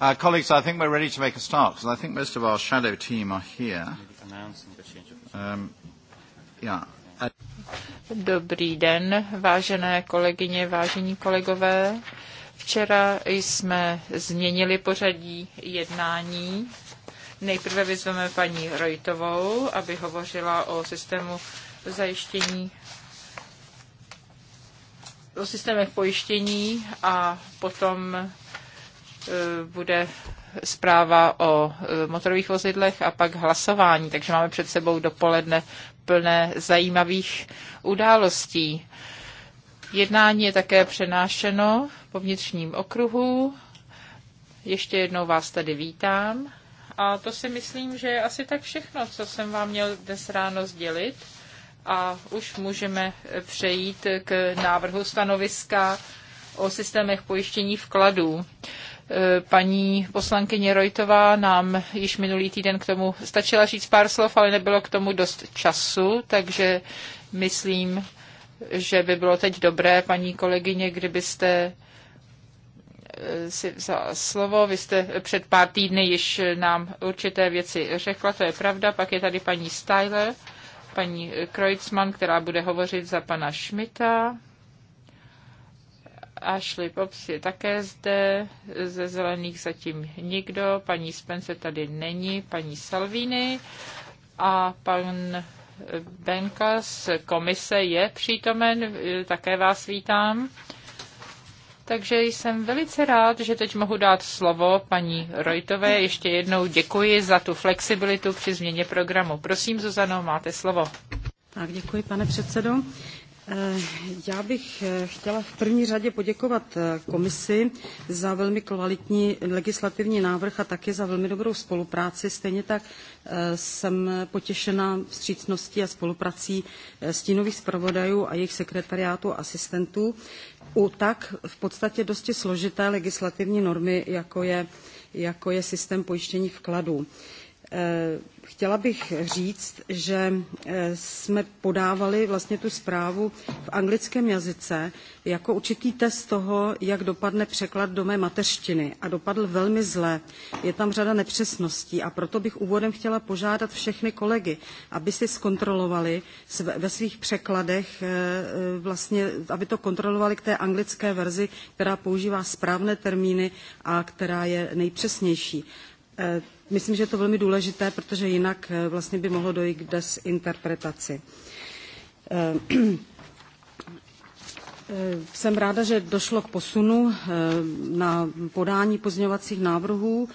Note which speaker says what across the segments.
Speaker 1: Uh, colleagues, I think we're ready to make a start because I think most of our shadow team are here. Um, yeah.
Speaker 2: Dobrý den, vážené kolegyně, vážení kolegové. Včera jsme změnili pořadí jednání. Nejprve vyzveme paní Rojtovou, aby hovořila o systému zajištění o systémech pojištění a potom Eh, bude zpráva o eh, motorových vozidlech a pak hlasování. Takže máme před sebou dopoledne plné zajímavých událostí. Jednání je také přenášeno po vnitřním okruhu. Ještě jednou vás tady vítám. A to si myslím, že je asi tak všechno, co jsem vám měl dnes ráno sdělit. A už můžeme přejít k návrhu stanoviska o systémech pojištění vkladů. Eh, paní poslankyně Rojtová nám již minulý týden k tomu stačila říct pár slov, ale nebylo k tomu dost času, takže myslím, že by bylo teď dobré, paní kolegyně, kdybyste eh, si vzala slovo. Vy jste před pár týdny již nám určité věci řekla, to je pravda. Pak je tady paní Styler, paní Kreutzmann, která bude hovořit za pana Schmidta. Ashley Pops je také zde, ze zelených zatím nikdo, paní Spence tady není, paní Salvini a pan Benka z komise je přítomen, také vás vítám. Takže jsem velice rád, že teď mohu dát slovo paní Rojtové. Ještě jednou děkuji za tu flexibilitu při změně programu. Prosím, Zuzano, máte slovo.
Speaker 3: Tak, děkuji, pane předsedo. Eh, já bych eh, chtěla v první řadě poděkovat eh, komisi za velmi kvalitní legislativní návrh a také za velmi dobrou spolupráci. Stejně tak jsem potěšena vstřícností a spoluprací stínových zpravodajů a jejich sekretariátu a asistentů u tak v podstatě dosti složité legislativní normy, jako je, jako je systém pojištění vkladů. Eh, chtěla bych říct, že eh, jsme podávali vlastně tu zprávu v anglickém jazyce jako určitý test toho, jak dopadne překlad do mé mateřštiny a dopadl velmi zle. Je tam řada nepřesností a proto bych úvodem chtěla požádat všechny kolegy, aby si zkontrolovali ve svých překladech, eh, vlastně, aby to kontrolovali k té anglické verzi, která používá správné termíny a která je nejpřesnější myslím, že je to velmi důležité, protože jinak eh, vlastně by mohlo dojít k desinterpretaci. Eh, eh, jsem ráda, že došlo k posunu na podání pozměňovacích návrhů,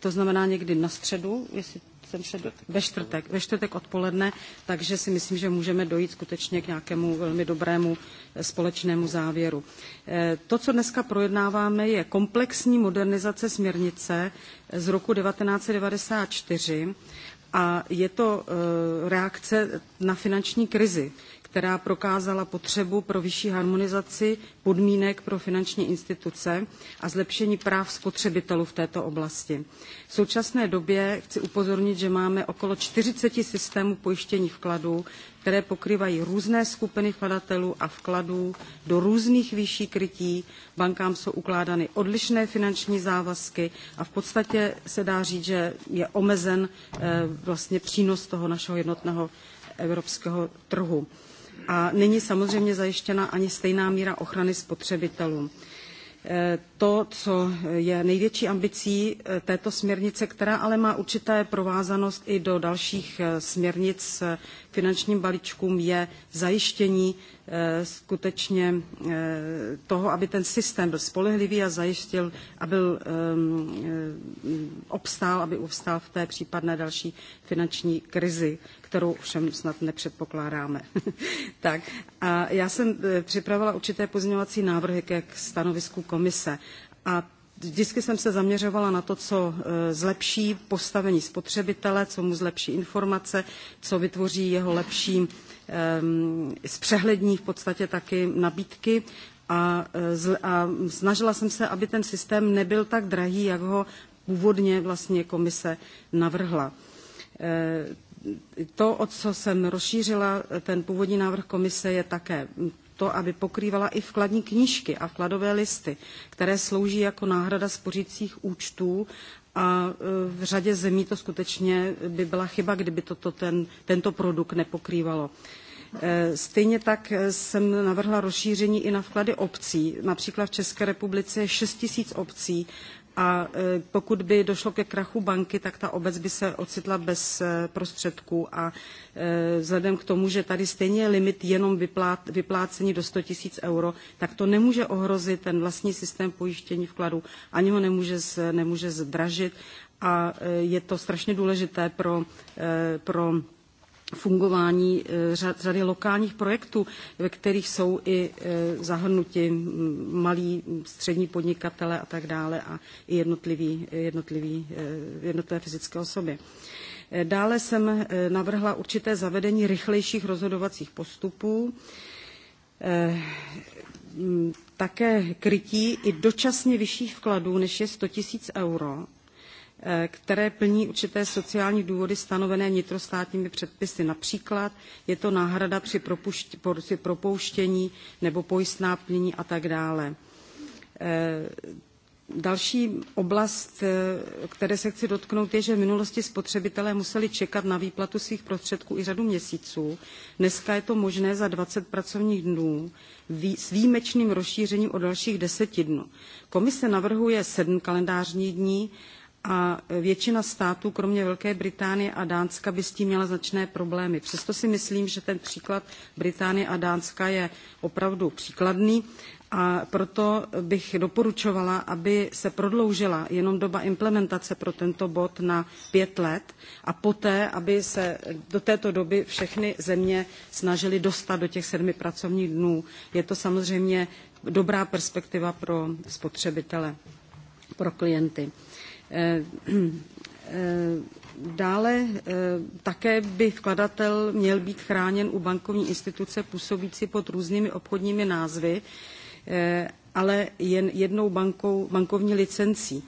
Speaker 3: to znamená někdy na středu, jestli jsem se do, ve, čtvrtek, ve čtvrtek odpoledne, takže si myslím, že můžeme dojít skutečně k nějakému velmi dobrému eh, společnému závěru. Eh, to, co dneska projednáváme, je komplexní modernizace směrnice eh, z roku 1994 a je to reakce na finanční krizi která prokázala potřebu pro vyšší harmonizaci podmínek pro finanční instituce a zlepšení práv spotřebitelů v této oblasti. V současné době chci upozornit, že máme okolo 40 systémů pojištění vkladů, které pokrývají různé skupiny vkladatelů a vkladů do různých výší krytí. Bankám jsou ukládány odlišné finanční závazky a v podstatě se dá říct, že je omezen eh, vlastně přínos toho našeho jednotného evropského trhu a není samozřejmě zajištěna ani stejná míra ochrany spotřebitelů. E, to, co je největší ambicí e, této směrnice, která ale má určité provázanost i do dalších e, směrnic finančním balíčkům je zajištění eh, skutečně eh, toho, aby ten systém byl spolehlivý a zajistil a byl eh, obstál, aby obstál v té případné další finanční krizi, kterou všem snad nepředpokládáme. tak a já jsem připravila určité pozměňovací návrhy ke stanovisku komise. A Vždycky jsem se zaměřovala na to, co e, zlepší postavení spotřebitele, co mu zlepší informace, co vytvoří jeho lepší, zpřehlední v podstatě taky nabídky a, e, a snažila jsem se, aby ten systém nebyl tak drahý, jak ho původně vlastně komise navrhla. E, to, o co jsem rozšířila ten původní návrh komise, je také to, aby pokrývala i vkladní knížky a vkladové listy, které slouží jako náhrada spořících účtů a e, v řadě zemí to skutečně by byla chyba, kdyby toto ten, tento produkt nepokrývalo. E, stejně tak e, jsem navrhla rozšíření i na vklady obcí. Například v České republice je 6 000 obcí, a e, pokud by došlo ke krachu banky, tak ta obec by se ocitla bez e, prostředků a e, vzhledem k tomu, že tady stejně je limit jenom vyplát, vyplácení do 100 tisíc euro, tak to nemůže ohrozit ten vlastní systém pojištění vkladu, ani ho nemůže, nemůže zdražit a je to strašně důležité pro, pro fungování eh, řady lokálních projektů, ve kterých jsou i eh, zahrnuti malí střední podnikatele a tak dále a i jednotlivý, jednotlivý, eh, jednotlivé fyzické osoby. Dále jsem navrhla určité zavedení rychlejších rozhodovacích postupů, také krytí i dočasně vyšších vkladů, než je 100 000 euro Eh, které plní určité sociální důvody stanovené vnitrostátními předpisy. Například je to náhrada při, propouštění nebo pojistná plnění a tak dále. Eh, další oblast, eh, které se chci dotknout, je, že v minulosti spotřebitelé museli čekat na výplatu svých prostředků i řadu měsíců. Dneska je to možné za 20 pracovních dnů s výjimečným rozšířením o dalších 10 dnů. Komise navrhuje 7 kalendářních dní, a většina států, kromě Velké Británie a Dánska, by s tím měla značné problémy. Přesto si myslím, že ten příklad Británie a Dánska je opravdu příkladný a proto bych doporučovala, aby se prodloužila jenom doba implementace pro tento bod na pět let a poté, aby se do této doby všechny země snažily dostat do těch sedmi pracovních dnů. Je to samozřejmě dobrá perspektiva pro spotřebitele, pro klienty. Eh, eh, dále eh, také by vkladatel měl být chráněn u bankovní instituce působící pod různými obchodními názvy, ale jen jednou bankou, bankovní licencí.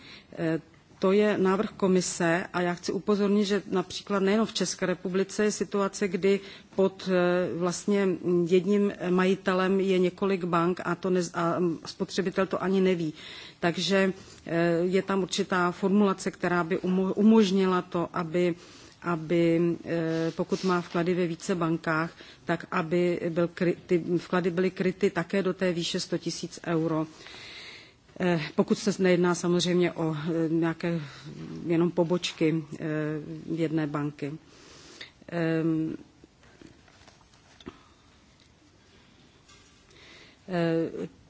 Speaker 3: To je návrh komise a já chci upozornit, že například nejen v České republice je situace, kdy pod vlastně jedním majitelem je několik bank a, to ne, a spotřebitel to ani neví. Takže eh, je tam určitá formulace, která by umožnila to, aby aby eh, pokud má vklady ve více bankách, tak aby byl kry, ty vklady byly kryty také do té výše 100 tisíc euro. Eh, pokud se nejedná samozřejmě o nějaké jenom pobočky jedné banky. Ehm,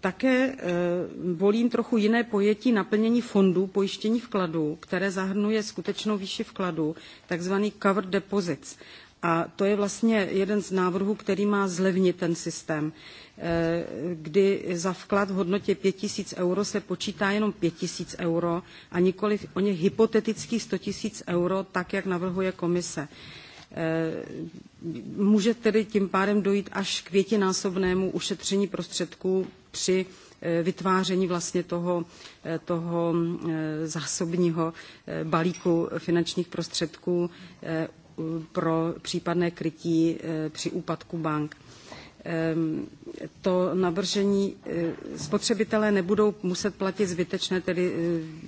Speaker 3: také eh, volím trochu jiné pojetí naplnění fondů pojištění vkladů, které zahrnuje skutečnou výši vkladu, takzvaný cover deposits. A to je vlastně jeden z návrhů, který má zlevnit ten systém, eh, kdy za vklad v hodnotě 5000 euro se počítá jenom 5000 euro a nikoli o ně hypotetických 100 000 euro, tak jak navrhuje komise. Eh, může tedy tím pádem dojít až k pětinásobnému ušetření prostředků při eh, vytváření vlastně toho, eh, toho eh, zásobního balíku finančních prostředků pro případné krytí při úpadku bank ehm, to navržení spotřebitelé nebudou muset platit zbytečné, tedy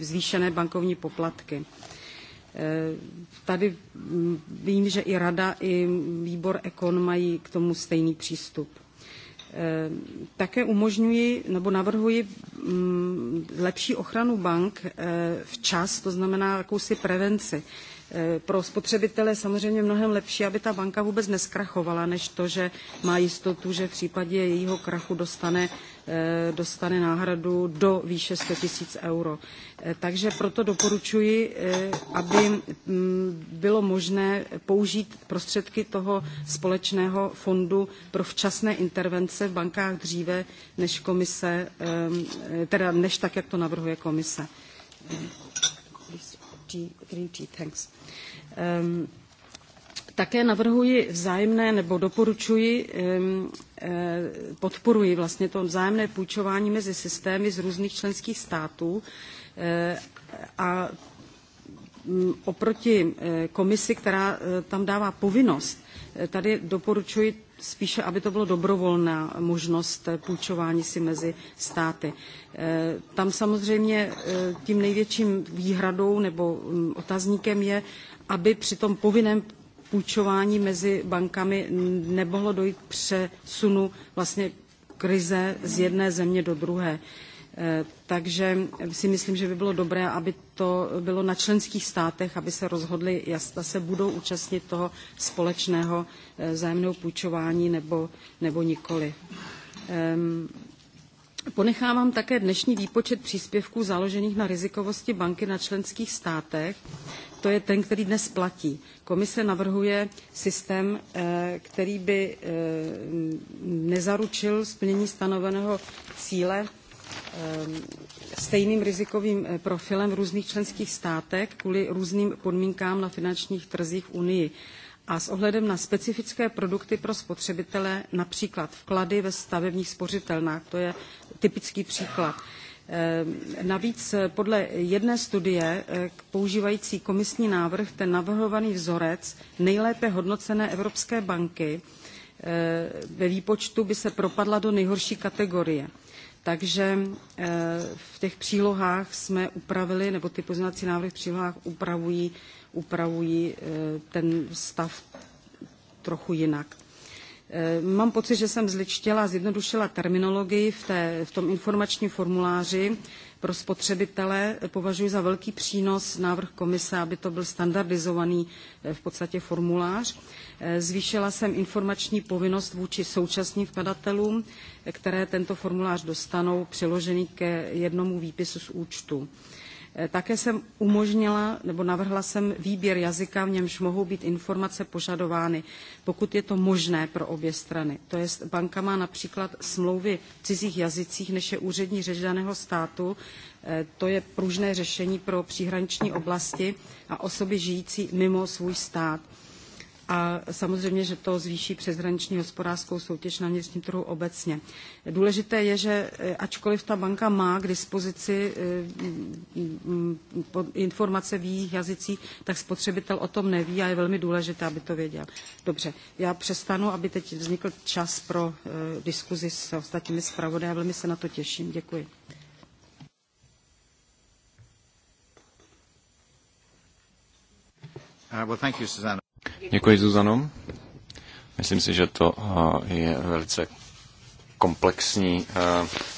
Speaker 3: zvýšené bankovní poplatky. Tady hm, vím, že i Rada, i výbor Ekon mají k tomu stejný přístup. Eh, také umožňuji nebo navrhuji mm, lepší ochranu bank eh, včas, to znamená jakousi prevenci. Eh, pro spotřebitele samozřejmě mnohem lepší, aby ta banka vůbec neskrachovala, než to, že má jistotu, že v případě jejího krachu dostane Eh, dostane náhradu do výše 100 tisíc euro. Eh, takže proto doporučuji, eh, aby mm, bylo možné použít prostředky toho společného fondu pro včasné intervence v bankách dříve, než komise, ehm, teda než tak, jak to navrhuje komise. Um, také navrhuji vzájemné, nebo doporučuji, e, podporuji vlastně to vzájemné půjčování mezi systémy z různých členských států e, a oproti e, komisi, která tam dává povinnost, tady doporučuji spíše, aby to bylo dobrovolná možnost půjčování si mezi státy. Tam samozřejmě tím největším výhradou nebo otazníkem je, aby při tom povinném půjčování mezi bankami nemohlo dojít k přesunu vlastně krize z jedné země do druhé. E, takže si myslím, že by bylo dobré, aby to bylo na členských státech, aby se rozhodli, zda se budou účastnit toho společného e, zájemného půjčování nebo, nebo nikoli. Ehm, ponechávám také dnešní výpočet příspěvků založených na rizikovosti banky na členských státech, to je ten, který dnes platí. Komise navrhuje systém, eh, který by eh, nezaručil splnění stanoveného cíle eh, stejným rizikovým profilem v různých členských státech kvůli různým podmínkám na finančních trzích v Unii a s ohledem na specifické produkty pro spotřebitele, například vklady ve stavebních spořitelnách, to je typický příklad. Eh, navíc eh, podle jedné studie eh, používající komisní návrh ten navrhovaný vzorec nejlépe hodnocené Evropské banky ve výpočtu by se propadla do nejhorší kategorie. Takže v těch přílohách jsme upravili, nebo ty pozměňovací návrhy v přílohách upravují, upravují ten stav trochu jinak. Eh, mám pocit, že jsem zličtila, zjednodušila terminologii v, té, v tom informačním formuláři pro spotřebitele. Považuji za velký přínos návrh komise, aby to byl standardizovaný eh, v podstatě formulář. Eh, zvýšila jsem informační povinnost vůči současným vkladatelům, které tento formulář dostanou přiložený ke jednomu výpisu z účtu. Eh, také jsem umožnila nebo navrhla jsem výběr jazyka, v němž mohou být informace požadovány, pokud je to možné pro obě strany. To je, banka má například smlouvy v cizích jazycích, než je úřední řeč daného státu, eh, to je pružné řešení pro příhraniční oblasti a osoby žijící mimo svůj stát a samozřejmě, že to zvýší přeshraniční hospodářskou soutěž na vnitřním trhu obecně. Důležité je, že eh, ačkoliv ta banka má k dispozici eh, informace v jejich jazycích, tak spotřebitel o tom neví a je velmi důležité, aby to věděl. Dobře, já přestanu, aby teď vznikl čas pro eh, diskuzi s ostatními a Velmi se na to těším. Děkuji.
Speaker 1: Uh, well, thank you, Susanna.
Speaker 4: Děkuji, Zuzano. Myslím si, že to eh, je velice komplexní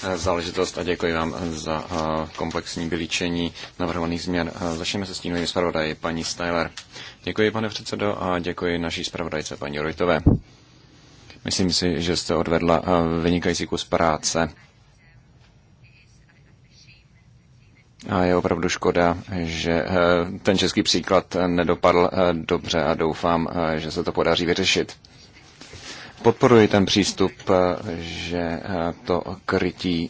Speaker 4: eh, záležitost a děkuji vám za eh, komplexní vylíčení navrhovaných změn. Začneme se tím zpravodaji paní Styler. Děkuji, pane předsedo, a děkuji naší zpravodajce paní Rojtové. Myslím si, že jste odvedla vynikající kus práce A je opravdu škoda, že eh, ten český příklad nedopadl eh, dobře a doufám, eh, že se to podaří vyřešit. Podporuji ten přístup, že to krytí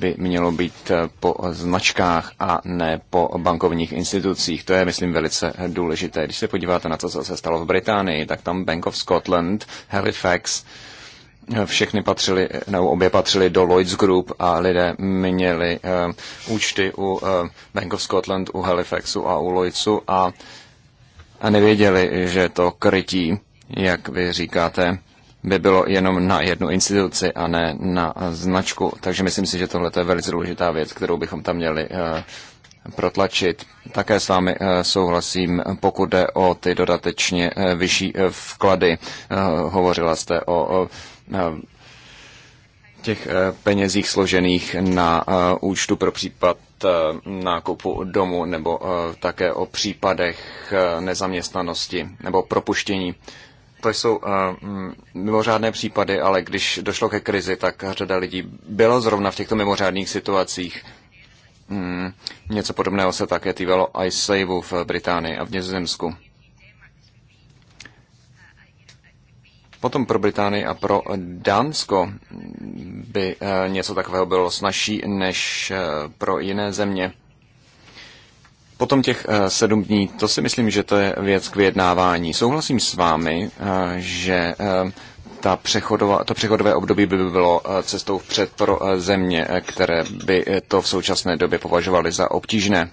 Speaker 4: by mělo být po značkách a ne po bankovních institucích. To je, myslím, velice důležité. Když se podíváte na to, co se stalo v Británii, tak tam Bank of Scotland, Halifax, všechny patřili, nebo obě patřili do Lloyds Group a lidé měli uh, účty u uh, Bank of Scotland, u Halifaxu a u Lloydsu a, a nevěděli, že to krytí, jak vy říkáte, by bylo jenom na jednu instituci a ne na značku. Takže myslím si, že tohle je velice důležitá věc, kterou bychom tam měli uh, protlačit. Také s vámi uh, souhlasím, pokud jde o ty dodatečně uh, vyšší uh, vklady. Uh, hovořila jste o uh, Ehm, těch eh, penězích složených na eh, účtu pro případ eh, nákupu domu nebo také o případech nezaměstnanosti nebo propuštění. To jsou mm, mimořádné případy, ale když došlo ke krizi, tak řada lidí bylo zrovna v těchto mimořádných situacích. Mm, něco podobného se také týkalo iSaveu v Británii a v Nizozemsku. Potom pro Británii a pro Dánsko by eh, něco takového bylo snažší než eh, pro jiné země. Potom těch eh, sedm dní, to si myslím, že to je věc k vyjednávání. Souhlasím s vámi, že ta přechodová, to přechodové období by bylo cestou vpřed pro země, které by to v současné době považovaly za obtížné.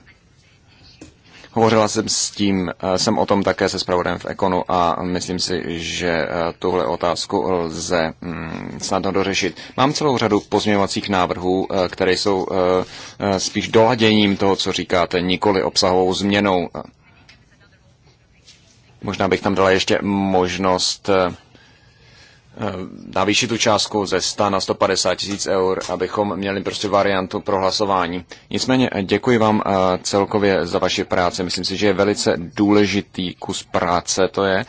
Speaker 4: Hovořila jsem s tím, eh, jsem o tom také se zpravodajem v Ekonu a myslím si, že eh, tuhle otázku lze mm, snadno dořešit. Mám celou řadu pozměňovacích návrhů, eh, které jsou spíš doladěním toho, co říkáte, nikoli obsahovou změnou. Možná bych tam dala ještě možnost Eh, navýšit tu částku ze 100 na 150 tisíc eur, abychom měli prostě variantu pro hlasování. Nicméně eh, děkuji vám eh, celkově za vaši práci. Myslím si, že je velice důležitý kus práce to je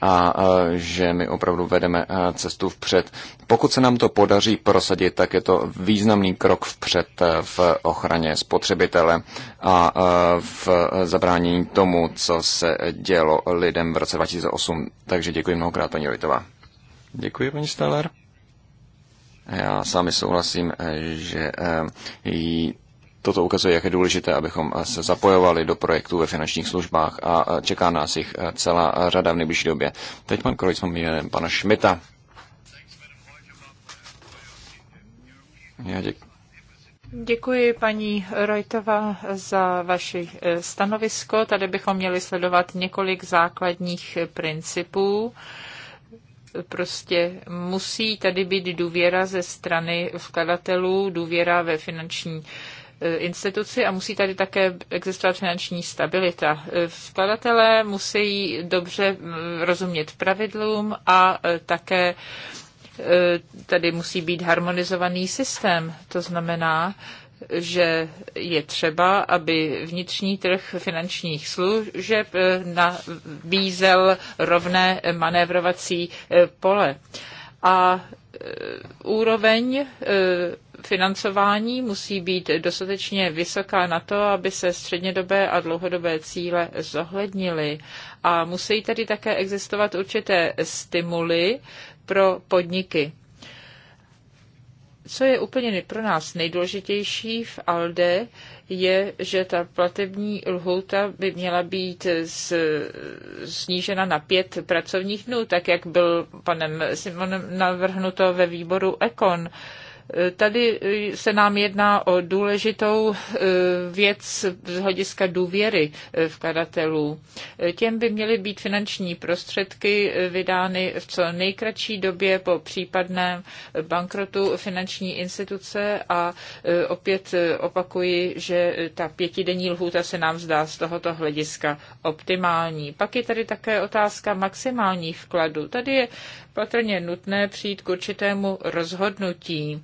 Speaker 4: a že my opravdu vedeme cestu vpřed. Pokud se nám to podaří prosadit, tak je to významný krok vpřed v ochraně spotřebitele a v zabránění tomu, co se dělo lidem v roce 2008. Takže děkuji mnohokrát, paní Rojtová. Děkuji, paní Steller. Já s vámi souhlasím, eh, že eh, toto ukazuje, jak je důležité, abychom eh, se zapojovali do projektů ve finančních službách a čeká nás jich celá řada v nejbližší době. Teď pan Krojcman je pana Šmita. Já děkuji.
Speaker 2: Děkuji paní Rojtova za vaše stanovisko. Tady bychom měli sledovat několik základních principů prostě musí tady být důvěra ze strany vkladatelů, důvěra ve finanční eh, instituci a musí tady také existovat finanční stabilita. Eh, vkladatelé musí dobře mm, rozumět pravidlům a eh, také tady musí být harmonizovaný systém. To znamená, že je třeba, aby vnitřní trh finančních služeb eh, nabízel rovné manévrovací eh, pole. A eh, úroveň financování musí být dostatečně vysoká na to, aby se střednědobé a dlouhodobé cíle zohlednily. A musí tady také existovat určité stimuly pro podniky co je úplně pro nás nejdůležitější v ALDE, je, že ta platební lhouta by měla být z, snížena na pět pracovních dnů, tak jak byl panem Simonem navrhnuto ve výboru ECON. Tady eh, se nám jedná o důležitou eh, věc z hlediska důvěry eh, vkladatelů. Těm by měly být finanční prostředky vydány v co nejkratší době po případném bankrotu finanční instituce a opět opakuji, že ta pětidenní lhůta se nám zdá z tohoto hlediska optimální. Pak je tady také otázka maximální vkladu. Tady je patrně nutné přijít k určitému rozhodnutí.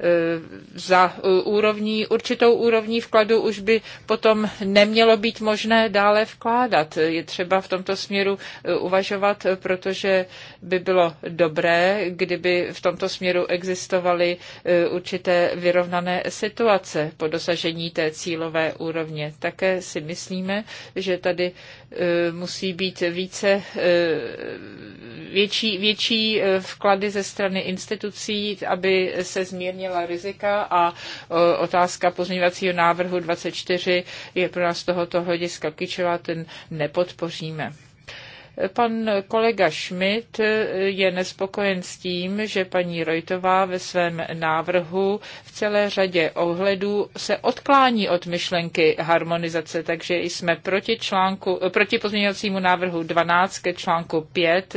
Speaker 2: E, za e, úrovní, určitou úrovní vkladu už by potom nemělo být možné dále vkládat. Je třeba v tomto směru e, uvažovat, protože by bylo dobré, kdyby v tomto směru existovaly určité vyrovnané situace po dosažení té cílové úrovně. Také si myslíme, že tady musí být více větší, větší vklady ze strany institucí, aby se zmírnil zmínila rizika a e, otázka pozměňovacího návrhu 24 je pro nás z tohoto hlediska klíčová, ten nepodpoříme. Pan kolega Schmidt je nespokojen s tím, že paní Rojtová ve svém návrhu v celé řadě ohledů se odklání od myšlenky harmonizace, takže jsme proti, článku, proti pozměňovacímu návrhu 12 ke článku 5,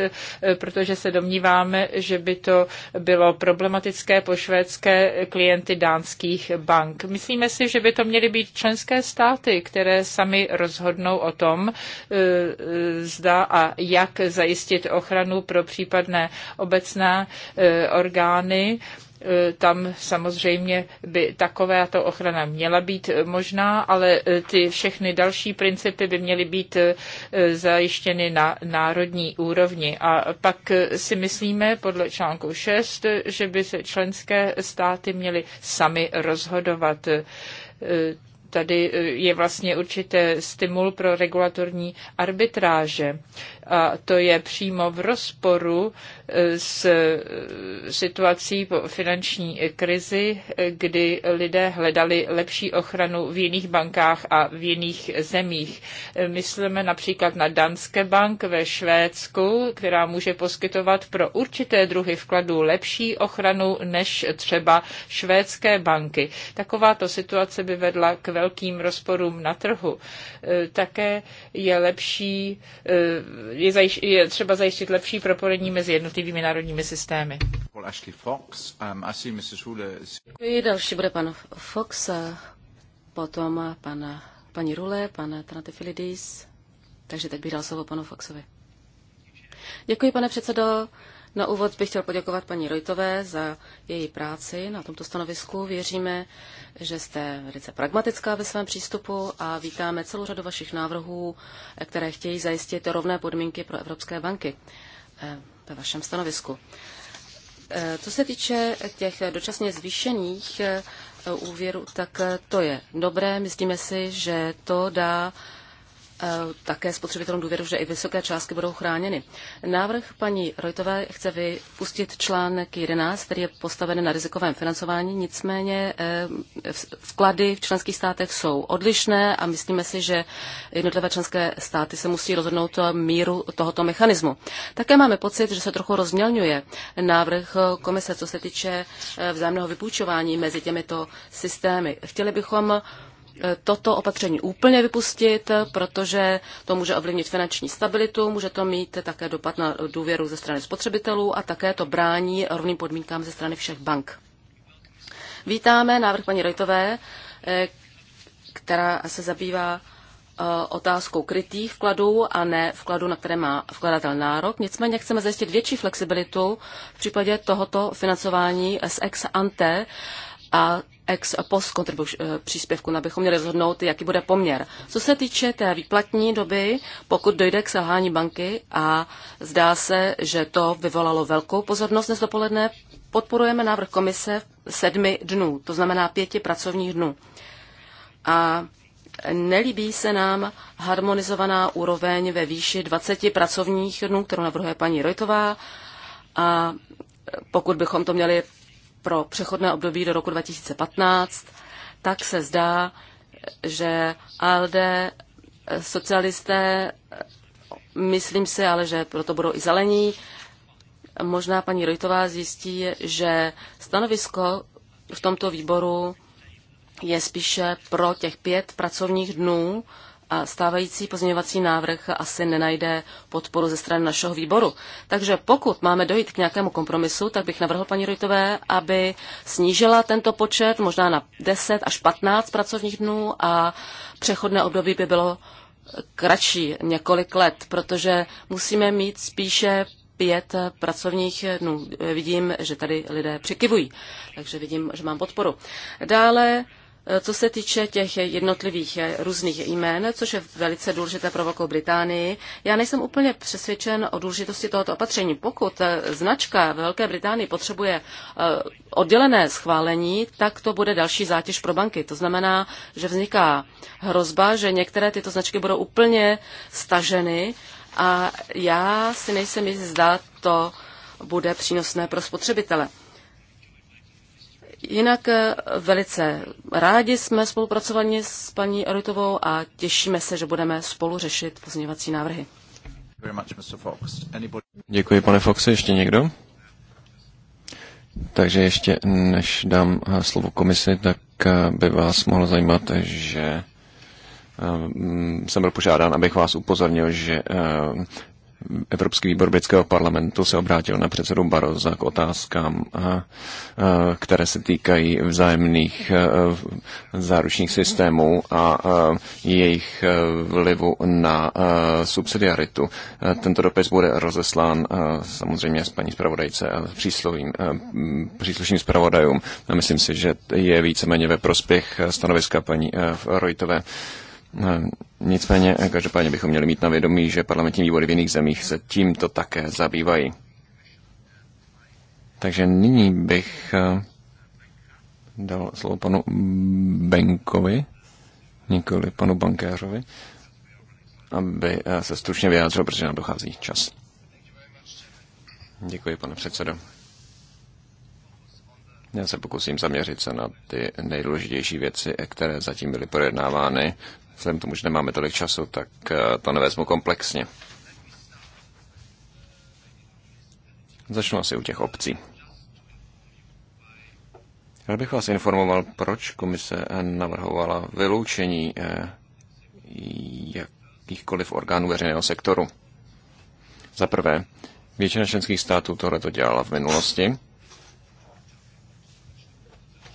Speaker 2: protože se domníváme, že by to bylo problematické po švédské klienty dánských bank. Myslíme si, že by to měly být členské státy, které sami rozhodnou o tom, eh, zda a jak zajistit ochranu pro případné obecné e, orgány e, tam samozřejmě by taková to ochrana měla být možná, ale e, ty všechny další principy by měly být zajištěny na národní úrovni. A pak si myslíme podle článku 6, že by se členské státy měly sami rozhodovat tady je vlastně určité stimul pro regulatorní arbitráže a to je přímo v rozporu e, s e, situací po finanční krizi, e, kdy lidé hledali lepší ochranu v jiných bankách a v jiných zemích. Myslíme například na Danske Bank ve Švédsku, která může poskytovat pro určité druhy vkladů lepší ochranu než třeba švédské banky. Takováto situace by vedla k velkým rozporům na trhu. Také je lepší je, zajiš, je třeba zajistit lepší propojení mezi jednotlivými národními systémy. Děkuji, um, další bude pan Fox, potom pana,
Speaker 5: paní Rule, pan Trantifilidis. Takže teď bych dal slovo panu Foxovi. Děkuji, pane předsedo. Na úvod bych chtěl poděkovat paní Rojtové za její práci na tomto stanovisku. Věříme, že jste velice pragmatická ve svém přístupu a vítáme celou řadu vašich návrhů, které chtějí zajistit rovné podmínky pro evropské banky eh, ve vašem stanovisku. Eh, co se týče těch dočasně zvýšených eh, úvěrů, tak to je dobré. Myslíme si, že to dá Eh, také spotřebitelům důvěru, že i vysoké částky budou chráněny. Návrh paní Rojtové chce vypustit článek 11, který je postaven na rizikovém financování, nicméně eh, vklady v členských státech jsou odlišné a myslíme si, že jednotlivé členské státy se musí rozhodnout míru tohoto mechanismu. Také máme pocit, že se trochu rozmělňuje návrh komise, co se týče eh, vzájemného vypůjčování mezi těmito systémy. Chtěli bychom E, toto opatření úplně vypustit, protože to může ovlivnit finanční stabilitu, může to mít také dopad na důvěru ze strany spotřebitelů a také to brání rovným podmínkám ze strany všech bank. Vítáme návrh paní Rojtové, e, která se zabývá e, otázkou krytých vkladů a ne vkladů, na které má vkladatel nárok. Nicméně chceme zajistit větší flexibilitu v případě tohoto financování z ex ante a ex post eh, příspěvku, abychom měli rozhodnout, jaký bude poměr. Co se týče té výplatní doby, pokud dojde k selhání banky a zdá se, že to vyvolalo velkou pozornost dnes dopoledne, podporujeme návrh komise sedmi dnů, to znamená pěti pracovních dnů. A nelíbí se nám harmonizovaná úroveň ve výši 20 pracovních dnů, kterou navrhuje paní Rojtová. A pokud bychom to měli pro přechodné období do roku 2015, tak se zdá, že ALD, socialisté, myslím si, ale že proto budou i zelení, možná paní Rojtová zjistí, že stanovisko v tomto výboru je spíše pro těch pět pracovních dnů a stávající pozměňovací návrh asi nenajde podporu ze strany našeho výboru. Takže pokud máme dojít k nějakému kompromisu, tak bych navrhl paní Rojtové, aby snížila tento počet možná na 10 až 15 pracovních dnů a přechodné období by bylo kratší několik let, protože musíme mít spíše pět pracovních dnů. Vidím, že tady lidé přikivují, takže vidím, že mám podporu. Dále Eh, co se týče těch jednotlivých eh, různých jmén, což je velice důležité pro Velkou Británii, já nejsem úplně přesvědčen o důležitosti tohoto opatření. Pokud eh, značka Velké Británii potřebuje oddělené schválení, tak to bude další zátěž pro banky. To znamená, že vzniká hrozba, že některé tyto značky budou úplně staženy a já si nejsem jist, zda to bude přínosné pro spotřebitele. Jinak eh, velice rádi jsme spolupracovali s paní Arutovou a těšíme se, že budeme spolu řešit pozměňovací návrhy.
Speaker 4: Děkuji, pane Foxe. Ještě někdo? Takže ještě než dám eh, slovo komisi, tak eh, by vás mohlo zajímat, že jsem byl požádán, abych vás upozornil, že Evropský výbor britského parlamentu se obrátil na předsedu Baroza k otázkám, které se týkají vzájemných záručních systémů a jejich vlivu na subsidiaritu. Tento dopis bude rozeslán samozřejmě s paní zpravodajce a příslušným zpravodajům. A myslím si, že je víceméně ve prospěch stanoviska paní Rojtové. Eh, nicméně, eh, každopádně bychom měli mít na vědomí, že parlamentní výbory v jiných zemích se tímto také zabývají. Takže nyní bych eh, dal slovo panu Benkovi, nikoli panu bankéřovi, aby se stručně vyjádřil, protože nám dochází čas. Děkuji, pane předsedo. Já se pokusím zaměřit se na ty nejdůležitější věci, které zatím byly projednávány vzhledem tomu, že nemáme tolik času, tak eh, to nevezmu komplexně. Začnu asi u těch obcí. Rád bych vás informoval, proč komise eh, navrhovala vyloučení eh, jakýchkoliv orgánů veřejného sektoru. Za prvé, většina členských států tohle to dělala v minulosti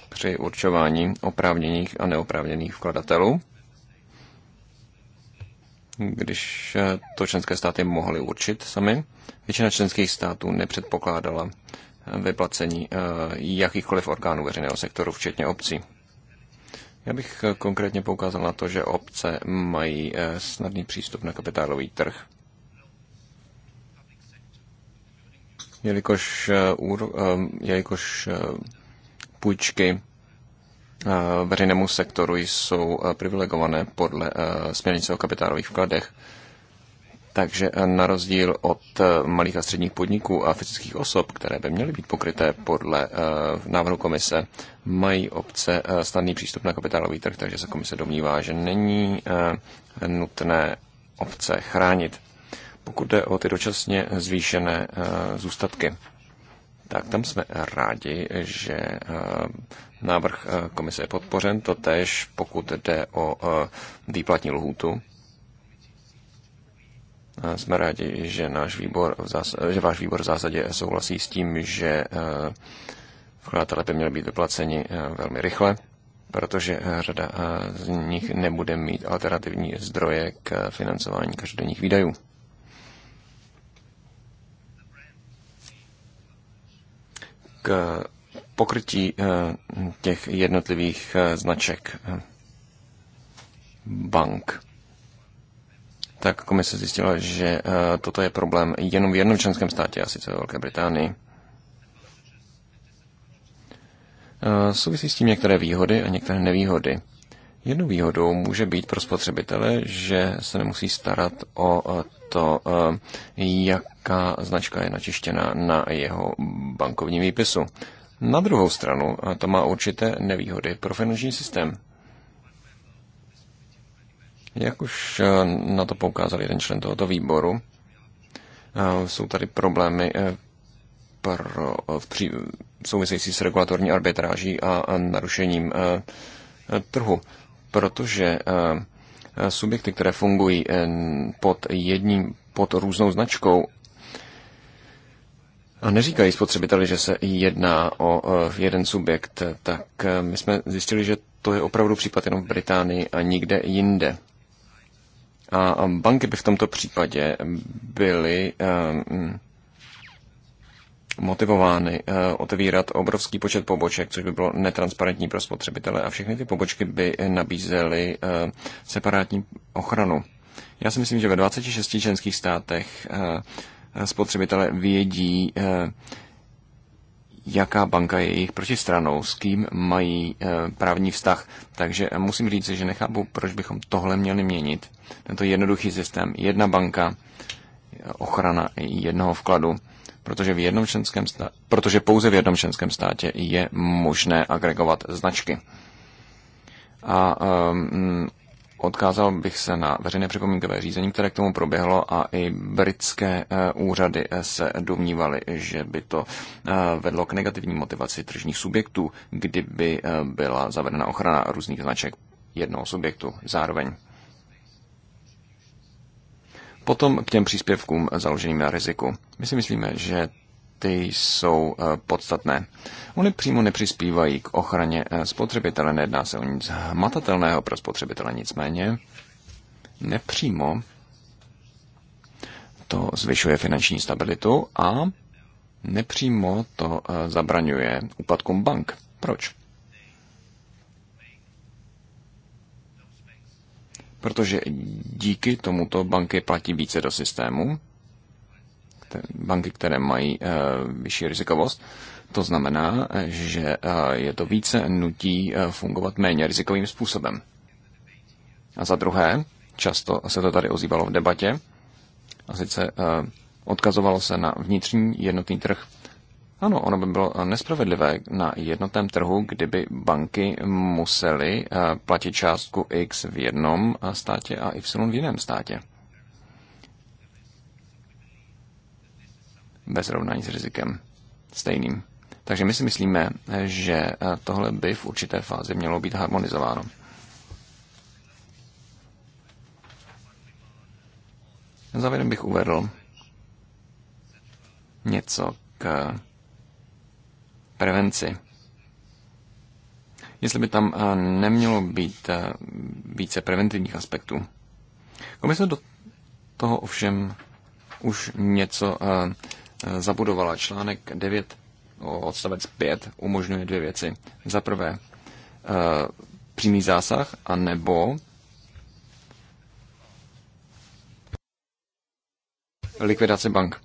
Speaker 4: při určování oprávněných a neoprávněných vkladatelů když eh, to členské státy mohly určit sami. Většina členských států nepředpokládala eh, vyplacení eh, jakýchkoliv orgánů veřejného sektoru, včetně obcí. Já bych konkrétně poukázal na to, že obce mají snadný přístup na kapitálový trh. Jelikož, jelikož půjčky Eh, veřejnému sektoru jsou eh, privilegované podle eh, směrnice o kapitálových vkladech. Takže na rozdíl od malých a středních podniků a fyzických osob, které by měly být pokryté podle návrhu komise, mají obce snadný přístup na kapitálový trh, takže se komise domnívá, že není nutné obce chránit. Pokud jde o ty dočasně zvýšené zůstatky, tak tam jsme rádi, že eh, návrh eh, komise je podpořen, to tež pokud jde o eh, výplatní lhůtu. Jsme rádi, že, náš výbor že váš výbor v zásadě souhlasí s tím, že vkladatelé by měli být vyplaceni velmi rychle, protože řada z nich nebude mít alternativní zdroje k financování každodenních výdajů. pokrytí eh, těch jednotlivých eh, značek eh, bank. Tak komise zjistila, že toto je problém jenom v jednom členském státě, asi sice ve Velké Británii. Souvisí s tím některé výhody a některé nevýhody. Jednou výhodou může být pro spotřebitele, že se nemusí starat o to, jaká značka je načištěna na jeho bankovním výpisu. Na druhou stranu to má určité nevýhody pro finanční systém. Jak už e, na to poukázal jeden člen tohoto výboru, e, jsou tady problémy e, pro, v pří, související s regulatorní arbitráží a narušením trhu protože eh, eh, subjekty, které fungují eh, pod jedním, pod různou značkou, a neříkají spotřebiteli, že se jedná o jeden subjekt, tak my jsme zjistili, že to je opravdu případ jenom v Británii a nikde jinde. A banky by v tomto případě byly um, motivovány eh, otevírat obrovský počet poboček, což by bylo netransparentní pro spotřebitele a všechny ty pobočky by nabízely eh, separátní ochranu. Já si myslím, že ve 26 členských státech eh, spotřebitele vědí, jaká banka je jejich protistranou, s kým mají právní vztah. Takže musím říct, že nechápu, proč bychom tohle měli měnit. Tento jednoduchý systém, jedna banka, ochrana jednoho vkladu protože, v jednom členském státě, protože pouze v jednom členském státě je možné agregovat značky. A um, odkázal bych se na veřejné připomínkové řízení, které k tomu proběhlo a i britské uh, úřady eh, se domnívaly, že by to uh, vedlo k negativní motivaci tržních subjektů, kdyby uh, byla zavedena ochrana různých značek jednoho subjektu zároveň. Potom k těm příspěvkům založeným na riziku. My si myslíme, že ty jsou eh, podstatné. Ony přímo nepřispívají k ochraně eh, spotřebitele, nejedná se o nic hmatatelného pro spotřebitele, nicméně nepřímo to zvyšuje finanční stabilitu a nepřímo to eh, zabraňuje úpadkům bank. Proč? protože díky tomuto banky platí více do systému, banky, které mají eh, vyšší rizikovost. To znamená, že eh, je to více nutí eh, fungovat méně rizikovým způsobem. A za druhé, často se to tady ozývalo v debatě, a sice odkazovalo se na vnitřní jednotný trh ano, ono by bylo eh, nespravedlivé na jednotném trhu, kdyby banky musely eh, platit částku X v jednom eh, státě a Y v jiném státě. bez rovnání s rizikem stejným. Takže my si myslíme, že tohle by v určité fázi mělo být harmonizováno. Závěrem bych uvedl něco k prevenci. Jestli by tam eh, nemělo být eh, více preventivních aspektů. Komise do toho ovšem už něco eh, zabudovala. Článek 9 odstavec 5 umožňuje dvě věci. Za prvé přímý zásah a nebo likvidace bank.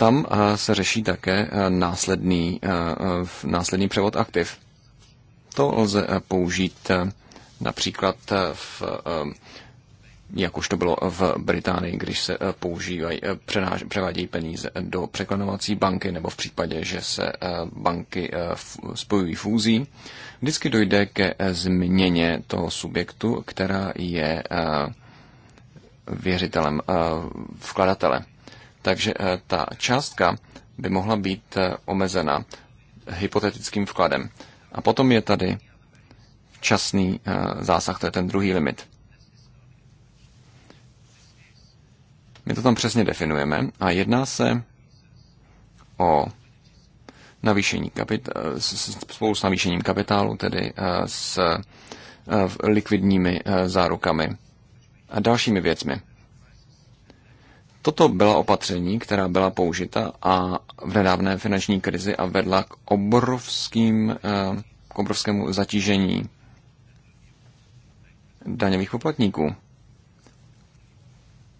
Speaker 4: Tam eh, se řeší také eh, následný, eh, následný převod aktiv. To lze použít například v jak už to bylo v Británii, když se používají, převádějí peníze do překlenovací banky nebo v případě, že se banky spojují fúzí, vždycky dojde ke změně toho subjektu, která je věřitelem vkladatele. Takže eh, ta částka by mohla být eh, omezena hypotetickým vkladem. A potom je tady časný eh, zásah, to je ten druhý limit. My to tam přesně definujeme a jedná se o navýšení kapitálu, spolu s navýšením kapitálu, tedy s likvidními zárukami a dalšími věcmi. Toto byla opatření, která byla použita a v nedávné finanční krizi a vedla k, obrovským, eh, k obrovskému zatížení daňových poplatníků.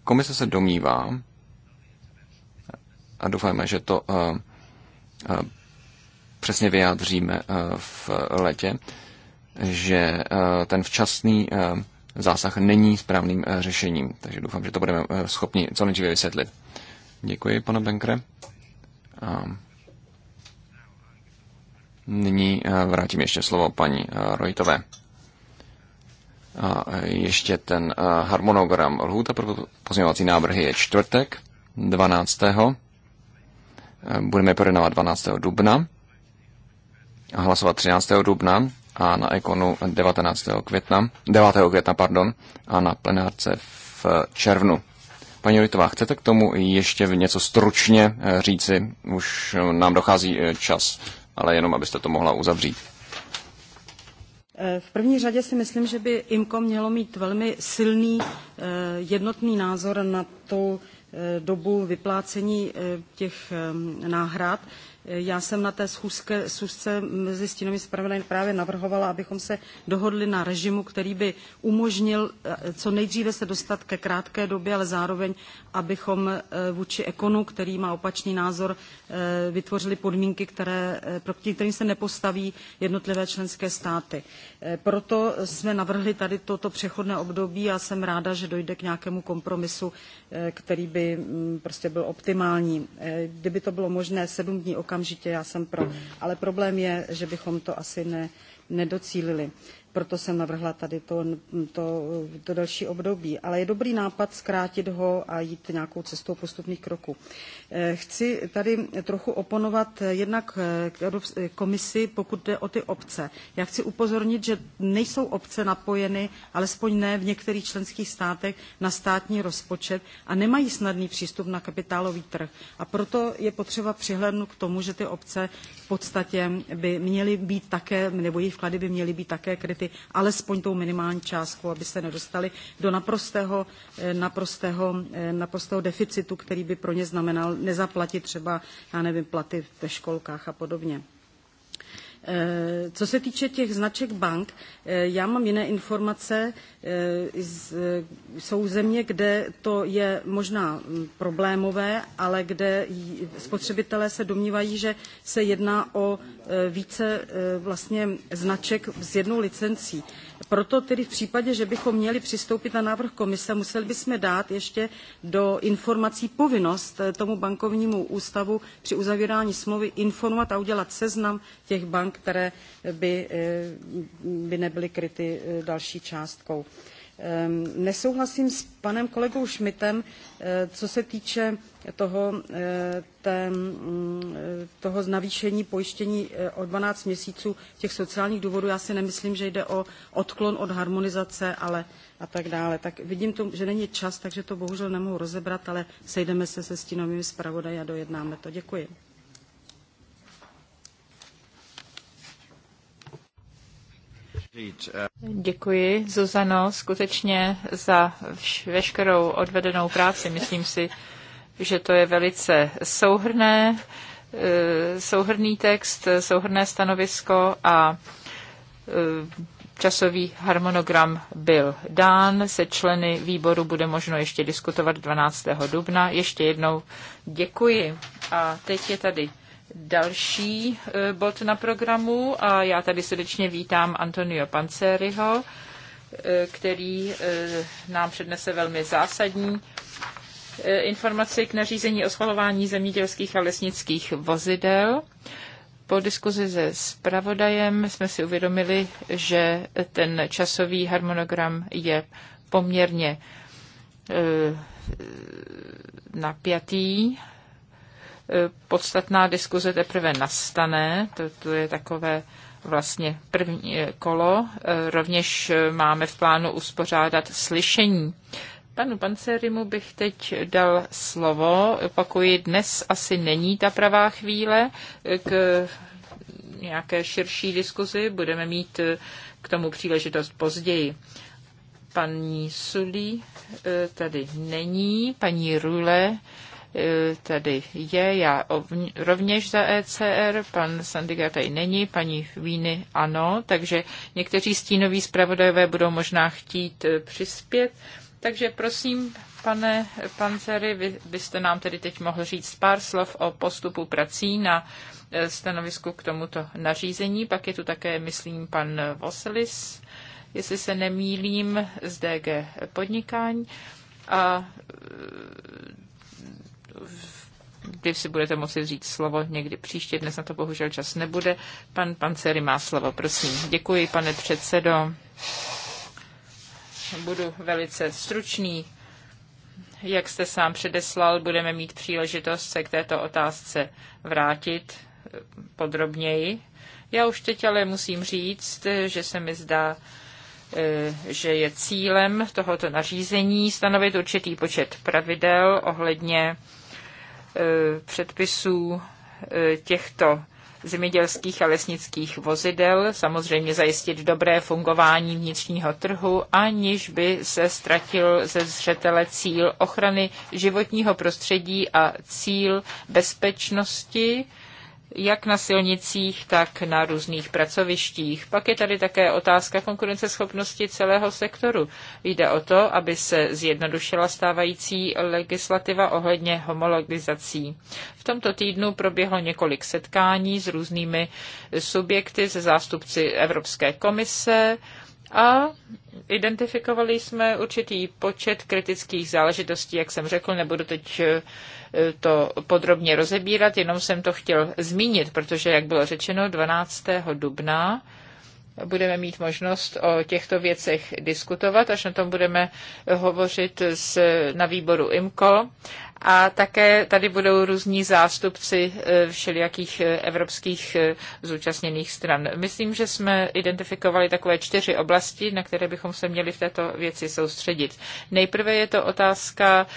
Speaker 4: Komise se domnívá, a doufáme, že to eh, eh, přesně vyjádříme v letě, že ten včasný zásah není správným eh, řešením. Takže doufám, že to budeme eh, schopni co nejdříve vysvětlit. Děkuji, pane Benkre. A nyní eh, vrátím ještě slovo paní Rojtové. A ještě ten harmonogram lhůta pro pozměňovací návrhy je čtvrtek 12. Budeme projednávat 12. dubna a hlasovat 13. dubna a na Ekonu 19. května, 9. května pardon, a na plenárce v červnu. Paní Litová, chcete k tomu ještě něco stručně eh, říci? Už eh, nám dochází eh, čas, ale jenom abyste to mohla uzavřít.
Speaker 3: V první řadě si myslím, že by IMCO mělo mít velmi silný jednotný názor na tu dobu vyplácení těch náhrad. Já jsem na té schůzce, schůzce mezi stínovými zpravodaji právě navrhovala, abychom se dohodli na režimu, který by umožnil eh, co nejdříve se dostat ke krátké době, ale zároveň, abychom eh, vůči ekonu, který má opačný názor, eh, vytvořili podmínky, které, proti kterým se nepostaví jednotlivé členské státy. Proto jsme navrhli tady toto přechodné období a jsem ráda, že dojde k nějakému kompromisu, který by mm, prostě byl optimální. Kdyby to bylo možné sedm dní okamžitě, okamžitě, já jsem pro. Ale problém je, že bychom to asi ne, nedocílili proto jsem navrhla tady to, to, to další období. Ale je dobrý nápad zkrátit ho a jít nějakou cestou postupných kroků. Eh, chci tady trochu oponovat jednak eh, eh, komisi, pokud jde o ty obce. Já chci upozornit, že nejsou obce napojeny, alespoň ne v některých členských státech, na státní rozpočet a nemají snadný přístup na kapitálový trh. A proto je potřeba přihlednout k tomu, že ty obce v podstatě by měly být také, nebo jejich vklady by měly být také kritické klienty alespoň tou minimální částkou, aby se nedostali do naprostého, eh, naprostého, eh, naprostého deficitu, který by pro ně znamenal nezaplatit třeba, já nevím, platy ve školkách a podobně. Eh, co se týče těch značek bank, eh, já mám jiné informace. Eh, jsou země, kde to je možná hm, problémové, ale kde spotřebitelé se domnívají, že se jedná o více vlastně značek s jednou licencí. Proto tedy v případě, že bychom měli přistoupit na návrh komise, museli bychom dát ještě do informací povinnost eh, tomu bankovnímu ústavu při uzavírání smlouvy informovat a udělat seznam těch bank, které by, eh, by nebyly kryty eh, další částkou. Ehm, nesouhlasím s panem kolegou Šmitem, eh, co se týče toho, eh, té, mm, eh, toho navýšení pojištění o 12 měsíců těch sociálních důvodů. Já si nemyslím, že jde o odklon od harmonizace, ale a tak dále. Tak vidím, to, že není čas, takže to bohužel nemohu rozebrat, ale sejdeme se se stínovými zpravodaji a dojednáme to. Děkuji.
Speaker 1: Děkuji,
Speaker 2: Zuzano, skutečně za veškerou odvedenou práci. Myslím si, že to je velice souhrné, eh, souhrný text, souhrné stanovisko a eh, časový harmonogram byl dán. Se členy výboru bude možno ještě diskutovat 12. dubna. Ještě jednou děkuji. A teď je tady další e, bod na programu a já tady srdečně vítám Antonio Panceriho, e, který e, nám přednese velmi zásadní informaci k nařízení o schvalování zemědělských a lesnických vozidel. Po diskuzi se zpravodajem jsme si uvědomili, že ten časový harmonogram je poměrně napjatý E, podstatná diskuze teprve nastane. To, to je takové vlastně první e, kolo. E, rovněž máme v plánu uspořádat slyšení. Panu Pancerimu bych teď dal slovo. Opakuji, dnes asi není ta pravá chvíle k nějaké širší diskuzi. Budeme mít k tomu příležitost později. Paní Sulí tady není, paní Rule E, tady je, já rovněž za ECR, pan Sandiga tady není, paní Víny ano, takže někteří stínoví zpravodajové budou možná chtít e, přispět. Takže prosím, pane Panzery, vy byste nám tedy teď mohl říct pár slov o postupu prací na e, stanovisku k tomuto nařízení. Pak je tu také, myslím, pan Voselis, jestli se nemýlím, z DG podnikání. A vy si budete moci říct slovo někdy příště, dnes na to bohužel čas nebude. Pan Pancery má slovo, prosím. Děkuji, pane předsedo. Budu velice stručný. Jak jste sám předeslal, budeme mít příležitost se k této otázce vrátit eh, podrobněji. Já už teď ale musím říct, že se mi zdá, eh, že je cílem tohoto nařízení stanovit určitý počet pravidel ohledně Eh, předpisů eh, těchto zemědělských a lesnických vozidel, samozřejmě zajistit dobré fungování vnitřního trhu, aniž by se ztratil ze zřetele cíl ochrany životního prostředí a cíl bezpečnosti jak na silnicích, tak na různých pracovištích. Pak je tady také otázka konkurenceschopnosti celého sektoru. Jde o to, aby se zjednodušila stávající legislativa ohledně homologizací. V tomto týdnu proběhlo několik setkání s různými subjekty, se zástupci Evropské komise, a identifikovali jsme určitý počet kritických záležitostí, jak jsem řekl, nebudu teď e, to podrobně rozebírat, jenom jsem to chtěl zmínit, protože, jak bylo řečeno, 12. dubna budeme mít možnost o těchto věcech diskutovat, až na tom budeme hovořit s, na výboru IMCO a také tady budou různí zástupci eh, všelijakých eh, evropských eh, zúčastněných stran. Myslím, že jsme identifikovali takové čtyři oblasti, na které bychom se měli v této věci soustředit. Nejprve je to otázka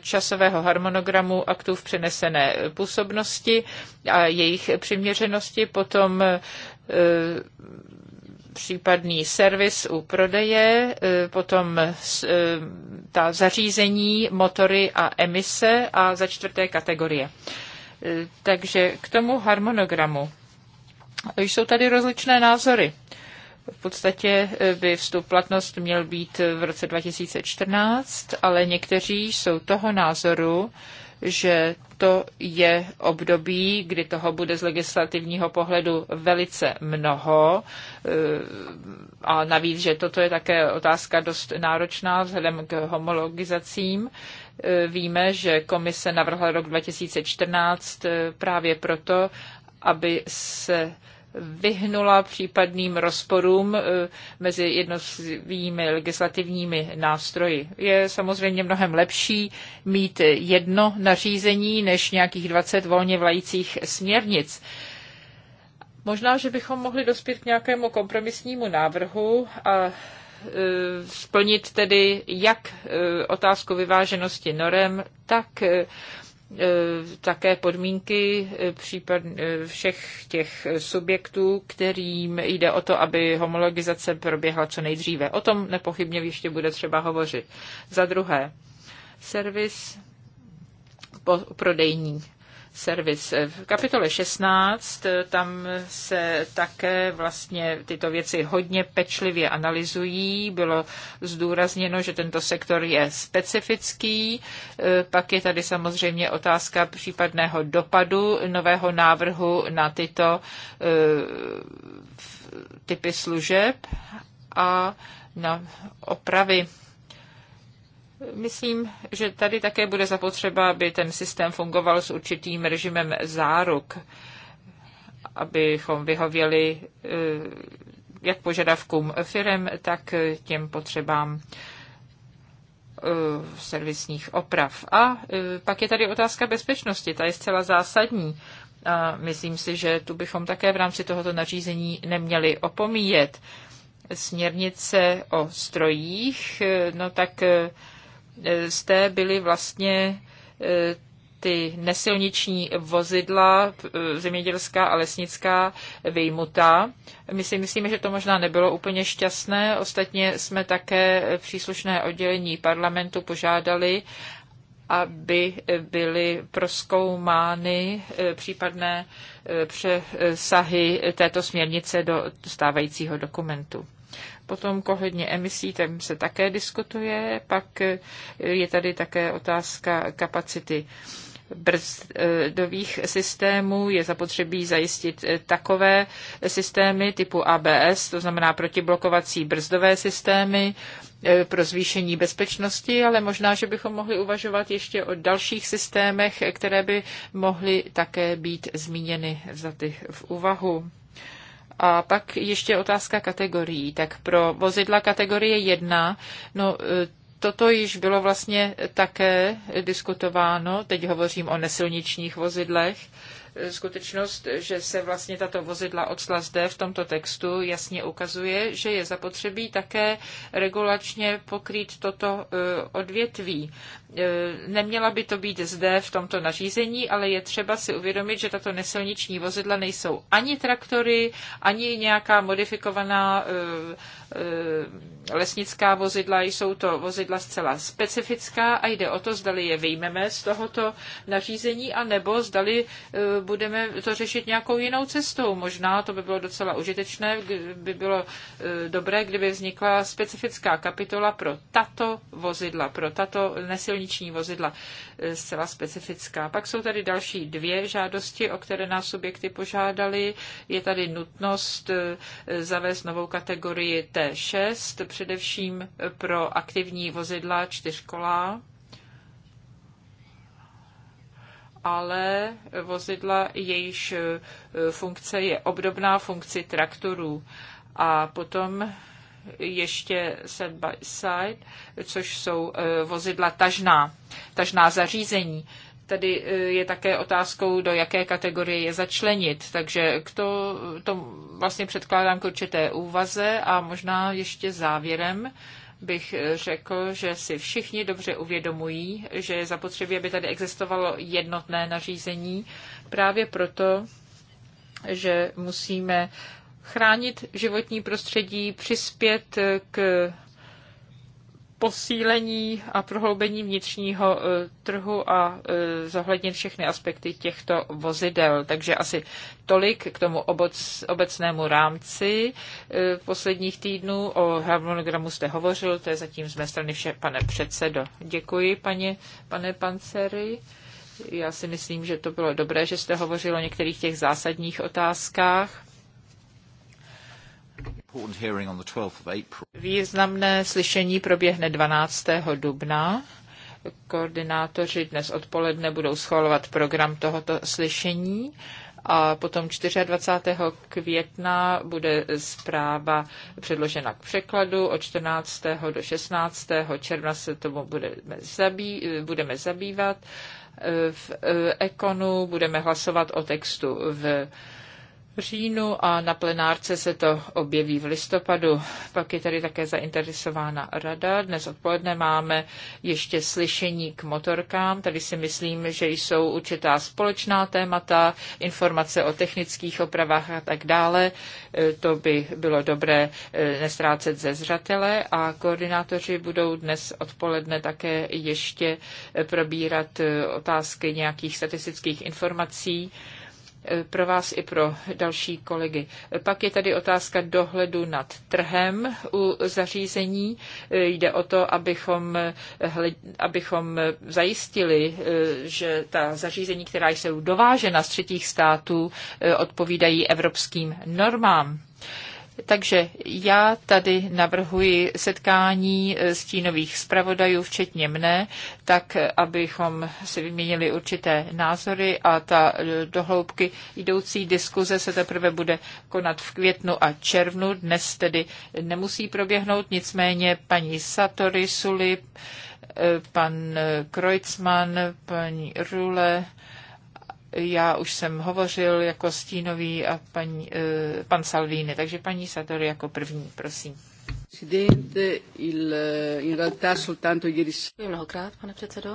Speaker 2: časového harmonogramu aktů v přenesené působnosti a jejich přiměřenosti, potom případný servis u prodeje, e, potom e, ta zařízení, motory a emise a za čtvrté kategorie. E, takže k tomu harmonogramu. Jsou tady rozličné názory. V podstatě by vstup platnost měl být v roce 2014, ale někteří jsou toho názoru, že to je období, kdy toho bude z legislativního pohledu velice mnoho. Eh, a navíc, že toto je také otázka dost náročná vzhledem k homologizacím. Eh, víme, že komise navrhla rok 2014 eh, právě proto, aby se vyhnula případným rozporům eh, mezi jednotlivými legislativními nástroji. Je samozřejmě mnohem lepší mít jedno nařízení než nějakých 20 volně vlajících směrnic. Možná, že bychom mohli dospět k nějakému kompromisnímu návrhu a eh, splnit tedy jak eh, otázku vyváženosti norem, tak Eh, také podmínky eh, případ eh, všech těch subjektů, kterým jde o to, aby homologizace proběhla co nejdříve. O tom nepochybně ještě bude třeba hovořit. Za druhé, servis prodejní servis. V kapitole 16 eh, tam se také vlastně tyto věci hodně pečlivě analyzují. Bylo zdůrazněno, že tento sektor je specifický. Eh, pak je tady samozřejmě otázka případného dopadu nového návrhu na tyto eh, typy služeb a na opravy Myslím, že tady také bude zapotřeba, aby ten systém fungoval s určitým režimem záruk, abychom vyhověli eh, jak požadavkům firm, tak těm potřebám eh, servisních oprav. A eh, pak je tady otázka bezpečnosti, ta je zcela zásadní. A myslím si, že tu bychom také v rámci tohoto nařízení neměli opomíjet. Směrnice o strojích, no tak zde e, byly vlastně e, ty nesilniční vozidla, e, zemědělská a lesnická, vyjmutá. My si myslíme, že to možná nebylo úplně šťastné. Ostatně jsme také příslušné oddělení parlamentu požádali, aby byly proskoumány případné přesahy této směrnice do stávajícího dokumentu. Potom kohledně emisí, tam se také diskutuje. Pak je tady také otázka kapacity brzdových systémů je zapotřebí zajistit takové systémy typu ABS, to znamená protiblokovací brzdové systémy eh, pro zvýšení bezpečnosti, ale možná, že bychom mohli uvažovat ještě o dalších systémech, které by mohly také být zmíněny za ty v úvahu. A pak ještě otázka kategorií. Tak pro vozidla kategorie 1, no e, toto již bylo vlastně také diskutováno, teď hovořím o nesilničních vozidlech, e, skutečnost, že se vlastně tato vozidla odsla zde v tomto textu jasně ukazuje, že je zapotřebí také regulačně pokrýt toto e, odvětví. E, neměla by to být zde v tomto nařízení, ale je třeba si uvědomit, že tato nesilniční vozidla nejsou ani traktory, ani nějaká modifikovaná e, e, lesnická vozidla, jsou to vozidla zcela specifická a jde o to, zdali je vyjmeme z tohoto nařízení, anebo zdali budeme to řešit nějakou jinou cestou. Možná to by bylo docela užitečné, by bylo dobré, kdyby vznikla specifická kapitola pro tato vozidla, pro tato nesilniční silniční vozidla e, zcela specifická. Pak jsou tady další dvě žádosti, o které nás subjekty požádali. Je tady nutnost e, zavést novou kategorii T6, především pro aktivní vozidla čtyřkolá ale vozidla, jejíž e, funkce je obdobná funkci traktorů. A potom ještě side by side, což jsou eh, vozidla tažná, tažná zařízení. Tady eh, je také otázkou, do jaké kategorie je začlenit. Takže k to, to vlastně předkládám k určité úvaze a možná ještě závěrem bych eh, řekl, že si všichni dobře uvědomují, že je zapotřebí, aby tady existovalo jednotné nařízení právě proto, že musíme chránit životní prostředí, přispět k posílení a prohloubení vnitřního eh, trhu a eh, zohlednit všechny aspekty těchto vozidel. Takže asi tolik k tomu obecnému rámci eh, posledních týdnů. O harmonogramu jste hovořil, to je zatím z mé strany vše, pane předsedo. Děkuji, paně, pane Pancery. Já si myslím, že to bylo dobré, že jste hovořil o některých těch zásadních otázkách Významné slyšení proběhne 12. dubna. Koordinátoři dnes odpoledne budou schvalovat program tohoto slyšení a potom 24. května bude zpráva předložena k překladu. Od 14. do 16. června se tomu budeme, zabý, budeme zabývat. V eh, Ekonu budeme hlasovat o textu v říjnu a na plenárce se to objeví v listopadu. Pak je tady také zainteresována rada. Dnes odpoledne máme ještě slyšení k motorkám. Tady si myslím, že jsou určitá společná témata, informace o technických opravách a tak dále. E, to by bylo dobré e, nestrácet ze zřatele a koordinátoři budou dnes odpoledne také ještě probírat e, otázky nějakých statistických informací pro vás i pro další kolegy. Pak je tady otázka dohledu nad trhem u zařízení. Jde o to, abychom, abychom zajistili, eh, že ta zařízení, která jsou dovážena z třetích států, eh, odpovídají evropským normám. Takže já tady navrhuji setkání eh, stínových zpravodajů, včetně mne, tak eh, abychom si vyměnili určité názory a ta eh, dohloubky jdoucí diskuze se teprve bude konat v květnu a červnu. Dnes tedy nemusí proběhnout, nicméně paní Satori Sulip, pan Kreutzmann, paní Rule, já už jsem hovořil jako stínový a paní, eh, pan Salvini, takže paní Satori jako první, prosím. Eh,
Speaker 5: Děkuji mnohokrát, pane předsedo.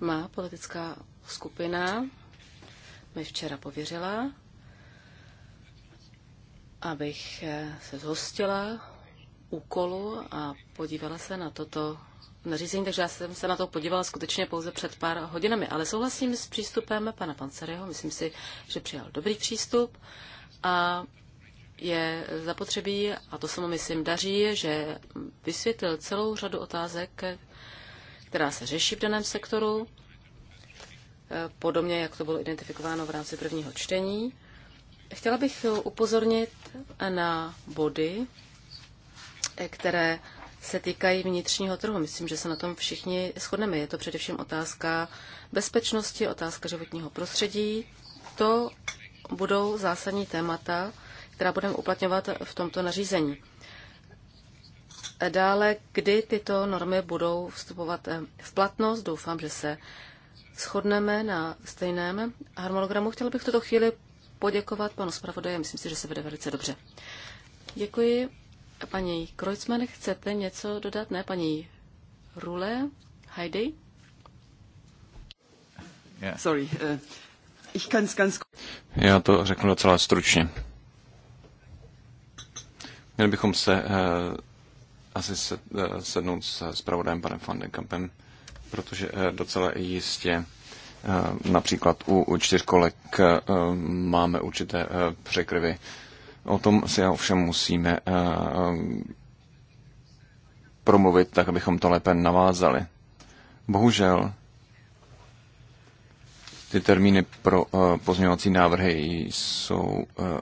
Speaker 5: Má politická skupina mi včera pověřila, abych eh, se zhostila úkolu a podívala se na toto nařízení, takže já jsem se na to podívala skutečně pouze před pár hodinami. Ale souhlasím s přístupem pana Pancereho, myslím si, že přijal dobrý přístup a je zapotřebí, a to se mu myslím daří, že vysvětlil celou řadu otázek, která se řeší v daném sektoru, podobně jak to bylo identifikováno v rámci prvního čtení. Chtěla bych upozornit na body, které se týkají vnitřního trhu. Myslím, že se na tom všichni shodneme. Je to především otázka bezpečnosti, otázka životního prostředí. To budou zásadní témata, která budeme uplatňovat v tomto nařízení. Dále, kdy tyto normy budou vstupovat eh, v platnost, doufám, že se shodneme na stejném harmonogramu. Chtěla bych v tuto chvíli poděkovat panu zpravodaji, myslím si, že se vede velice dobře. Děkuji. Paní Kreuzmann, chcete něco dodat? Ne, paní Rule, Heidi? Yeah. Sorry, uh,
Speaker 3: ich kann's ganz...
Speaker 4: Já to řeknu docela stručně. Měli bychom se uh, asi se, uh, sednout s zpravodajem panem van den Kampem, protože uh, docela jistě Například u, u čtyřkolek máme určité překryvy O tom si ovšem musíme eh, promluvit tak, abychom to lépe navázali. Bohužel ty termíny pro eh, pozměňovací návrhy jsou eh,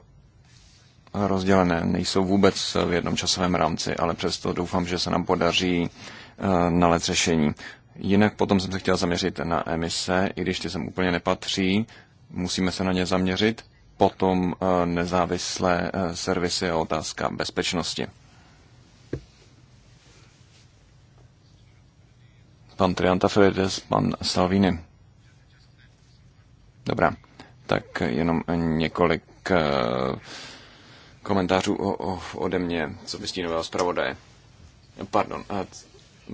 Speaker 4: rozdělené, nejsou vůbec v jednom časovém rámci, ale přesto doufám, že se nám podaří nalézt řešení. Jinak potom jsem se chtěl zaměřit na emise, i když ty sem úplně nepatří, musíme se na ně zaměřit potom eh, nezávislé eh, servisy a otázka bezpečnosti. Pan Triantafilides, pan Salvini. Dobrá, tak jenom několik eh, komentářů ode mě, co by stínového zpravodaje. Pardon,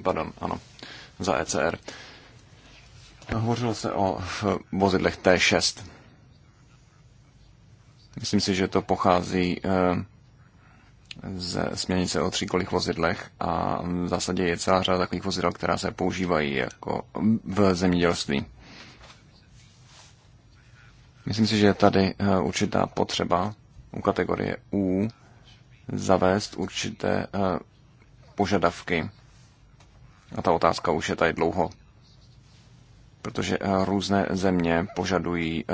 Speaker 4: pardon, ano, za ECR. Hovořilo se o vozidlech T6. Myslím si, že to pochází eh, ze směrnice o tříkolých vozidlech a v zásadě je celá řada takových vozidel, která se používají jako v zemědělství. Myslím si, že je tady eh, určitá potřeba u kategorie U zavést určité eh, požadavky. A ta otázka už je tady dlouho. Protože různé země požadují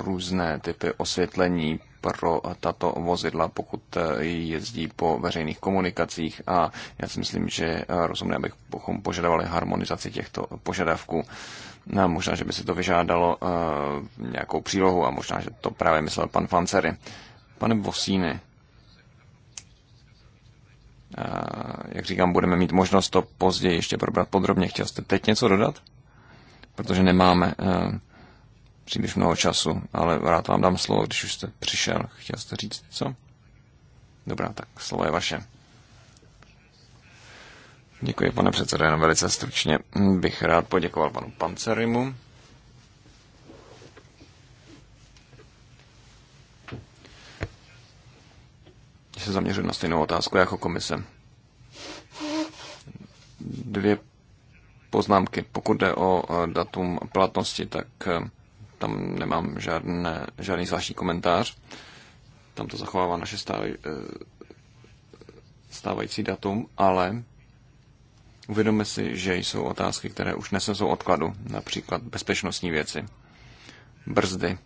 Speaker 4: různé typy osvětlení pro tato vozidla, pokud eh, jezdí po veřejných komunikacích a já si myslím, že eh, rozumné, abychom požadovali harmonizaci těchto požadavků. No, možná, že by se to vyžádalo uh, nějakou přílohu a možná, že to právě myslel pan Fancery. Pane Vosíny, jak říkám, budeme mít možnost to později ještě probrat podrobně. Chtěl jste teď něco dodat? Protože nemáme uh, příliš mnoho času, ale rád vám dám slovo, když už jste přišel. Chtěl jste říct, co? Dobrá, tak slovo je vaše. Děkuji, pane předsedo, jenom velice stručně bych rád poděkoval panu Pancerimu. se zaměřit na stejnou otázku jako komise. Dvě poznámky. Pokud jde o eh, datum platnosti, tak eh, tam nemám žádné, žádný zvláštní komentář. Tam to zachovává naše stávaj, eh, stávající datum, ale uvědomme si, že jsou otázky, které už nesou odkladu, například bezpečnostní věci, brzdy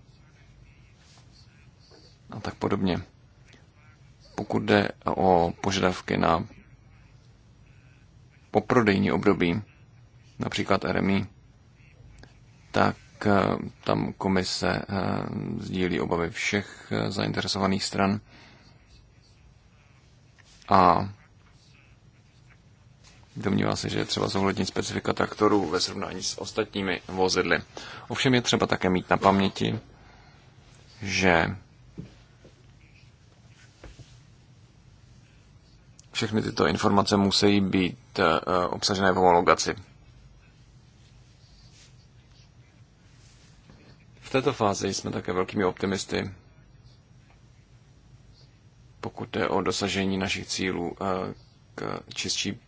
Speaker 4: a tak podobně. Pokud jde o požadavky na poprodejní období, například RMI, tak Eh, tam komise eh, sdílí obavy všech eh, zainteresovaných stran. A Domnívá se, že je třeba zohlednit specifika traktorů ve srovnání s ostatními vozidly. Ovšem je třeba také mít na paměti, že všechny tyto informace musí být obsažené v homologaci. této fázi jsme také velkými optimisty, pokud jde o dosažení našich cílů eh, k čistší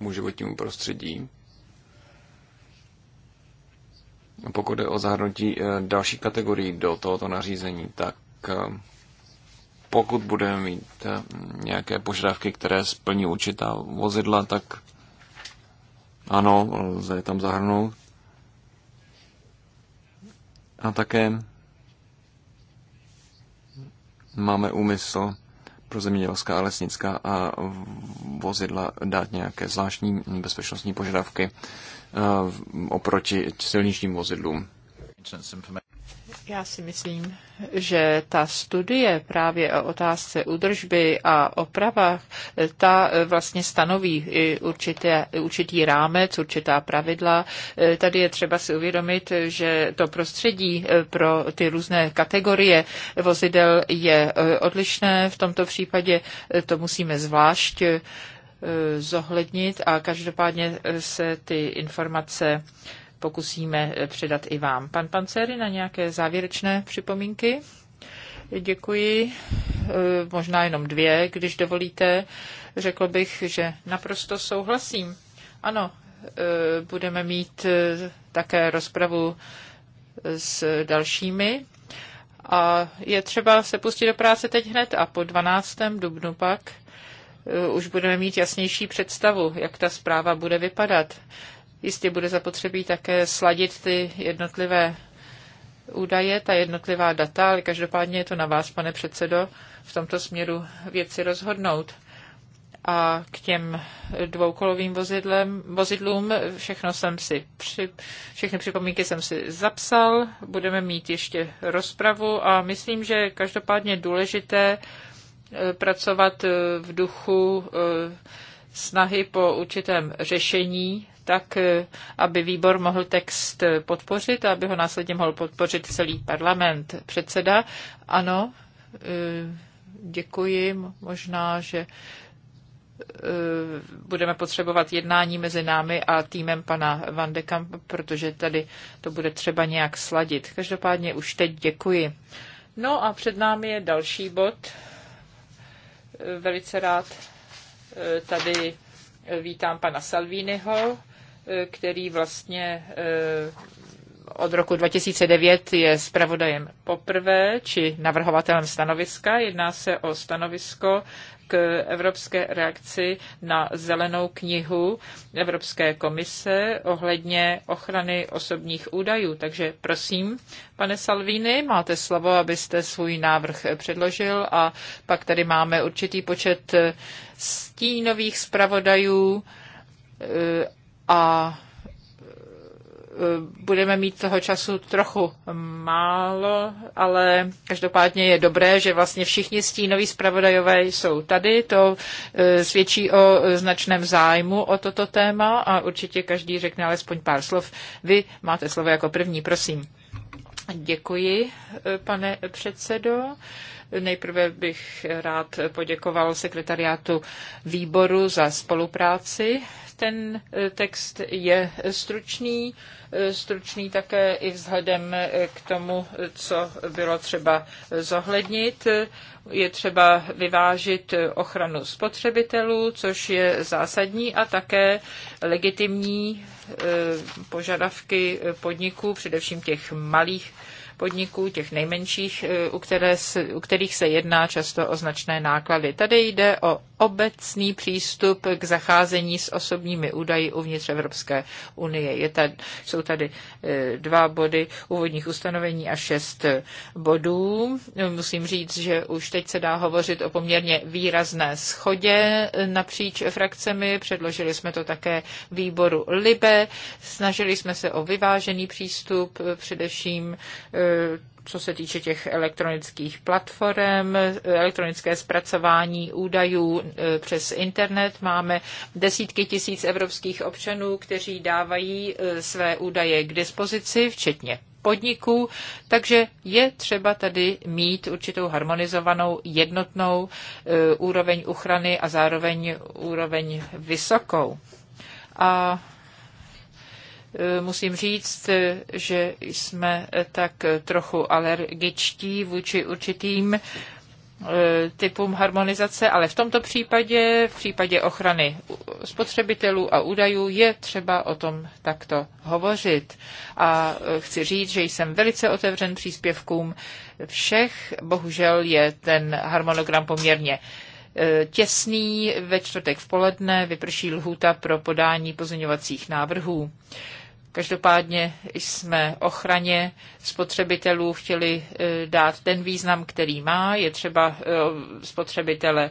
Speaker 4: mu životnímu prostředí. Pokud jde o zahrnutí eh, další kategorii do tohoto nařízení, tak eh, pokud budeme mít nějaké požadavky, které splní určitá vozidla, tak ano, lze je tam zahrnout. A také máme úmysl pro zemědělská a lesnická a vozidla dát nějaké zvláštní bezpečnostní požadavky eh, oproti silničním vozidlům.
Speaker 2: Já si myslím, že ta studie právě o otázce údržby a opravách, ta vlastně stanoví i určité, určitý rámec, určitá pravidla. Tady je třeba si uvědomit, že to prostředí pro ty různé kategorie vozidel je odlišné. V tomto případě to musíme zvlášť eh, zohlednit a každopádně se ty informace pokusíme eh, předat i vám. Pan Pancery na nějaké závěrečné připomínky? Děkuji. Eh, možná jenom dvě, když dovolíte. Řekl bych, že naprosto souhlasím. Ano, eh, budeme mít také rozpravu s dalšími. A je třeba se pustit do práce teď hned a po 12. dubnu pak už budeme mít jasnější představu, jak ta zpráva bude vypadat. Jistě bude zapotřebí také sladit ty jednotlivé údaje, ta jednotlivá data, ale každopádně je to na vás, pane předsedo, v tomto směru věci rozhodnout. A k těm dvoukolovým vozidlem, vozidlům všechno jsem si při, všechny připomínky jsem si zapsal. Budeme mít ještě rozpravu a myslím, že každopádně důležité eh, pracovat eh, v duchu eh, snahy po určitém řešení tak eh, aby výbor mohl text eh, podpořit a aby ho následně mohl podpořit celý parlament. Předseda, ano, eh, děkuji, možná, že budeme potřebovat jednání mezi námi a týmem pana Van de Kamp, protože tady to bude třeba nějak sladit. Každopádně už teď děkuji. No a před námi je další bod. Velice rád tady vítám pana Salviniho, který vlastně eh, od roku 2009 je zpravodajem poprvé, či navrhovatelem stanoviska. Jedná se o stanovisko k evropské reakci na zelenou knihu Evropské komise ohledně ochrany osobních údajů. Takže prosím, pane Salvini, máte slovo, abyste svůj návrh předložil a pak tady máme určitý počet stínových zpravodajů eh, a e, budeme mít toho času trochu málo, ale každopádně je dobré, že vlastně všichni stínoví zpravodajové jsou tady. To e, svědčí o značném zájmu o toto téma a určitě každý řekne alespoň pár slov. Vy máte slovo jako první, prosím. Děkuji, e, pane předsedo. Nejprve bych rád poděkoval sekretariátu výboru za spolupráci. Ten eh, text je stručný, eh, stručný také i vzhledem eh, k tomu, co bylo třeba zohlednit. Je třeba vyvážit ochranu spotřebitelů, což je zásadní, a také legitimní požadavky podniků, především těch malých podniků, těch nejmenších, eh, u, které se, u kterých se jedná často o značné náklady. Tady jde o obecný přístup k zacházení s osobními údaji uvnitř Evropské unie. Je tady, jsou tady eh, dva body úvodních ustanovení a šest eh, bodů. Musím říct, že už teď se dá hovořit o poměrně výrazné schodě napříč frakcemi. Předložili jsme to také výboru LIBE. Snažili jsme se o vyvážený přístup, především co se týče těch elektronických platform, elektronické zpracování údajů e, přes internet. Máme desítky tisíc evropských občanů, kteří dávají e, své údaje k dispozici, včetně podniků, takže je třeba tady mít určitou harmonizovanou jednotnou e, úroveň ochrany a zároveň úroveň vysokou. A Eh, musím říct, eh, že jsme eh, tak trochu alergičtí vůči určitým typům harmonizace, ale v tomto případě, v případě ochrany spotřebitelů a údajů, je třeba o tom takto hovořit. A chci říct, že jsem velice otevřen příspěvkům všech. Bohužel je ten harmonogram poměrně Eh, těsný. Ve čtvrtek v poledne vyprší lhůta pro podání pozměňovacích návrhů. Každopádně jsme ochraně spotřebitelů chtěli eh, dát ten význam, který má. Je třeba eh, spotřebitele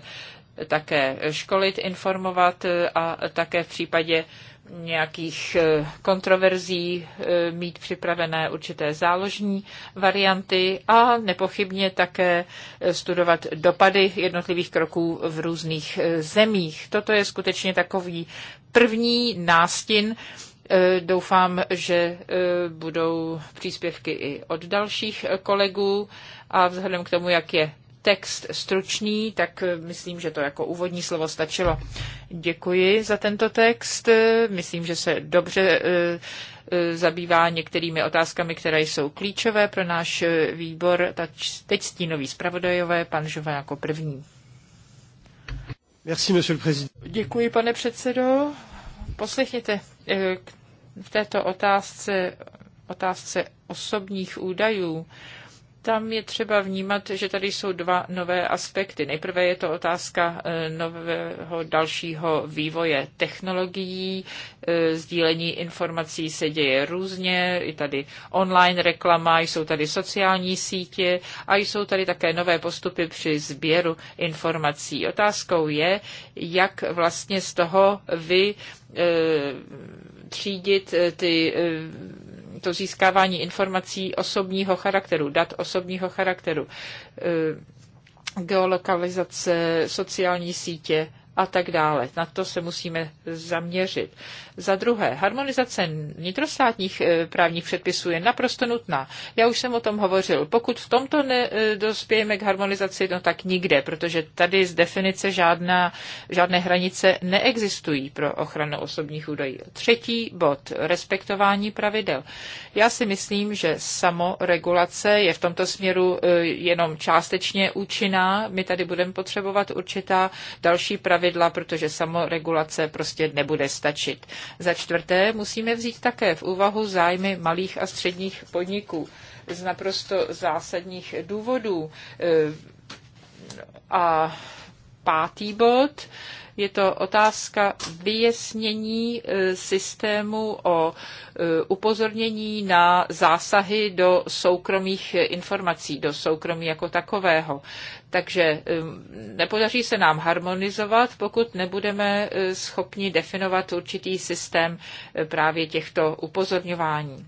Speaker 2: také školit, informovat a také v případě nějakých eh, kontroverzí eh, mít připravené určité záložní varianty a nepochybně také eh, studovat dopady jednotlivých kroků v různých zemích. Toto je skutečně takový první nástin. Doufám, že budou příspěvky i od dalších kolegů a vzhledem k tomu, jak je text stručný, tak eh, myslím, že to jako úvodní slovo stačilo. Děkuji za tento text. Myslím, že se dobře eh, eh, zabývá některými otázkami, které jsou klíčové pro náš výbor. Teď stínový zpravodajové, pan Žova jako první.
Speaker 3: Merci, monsieur le président.
Speaker 2: Děkuji, pane předsedo. Poslechněte, v této otázce, otázce osobních údajů, tam je třeba vnímat, že tady jsou dva nové aspekty. Nejprve je to otázka eh, nového dalšího vývoje technologií. Eh, sdílení informací se děje různě. I tady online reklama, jsou tady sociální sítě a jsou tady také nové postupy při sběru informací. Otázkou je, jak vlastně z toho vy eh, třídit ty to získávání informací osobního charakteru, dat osobního charakteru, eh, geolokalizace, sociální sítě a tak dále. Na to se musíme zaměřit. Za druhé, harmonizace vnitrostátních eh, právních předpisů je naprosto nutná. Já už jsem o tom hovořil. Pokud v tomto nedospějeme eh, k harmonizaci, no tak nikde, protože tady z definice žádná, žádné hranice neexistují pro ochranu osobních údajů. Třetí bod, respektování pravidel. Já si myslím, že samoregulace je v tomto směru eh, jenom částečně účinná. My tady budeme potřebovat určitá další pravidla pravidla, protože samoregulace prostě nebude stačit. Za čtvrté musíme vzít také v úvahu zájmy malých a středních podniků z naprosto zásadních důvodů. Eh, a pátý bod je to otázka vyjasnění eh, systému o eh, upozornění na zásahy do soukromých informací, do soukromí jako takového. Takže um, nepodaří se nám harmonizovat, pokud nebudeme eh, schopni definovat určitý systém eh, právě těchto upozorňování.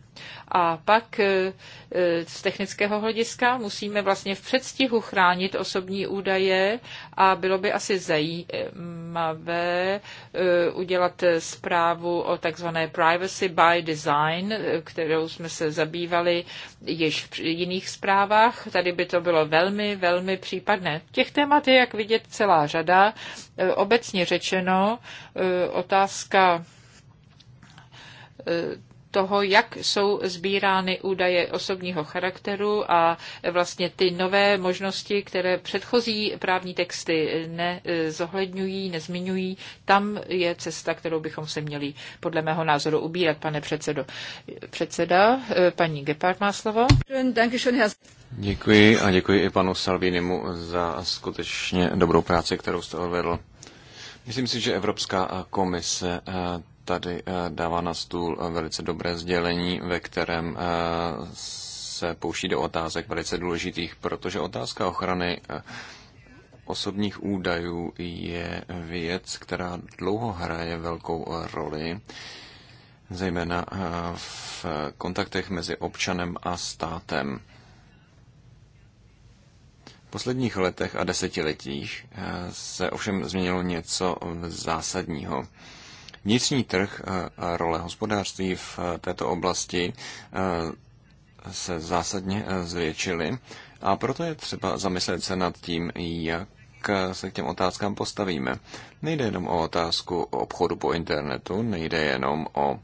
Speaker 2: A pak eh, eh, z technického hlediska musíme vlastně v předstihu chránit osobní údaje a bylo by asi zajímavé eh, udělat zprávu o takzvané privacy by design, kterou jsme se zabývali již v jiných zprávách. Tady by to bylo velmi, velmi případné. Těch témat je, jak vidět, celá řada. Obecně řečeno, otázka toho, jak jsou sbírány údaje osobního charakteru a vlastně ty nové možnosti, které předchozí právní texty nezohledňují, nezmiňují, tam je cesta, kterou bychom se měli podle mého názoru ubírat, pane předsedo. Předseda, paní Gepard má slovo.
Speaker 4: Děkuji a děkuji i panu Salvinimu za skutečně dobrou práci, kterou jste odvedl. Myslím si, že Evropská komise eh, tady eh, dává na stůl eh, velice dobré sdělení, ve kterém eh, se pouští do otázek velice důležitých, protože otázka ochrany osobních údajů je věc, která dlouho hraje velkou roli, zejména v kontaktech mezi občanem a státem. V posledních letech a desetiletích se ovšem změnilo něco zásadního. Vnitřní trh eh, a role hospodářství v eh, této oblasti eh, se zásadně zvětšily a proto je třeba zamyslet se nad tím, jak se k těm otázkám postavíme. Nejde jenom o otázku obchodu po internetu, nejde jenom o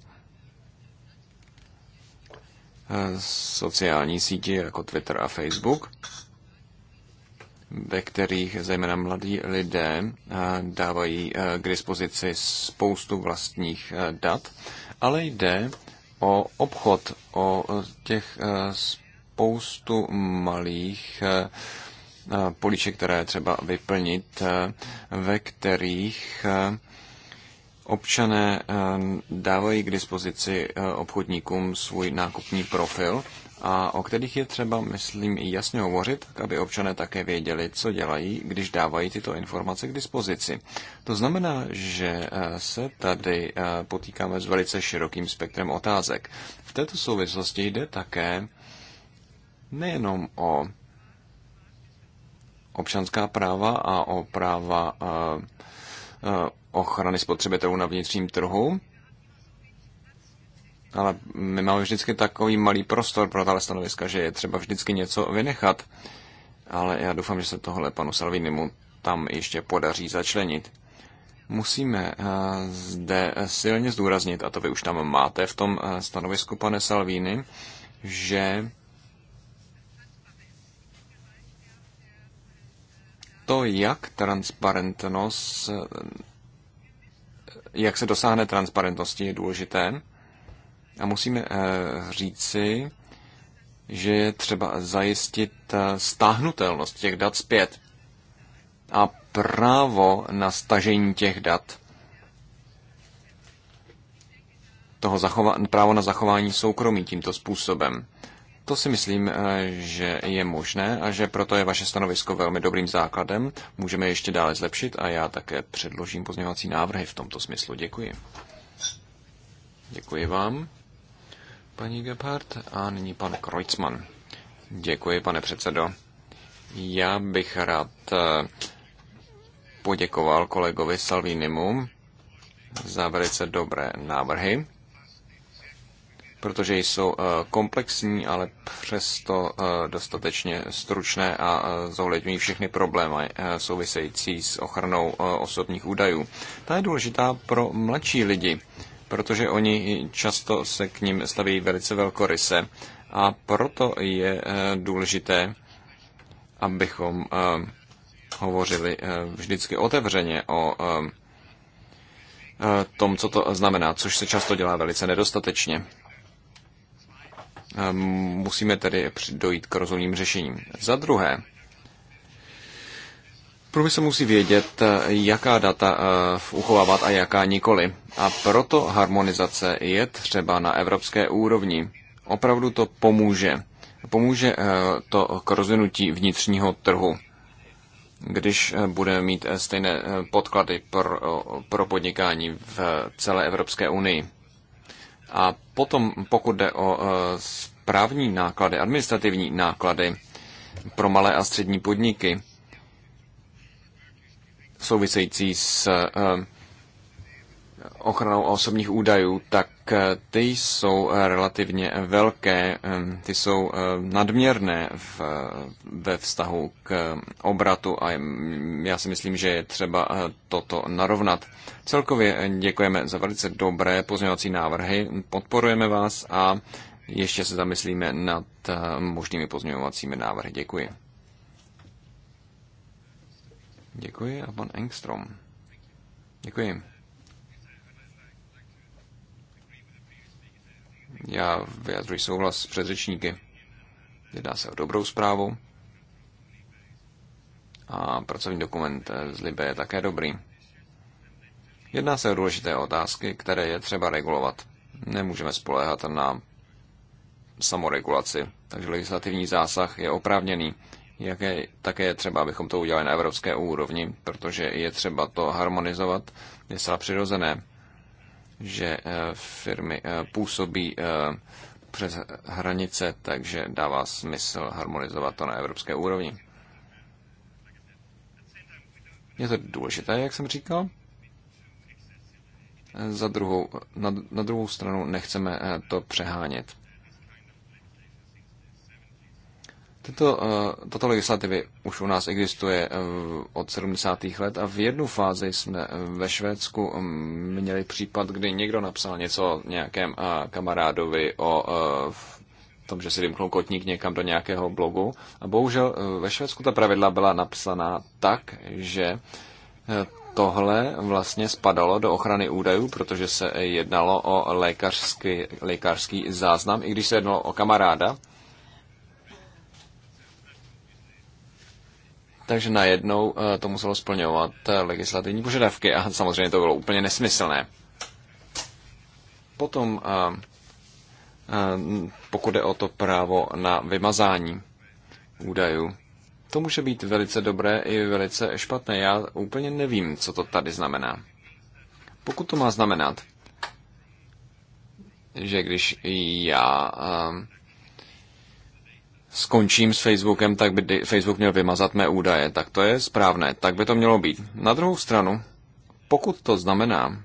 Speaker 4: sociální sítě jako Twitter a Facebook, ve kterých zejména mladí lidé eh, dávají eh, k dispozici spoustu vlastních eh, dat, ale jde o obchod, o těch spoustu malých políček, které je třeba vyplnit, ve kterých občané dávají k dispozici obchodníkům svůj nákupní profil a o kterých je třeba, myslím, i jasně hovořit, aby občané také věděli, co dělají, když dávají tyto informace k dispozici. To znamená, že eh, se tady eh, potýkáme s velice širokým spektrem otázek. V této souvislosti jde také nejenom o občanská práva a o práva eh, ochrany spotřebitelů na vnitřním trhu, ale my máme vždycky takový malý prostor pro tato stanoviska, že je třeba vždycky něco vynechat. Ale já doufám, že se tohle panu Salvinimu tam ještě podaří začlenit. Musíme eh, zde silně zdůraznit, a to vy už tam máte v tom eh, stanovisku, pane Salvini, že to, jak transparentnost, eh, jak se dosáhne transparentnosti, je důležité. A musíme eh, říci, že je třeba zajistit eh, stáhnutelnost těch dat zpět a právo na stažení těch dat. Toho zachova- právo na zachování soukromí tímto způsobem. To si myslím, eh, že je možné a že proto je vaše stanovisko velmi dobrým základem. Můžeme ještě dále zlepšit a já také předložím pozměňovací návrhy v tomto smyslu. Děkuji. Děkuji vám paní Gebhardt a nyní pan Kreutzmann. Děkuji, pane předsedo. Já bych rád eh, poděkoval kolegovi Salvinimu za velice dobré návrhy, protože jsou eh, komplexní, ale přesto eh, dostatečně stručné a zohledňují všechny problémy související s ochranou osobních údajů. Ta je důležitá pro mladší lidi protože oni často se k ním staví velice velkoryse a proto je eh, důležité, abychom eh, hovořili eh, vždycky otevřeně o tom, co to znamená, což se často dělá velice nedostatečně. Musíme tedy dojít k rozumným řešením. Za druhé, Průmysl musí vědět, eh, jaká data eh, uchovávat a jaká nikoli. A proto harmonizace je třeba na evropské úrovni. Opravdu to pomůže. Pomůže eh, to k rozvinutí vnitřního trhu když budeme mít stejné podklady pro, pro podnikání v celé Evropské unii. A potom, pokud jde o správní náklady, administrativní náklady pro malé a střední podniky, související s eh, ochranou osobních údajů, tak eh, ty jsou eh, relativně velké, ehm, ty jsou nadměrné v, ve vztahu k obratu a já si myslím, že je třeba toto narovnat. Celkově děkujeme za velice dobré pozměňovací návrhy, podporujeme vás a ještě se zamyslíme nad možnými pozměňovacími návrhy. Děkuji. Děkuji a pan Engstrom. Děkuji. Já vyjadřuji souhlas s předřečníky. Jedná se o dobrou zprávu. A pracovní dokument z Libe je také dobrý. Jedná se o důležité otázky, které je třeba regulovat. Nemůžeme spoléhat na samoregulaci, takže legislativní zásah je oprávněný jaké, také je třeba, abychom to udělali na evropské úrovni, protože je třeba to harmonizovat. Je zcela přirozené, že eh, firmy eh, působí eh, přes hranice, takže dává smysl harmonizovat to na evropské úrovni. Je to důležité, jak jsem říkal. Za druhou, na, na druhou stranu nechceme to přehánět. uh, tato legislativy už u nás existuje eh, od 70. let a v jednu fázi jsme eh, ve Švédsku mm, měli případ, kdy někdo napsal něco nějakém uh, kamarádovi o tom, že si vymknul kotník někam do nějakého blogu. A bohužel ve Švédsku ta pravidla byla napsaná tak, že tohle vlastně spadalo do ochrany údajů, protože se jednalo o lékařský, lékařský záznam, i když se jednalo o kamaráda, Takže najednou eh, to muselo splňovat eh, legislativní požadavky a samozřejmě to bylo úplně nesmyslné. Potom, eh, pokud je o to právo na vymazání údajů, to může být velice dobré i velice špatné. Já úplně nevím, co to tady znamená. Pokud to má znamenat, že když já skončím s Facebookem, tak by Facebook měl vymazat mé údaje. Tak to je správné, tak by to mělo být. Na druhou stranu, pokud to znamená,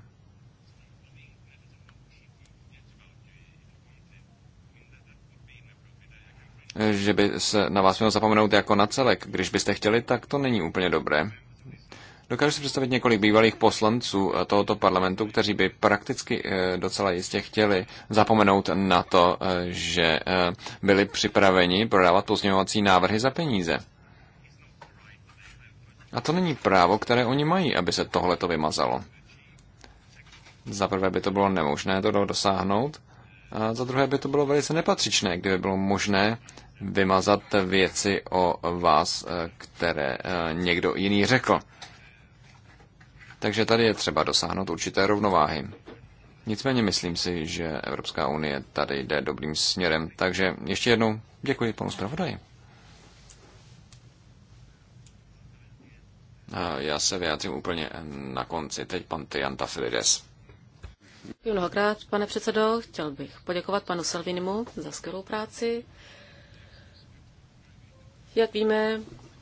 Speaker 4: že by se na vás mělo zapomenout jako na celek, když byste chtěli, tak to není úplně dobré. Dokážu si představit několik bývalých poslanců eh, tohoto parlamentu, kteří by prakticky eh, docela jistě chtěli zapomenout na to, eh, že byli připraveni prodávat pozměňovací návrhy za peníze. A to není právo, které oni mají, aby se tohle to vymazalo. Za prvé by to bylo nemožné to dosáhnout, a za druhé by to bylo velice nepatřičné, kdyby bylo možné vymazat věci o vás, které někdo jiný řekl. Takže tady je třeba dosáhnout určité rovnováhy. Nicméně myslím si, že Evropská unie tady jde dobrým směrem. Takže ještě jednou děkuji panu zpravodaji. Já se vyjádřím úplně na konci. Teď pan Tyanta Filides.
Speaker 5: Mnohokrát, pane předsedo, chtěl bych poděkovat panu Salvinimu za skvělou práci. Jak víme,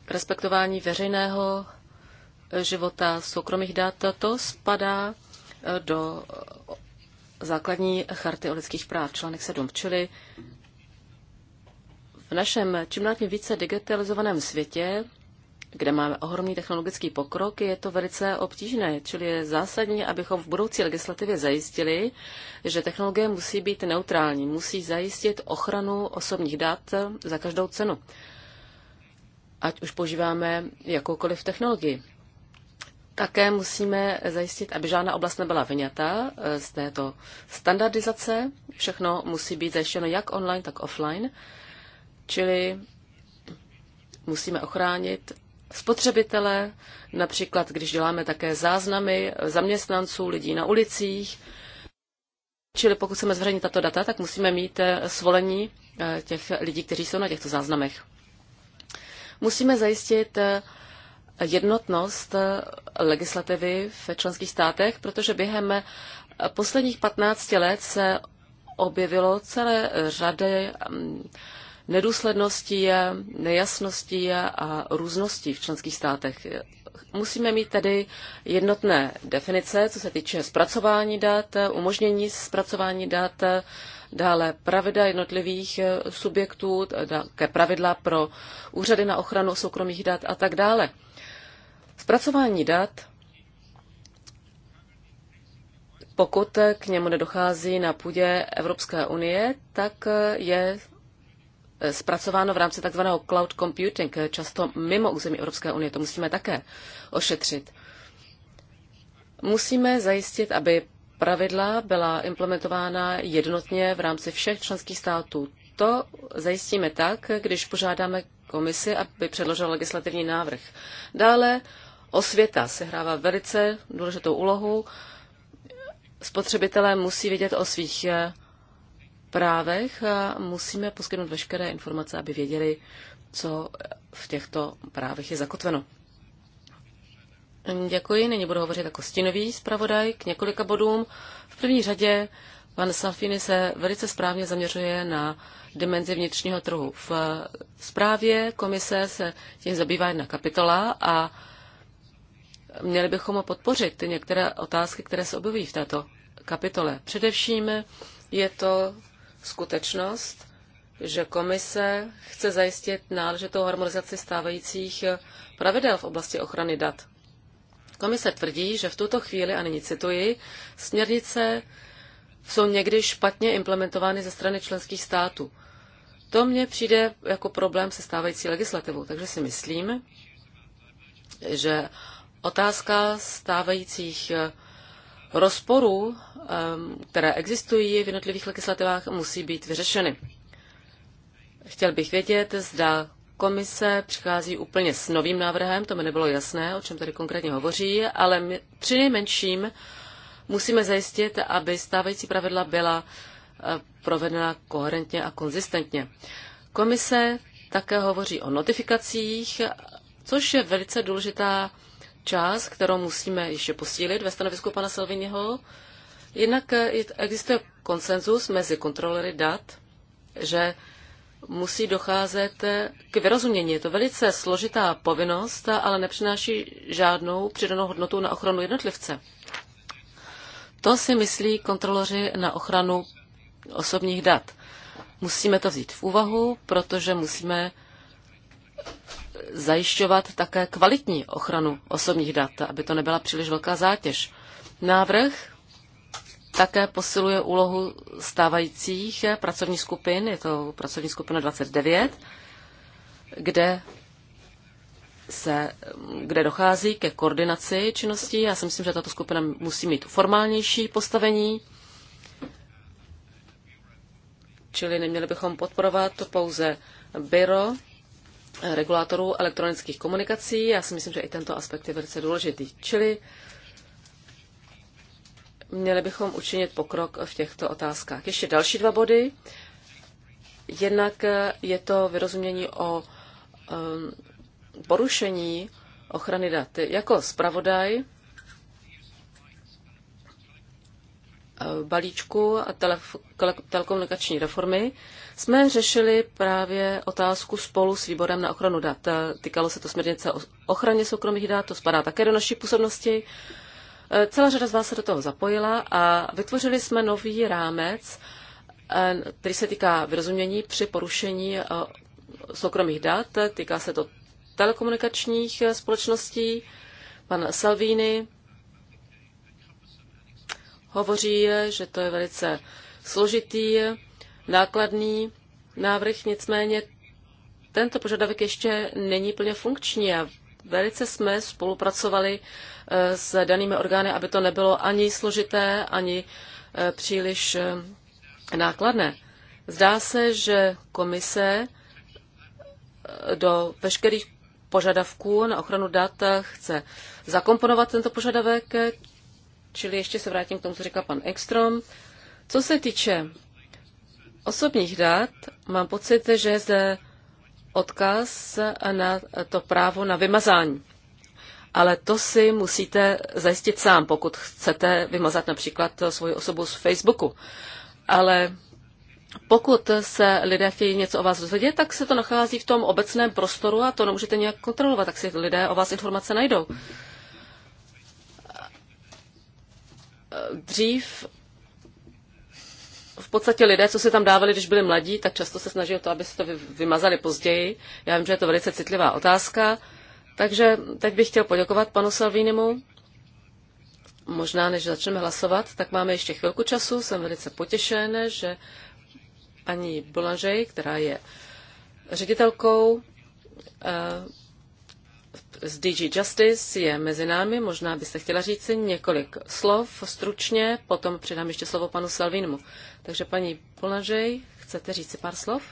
Speaker 5: respektování veřejného života, soukromých dat, to spadá eh, do základní charty o lidských práv, článek 7. Čili v našem čím dál tím více digitalizovaném světě, kde máme ohromný technologický pokrok, je to velice obtížné, čili je zásadní, abychom v budoucí legislativě zajistili, že technologie musí být neutrální, musí zajistit ochranu osobních dat eh, za každou cenu, ať už používáme jakoukoliv technologii. Také musíme zajistit, aby žádná oblast nebyla vyňata eh, z této standardizace. Všechno musí být zajištěno jak online, tak offline. Čili musíme ochránit spotřebitele, například když děláme také záznamy zaměstnanců, lidí na ulicích. Čili pokud chceme zveřejnit tato data, tak musíme mít eh, svolení eh, těch lidí, kteří jsou na těchto záznamech. Musíme zajistit jednotnost eh, legislativy v členských státech, protože během eh, posledních 15 let se objevilo celé řady mm, nedůsledností, eh, nejasností a růzností v členských státech. Musíme mít tedy jednotné definice, co se týče zpracování dat, umožnění zpracování dat, dále pravidla jednotlivých subjektů, také pravidla pro úřady na ochranu soukromých dat a tak dále. Zpracování dat, pokud k němu nedochází na půdě Evropské unie, tak je zpracováno v rámci tzv. cloud computing, často mimo území Evropské unie. To musíme také ošetřit. Musíme zajistit, aby pravidla byla implementována jednotně v rámci všech členských států. To zajistíme tak, když požádáme komisi, aby předložila legislativní návrh. Dále osvěta sehrává velice důležitou úlohu. Spotřebitelé musí vědět o svých eh, právech a musíme poskytnout veškeré informace, aby věděli, co eh, v těchto právech je zakotveno. Děkuji, nyní budu hovořit jako stínový zpravodaj k několika bodům. V první řadě pan Salfini se velice správně zaměřuje na dimenzi vnitřního trhu. V eh, zprávě komise se tím zabývá jedna kapitola a měli bychom podpořit některé otázky, které se objevují v této kapitole. Především je to skutečnost, že komise chce zajistit náležitou harmonizaci stávajících pravidel v oblasti ochrany dat. Komise tvrdí, že v tuto chvíli, a nyní cituji, směrnice jsou někdy špatně implementovány ze strany členských států. To mně přijde jako problém se stávající legislativou, takže si myslím, že otázka stávajících eh, rozporů, eh, které existují v jednotlivých legislativách, musí být vyřešeny. Chtěl bych vědět, zda komise přichází úplně s novým návrhem, to mi nebylo jasné, o čem tady konkrétně hovoří, ale my, při nejmenším musíme zajistit, aby stávající pravidla byla eh, provedena koherentně a konzistentně. Komise také hovoří o notifikacích, což je velice důležitá část, kterou musíme ještě posílit ve stanovisku pana Salviniho. Jednak eh, existuje konsenzus mezi kontrolery dat, že musí docházet eh, k vyrozumění. Je to velice složitá povinnost, ale nepřináší žádnou přidanou hodnotu na ochranu jednotlivce. To si myslí kontroloři na ochranu osobních dat. Musíme to vzít v úvahu, protože musíme zajišťovat také kvalitní ochranu osobních dat, aby to nebyla příliš velká zátěž. Návrh také posiluje úlohu stávajících pracovních skupin, je to pracovní skupina 29, kde se, kde dochází ke koordinaci činností. Já si myslím, že tato skupina musí mít formálnější postavení, čili neměli bychom podporovat pouze byro, regulátorů elektronických komunikací. Já si myslím, že i tento aspekt je velice důležitý. Čili měli bychom učinit pokrok v těchto otázkách. Ještě další dva body. Jednak je to vyrozumění o um, porušení ochrany dat. Jako zpravodaj Eh, balíčku a telekomunikační reformy jsme řešili právě otázku spolu s výborem na ochranu dat. Eh, Týkalo se to směrnice o ochraně soukromých dat, to spadá také do naší působnosti. Eh, Celá řada z vás se do toho zapojila a vytvořili jsme nový rámec, který se týká vyrozumění při porušení soukromých dat. Týká se to telekomunikačních společností. Pan Salvini hovoří, že to je velice složitý, nákladný návrh, nicméně tento požadavek ještě není plně funkční a velice jsme spolupracovali eh, s danými orgány, aby to nebylo ani složité, ani eh, příliš eh, nákladné. Zdá se, že komise do veškerých požadavků na ochranu dat chce zakomponovat tento požadavek, Čili ještě se vrátím k tomu, co říkal pan Ekstrom. Co se týče osobních dat, mám pocit, že je zde odkaz na to právo na vymazání. Ale to si musíte zajistit sám, pokud chcete vymazat například svoji osobu z Facebooku. Ale pokud se lidé chtějí něco o vás dozvědět, tak se to nachází v tom obecném prostoru a to nemůžete nějak kontrolovat, tak si lidé o vás informace najdou. Eh, dřív v podstatě lidé, co se tam dávali, když byli mladí, tak často se snaží o to, aby se to vymazali později. Já vím, že je to velice citlivá otázka, takže teď bych chtěl poděkovat panu Salvínimu. Možná, než začneme hlasovat, tak máme ještě chvilku času. Jsem velice potěšen, že paní Blanžej, která je ředitelkou eh, z DG Justice je mezi námi, možná byste chtěla říct několik slov stručně, potom předám ještě slovo panu Salvinimu. Takže paní Polnažej, chcete říct si pár slov?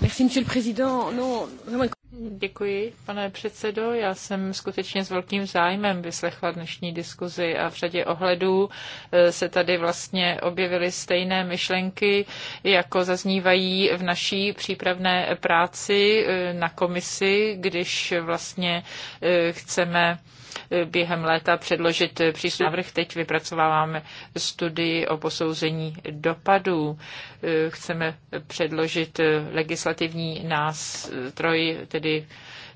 Speaker 2: Merci, monsieur le président. Non, vraiment... Děkuji, pane předsedo. Já jsem skutečně s velkým zájmem vyslechla dnešní diskuzi a v řadě ohledů eh, se tady vlastně objevily stejné myšlenky, jako zaznívají v naší přípravné práci eh, na komisi, když vlastně eh, chceme během léta předložit příslušný návrh. Teď vypracováváme studii o posouzení dopadů. Chceme předložit legislativní nástroj, tedy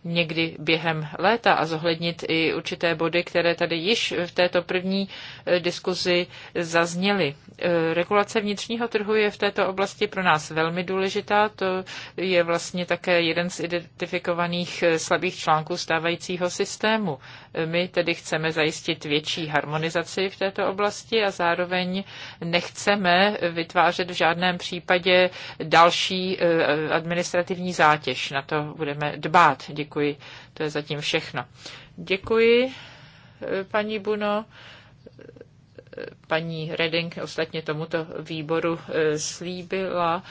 Speaker 2: někdy během léta a zohlednit i určité body, které tady již v této první eh, diskuzi zazněly. Eh, regulace vnitřního trhu je v této oblasti pro nás velmi důležitá. To je vlastně také jeden z identifikovaných eh, slabých článků stávajícího systému. My tedy chceme zajistit větší harmonizaci v této oblasti a zároveň nechceme vytvářet v žádném případě další administrativní zátěž. Na to budeme dbát. Děkuji. Děkuji. To je zatím všechno. Děkuji, eh, paní Buno. Eh, paní Reding ostatně tomuto výboru eh, slíbila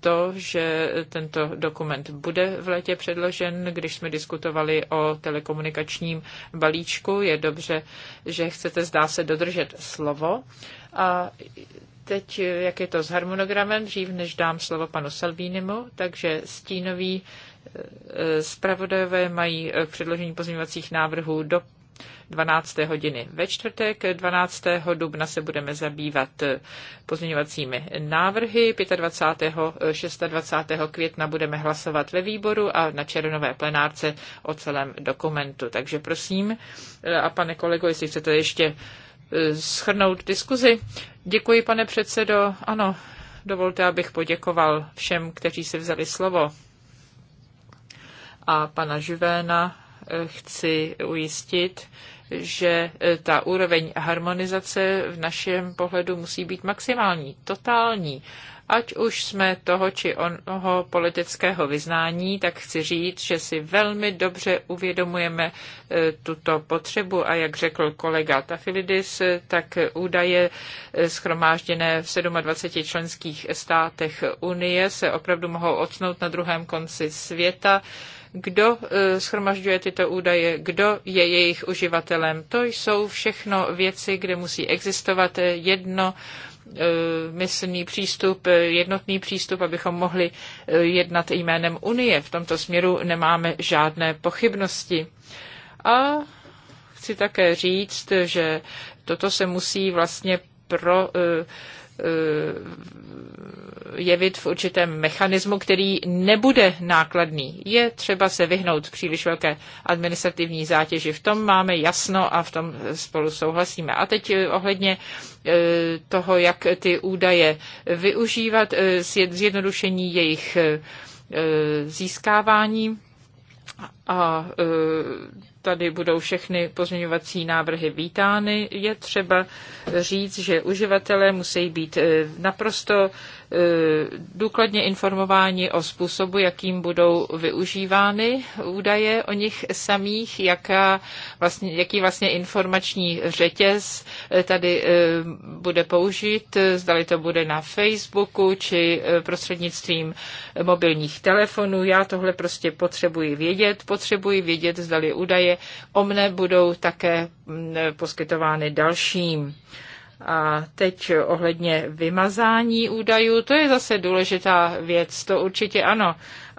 Speaker 2: to, že tento dokument bude v letě předložen. Když jsme diskutovali o telekomunikačním balíčku, je dobře, že chcete zdá se dodržet slovo. A teď, jak je to s harmonogramem, dřív než dám slovo panu Salvínimu, takže stínový Spravodajové mají eh, předložení pozměňovacích návrhů do 12. hodiny. Ve čtvrtek 12. dubna se budeme zabývat eh, pozměňovacími návrhy. 25. 26. Eh, května budeme hlasovat ve výboru a na červnové plenárce o celém dokumentu. Takže prosím, a pane kolego, jestli chcete ještě schrnout diskuzi. Děkuji, pane předsedo. Ano, dovolte, abych poděkoval všem, kteří si vzali slovo a pana Živéna eh, chci ujistit, že eh, ta úroveň harmonizace v našem pohledu musí být maximální, totální. Ať už jsme toho či onoho politického vyznání, tak chci říct, že si velmi dobře uvědomujeme eh, tuto potřebu a jak řekl kolega Tafilidis, tak údaje schromážděné v 27 členských státech Unie se opravdu mohou ocnout na druhém konci světa kdo eh, schromažďuje tyto údaje, kdo je jejich uživatelem. To jsou všechno věci, kde musí existovat jedno eh, myslný přístup, eh, jednotný přístup, abychom mohli jednat jménem Unie. V tomto směru nemáme žádné pochybnosti. A chci také říct, že toto se musí vlastně pro Eh, jevit v určitém mechanismu, který nebude nákladný. Je třeba se vyhnout příliš velké administrativní zátěži. V tom máme jasno a v tom spolu souhlasíme. A teď eh, ohledně eh, toho, jak ty údaje využívat, zjednodušení jejich získávání a e, tady budou všechny pozměňovací návrhy vítány. Je třeba říct, že uživatelé musí být e, naprosto Eh, důkladně informováni o způsobu, jakým budou využívány údaje o nich samých, jaká vlastně, jaký vlastně informační řetěz eh, tady eh, bude použít, zdali to bude na Facebooku či prostřednictvím mobilních telefonů. Já tohle prostě potřebuji vědět, potřebuji vědět, zdali údaje o mne budou také mm, poskytovány dalším. A teď ohledně vymazání údajů, to je zase důležitá věc, to určitě ano.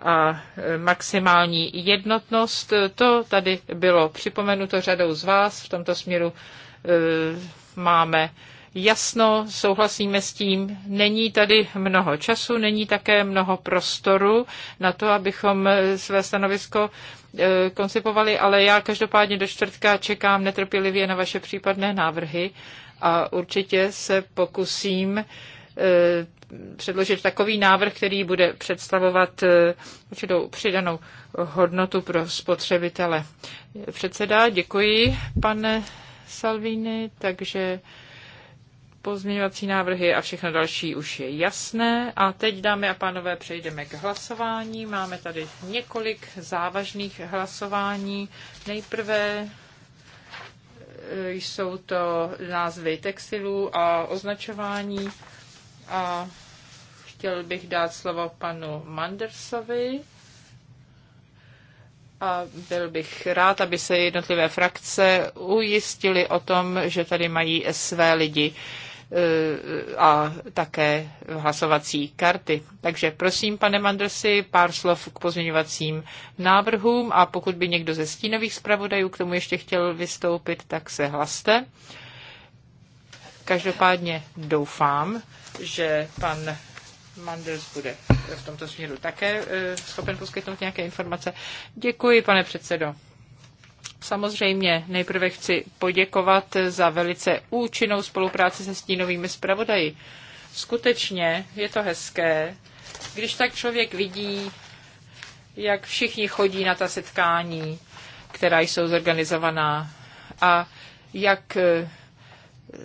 Speaker 2: A maximální jednotnost, to tady bylo připomenuto řadou z vás, v tomto směru e, máme jasno, souhlasíme s tím, není tady mnoho času, není také mnoho prostoru na to, abychom e, své stanovisko E, koncipovali, ale já každopádně do čtvrtka čekám netrpělivě na vaše případné návrhy a určitě se pokusím e, předložit takový návrh, který bude představovat e, určitou přidanou hodnotu pro spotřebitele. Předseda, děkuji, pane Salvini, takže pozměňovací návrhy a všechno další už je jasné. A teď, dámy a pánové, přejdeme k hlasování. Máme tady několik závažných hlasování. Nejprve e, jsou to názvy textilů a označování. A chtěl bych dát slovo panu Mandersovi a byl bych rád, aby se jednotlivé frakce ujistili o tom, že tady mají své lidi a také hlasovací karty. Takže prosím, pane Mandrsi, pár slov k pozměňovacím návrhům a pokud by někdo ze stínových zpravodajů k tomu ještě chtěl vystoupit, tak se hlaste. Každopádně doufám, že pan Mandels bude v tomto směru také eh, schopen poskytnout nějaké informace. Děkuji, pane předsedo. Samozřejmě nejprve chci poděkovat za velice účinnou spolupráci se stínovými zpravodaji. Skutečně je to hezké, když tak člověk vidí, jak všichni chodí na ta setkání, která jsou zorganizovaná a jak eh,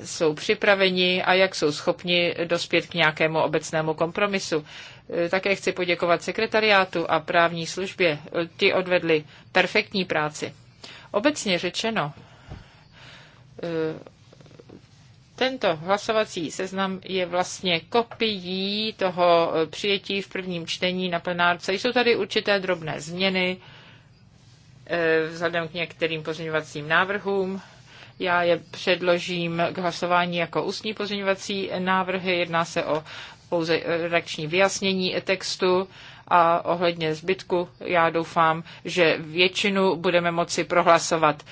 Speaker 2: jsou připraveni a jak jsou schopni dospět k nějakému obecnému kompromisu. Eh, také chci poděkovat sekretariátu a právní službě. Ti odvedli perfektní práci. Obecně řečeno, eh, tento hlasovací seznam je vlastně kopií toho eh, přijetí v prvním čtení na plenárce. Jsou tady určité drobné změny eh, vzhledem k některým pozměňovacím návrhům. Já je předložím k hlasování jako ústní pozměňovací návrhy. Jedná se o pouze redakční vyjasnění textu a ohledně zbytku já doufám, že většinu budeme moci prohlasovat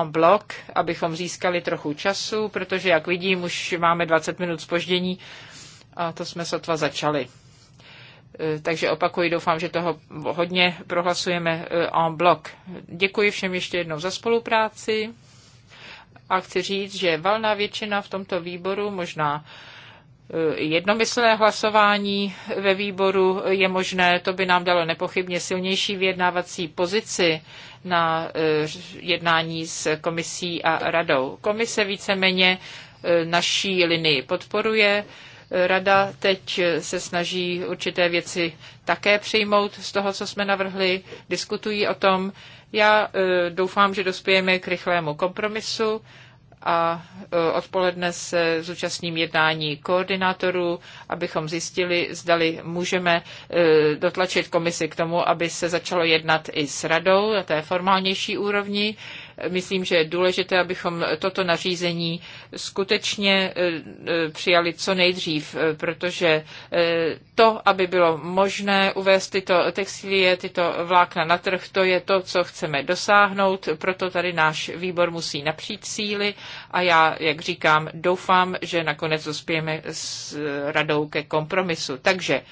Speaker 2: en bloc, abychom získali trochu času, protože jak vidím, už máme 20 minut spoždění a to jsme sotva začali. E, takže opakuji, doufám, že toho hodně prohlasujeme e, en bloc. Děkuji všem ještě jednou za spolupráci a chci říct, že valná většina v tomto výboru, možná Eh, jednomyslné hlasování ve výboru je možné, to by nám dalo nepochybně silnější vyjednávací pozici na eh, jednání s komisí a radou. Komise víceméně eh, naší linii podporuje. Rada teď se snaží určité věci také přijmout z toho, co jsme navrhli, diskutují o tom. Já doufám, že dospějeme k rychlému kompromisu a e, odpoledne se zúčastním jednání koordinátorů, abychom zjistili, zdali můžeme e, dotlačit komisi k tomu, aby se začalo jednat i s radou na té formálnější úrovni. Myslím, že je důležité, abychom toto nařízení skutečně e, e, přijali co nejdřív, e, protože to, aby bylo možné uvést tyto textilie, tyto vlákna na trh, to je to, co chceme dosáhnout. Proto tady náš výbor musí napřít síly a já, jak říkám, doufám, že nakonec uspějeme s radou ke kompromisu. Takže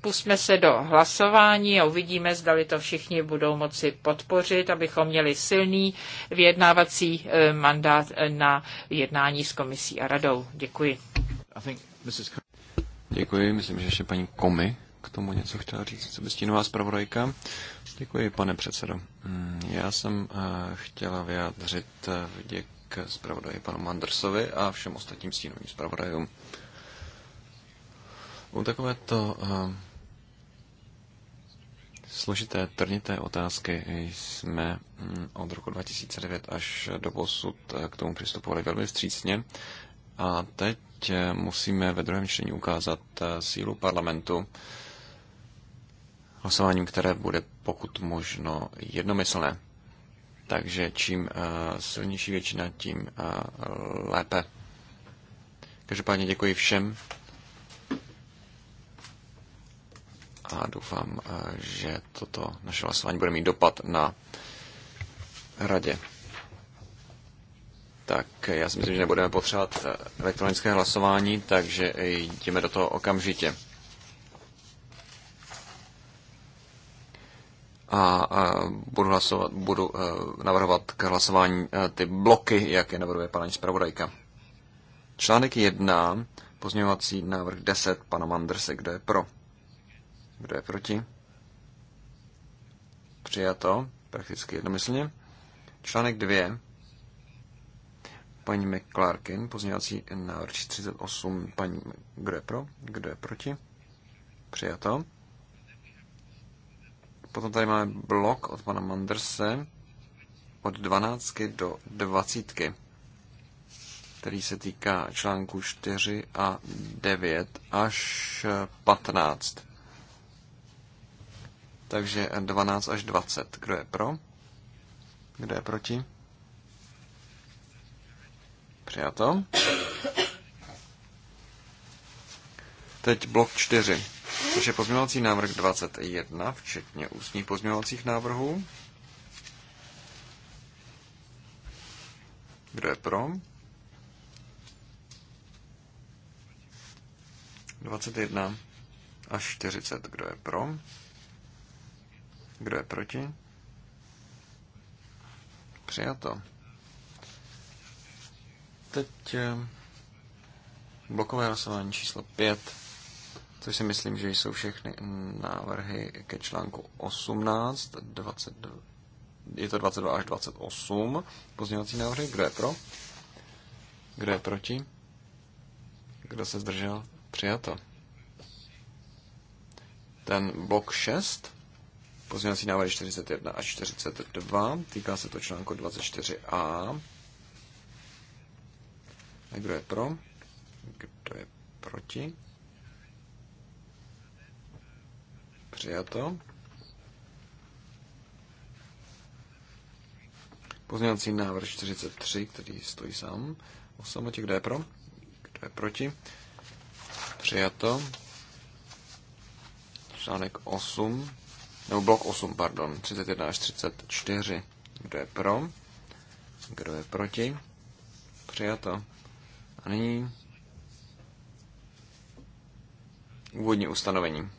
Speaker 2: pusme se do hlasování a uvidíme, zdali to všichni budou moci podpořit, abychom měli silný vyjednávací eh, mandát eh, na jednání s komisí a radou. Děkuji.
Speaker 4: Děkuji, myslím, že ještě paní Komi k tomu něco chtěla říct, co by stínová zpravodajka. Děkuji, pane předsedo. Hmm, já jsem eh, chtěla vyjádřit vděk zpravodaji panu Mandersovi a všem ostatním stínovým zpravodajům. U takovéto uh, složité, trnité otázky jsme mm, od roku 2009 až do posud eh, k tomu přistupovali velmi vstřícně. A teď eh, musíme ve druhém čtení ukázat eh, sílu parlamentu hlasováním, které bude pokud možno jednomyslné. Takže čím silnější většina, tím lépe. Každopádně děkuji všem a doufám, eh, že toto naše hlasování bude mít dopad na radě. Tak já si myslím, že nebudeme potřebovat eh, elektronické hlasování, takže jdeme do toho okamžitě. A, a eh, budu, hlasovat, budu navrhovat k hlasování ty bloky, jak je navrhuje paní zpravodajka. Článek 1, pozměňovací návrh 10 pana Mandrse, kdo je pro? Kdo je proti? Přijato, prakticky jednomyslně. Článek 2. Paní McClarkin, pozměňovací návrh 38, paní, kdo je pro, kdo je proti? Přijato. Potom tady máme blok od pana Manderse od 12 do 20, který se týká článku 4 a 9 až 15. Takže 12 až 20. Kdo je pro? Kdo je proti? Přijato. Teď blok 4, což je pozměňovací návrh 21, včetně ústních pozměňovacích návrhů. Kdo je pro? 21 až 40, kdo je pro? Kdo je proti? Přijato. Teď eh, blokové hlasování číslo 5, což si myslím, že jsou všechny návrhy ke článku 18, 22, je to 22 až 28 pozměňovací návrhy. Kdo je pro? Kdo je proti? Kdo se zdržel? Přijato. Ten blok 6, Pozměňovací návrhy 41 a 42. Týká se to článku 24a. A kdo je pro? Kdo je proti? Přijato. Pozměňovací návrh 43, který stojí sám o samotě. Kdo je pro? Kdo je proti? Přijato. Článek 8 nebo blok 8, pardon, 31 až 34. Kdo je pro? Kdo je proti? Přijato. A nyní úvodní ustanovení.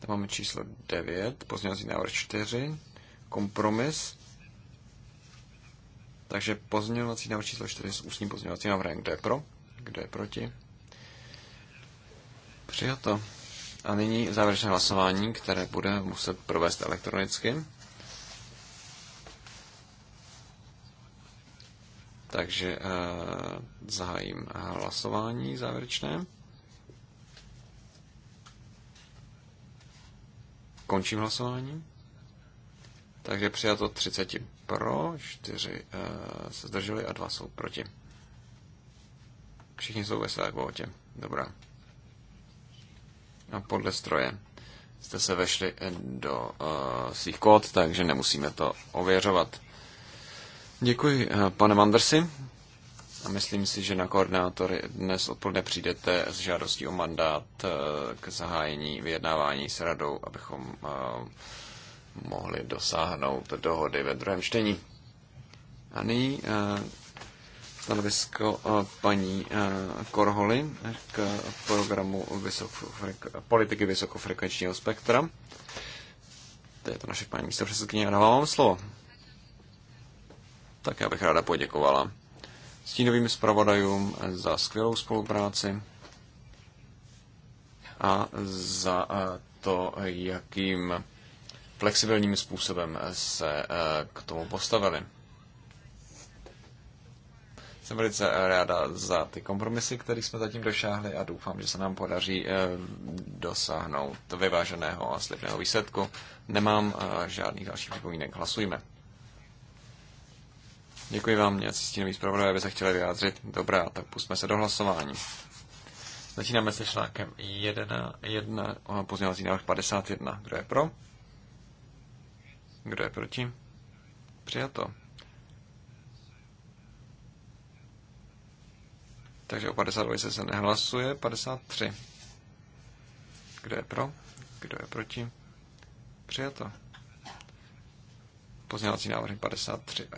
Speaker 4: Tam máme číslo 9, pozměňovací návrh 4, kompromis. Takže pozměňovací návrh číslo 4 s ústním pozměňovacím návrhem. Kdo je pro? Kdo je proti? Přijato. A nyní závěrečné hlasování, které bude muset provést elektronicky. Takže eh, zahájím eh, hlasování závěrečné. Končím hlasování. Takže přijato 30 pro, 4 eh, se zdrželi a 2 jsou proti. Všichni jsou ve své kvótě. Dobrá podle stroje jste se vešli do uh, svých kód, takže nemusíme to ověřovat. Děkuji, eh, pane Mandersi. A myslím si, že na koordinátory dnes odpoledne přijdete s žádostí o mandát eh, k zahájení vyjednávání s radou, abychom mohli dosáhnout dohody ve druhém čtení. A nyní stanovisko eh, paní eh, Korholy k programu vysokofrek- politiky vysokofrekvenčního spektra. To je to naše paní místo předsedkyně, já vám slovo. Tak já bych ráda poděkovala stínovým zpravodajům za skvělou spolupráci a za eh, to, jakým flexibilním způsobem se k tomu postavili. Jsem velice eh, ráda za ty kompromisy, které jsme zatím došáhli a doufám, že se nám podaří eh, dosáhnout vyváženého a slibného výsledku. Nemám eh, žádných dalších připomínek. Hlasujme. Děkuji vám, nějací stínový zpravodaj, aby se chtěli vyjádřit. Dobrá, tak pusme se do hlasování. Začínáme se článkem 1, 1 pozměňovací návrh 51. Kdo je pro? Kdo je proti? Přijato. Takže o 52 se nehlasuje. 53. Kdo je pro? Kdo je proti? Přijato. Pozměňovací návrhy 53 a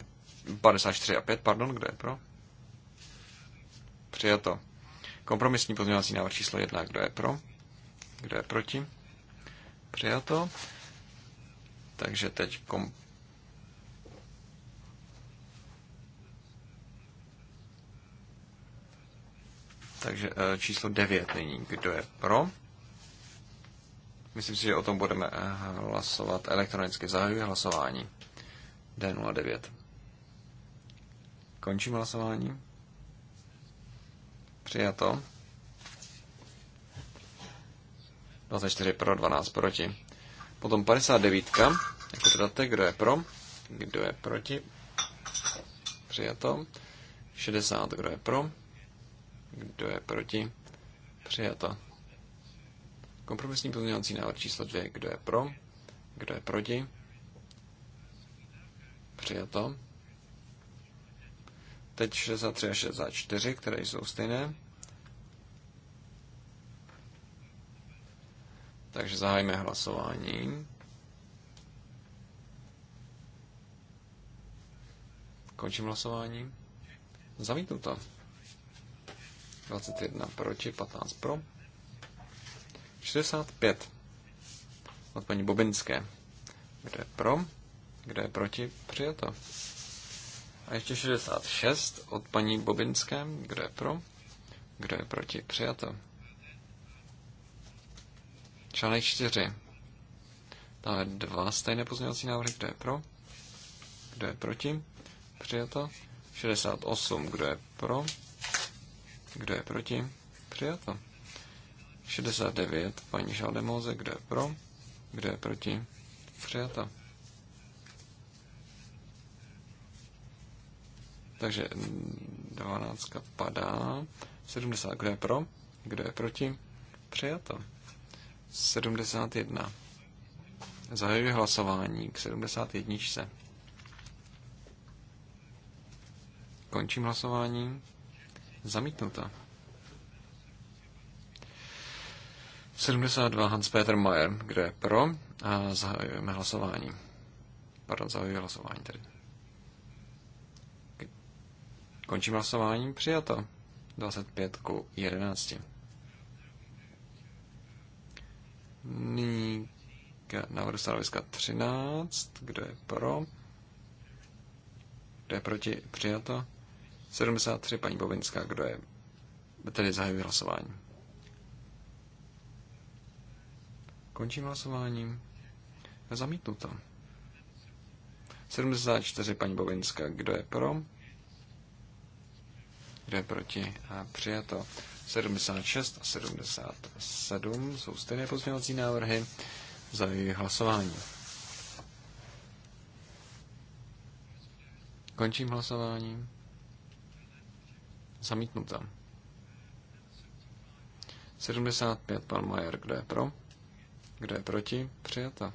Speaker 4: 54 a 5, pardon, kdo je pro? Přijato. Kompromisní pozměňovací návrh číslo 1, kdo je pro? Kdo je proti? Přijato. Takže teď kom, Takže eh, číslo 9 nyní. Kdo je pro? Myslím si, že o tom budeme eh, hlasovat elektronicky. Zahajuji hlasování. D09. Končím hlasování. Přijato. 24 pro, 12 proti. Potom 59. Jako to dáte, kdo je pro, kdo je proti. Přijato. 60, kdo je pro, kdo je proti? Přijato. Kompromisní pozměňovací návrh číslo 2. Kdo je pro? Kdo je proti? Přijato. Teď 63 a 64, které jsou stejné. Takže zahájíme hlasování. Končím hlasování. Zamítnu to. 21 proti, 15 pro. 65 od paní Bobinské. Kde je pro, kde je proti, přijato. A ještě 66 od paní Bobinské. Kde je pro, kde je proti, přijato. Článek 4. Dále dva stejné pozměňovací návrhy. Kdo je pro? Kdo je proti? Přijato. 68. Kdo je pro? Kdo je proti? Přijato. 69. Paní Šaldemoze. Kdo je pro? Kdo je proti? Přijato. Takže 12 padá. 70. Kdo je pro? Kdo je proti? Přijato. 71. Zahajuji hlasování k 71. Končím hlasování. Zamítnuta. 72 Hans-Peter Mayer, kde je pro a zahajujeme hlasování. Pardon, zahajujeme hlasování tedy. Končím hlasování, přijato. 25 ku 11. Nyní k návrhu stanoviska 13, kdo je pro, kdo je proti, přijato. 73, paní Bovinská, kdo je? Tedy zahajuji hlasování. Končím hlasování. Zamítnuto. 74, paní Bovinská, kdo je pro? Kdo je proti? A přijato. 76 a 77 jsou stejné pozměňovací návrhy. Zahajuji hlasování. Končím hlasování. Zamítnuta. 75. Pan Majer, kdo je pro? Kdo je proti? Přijata.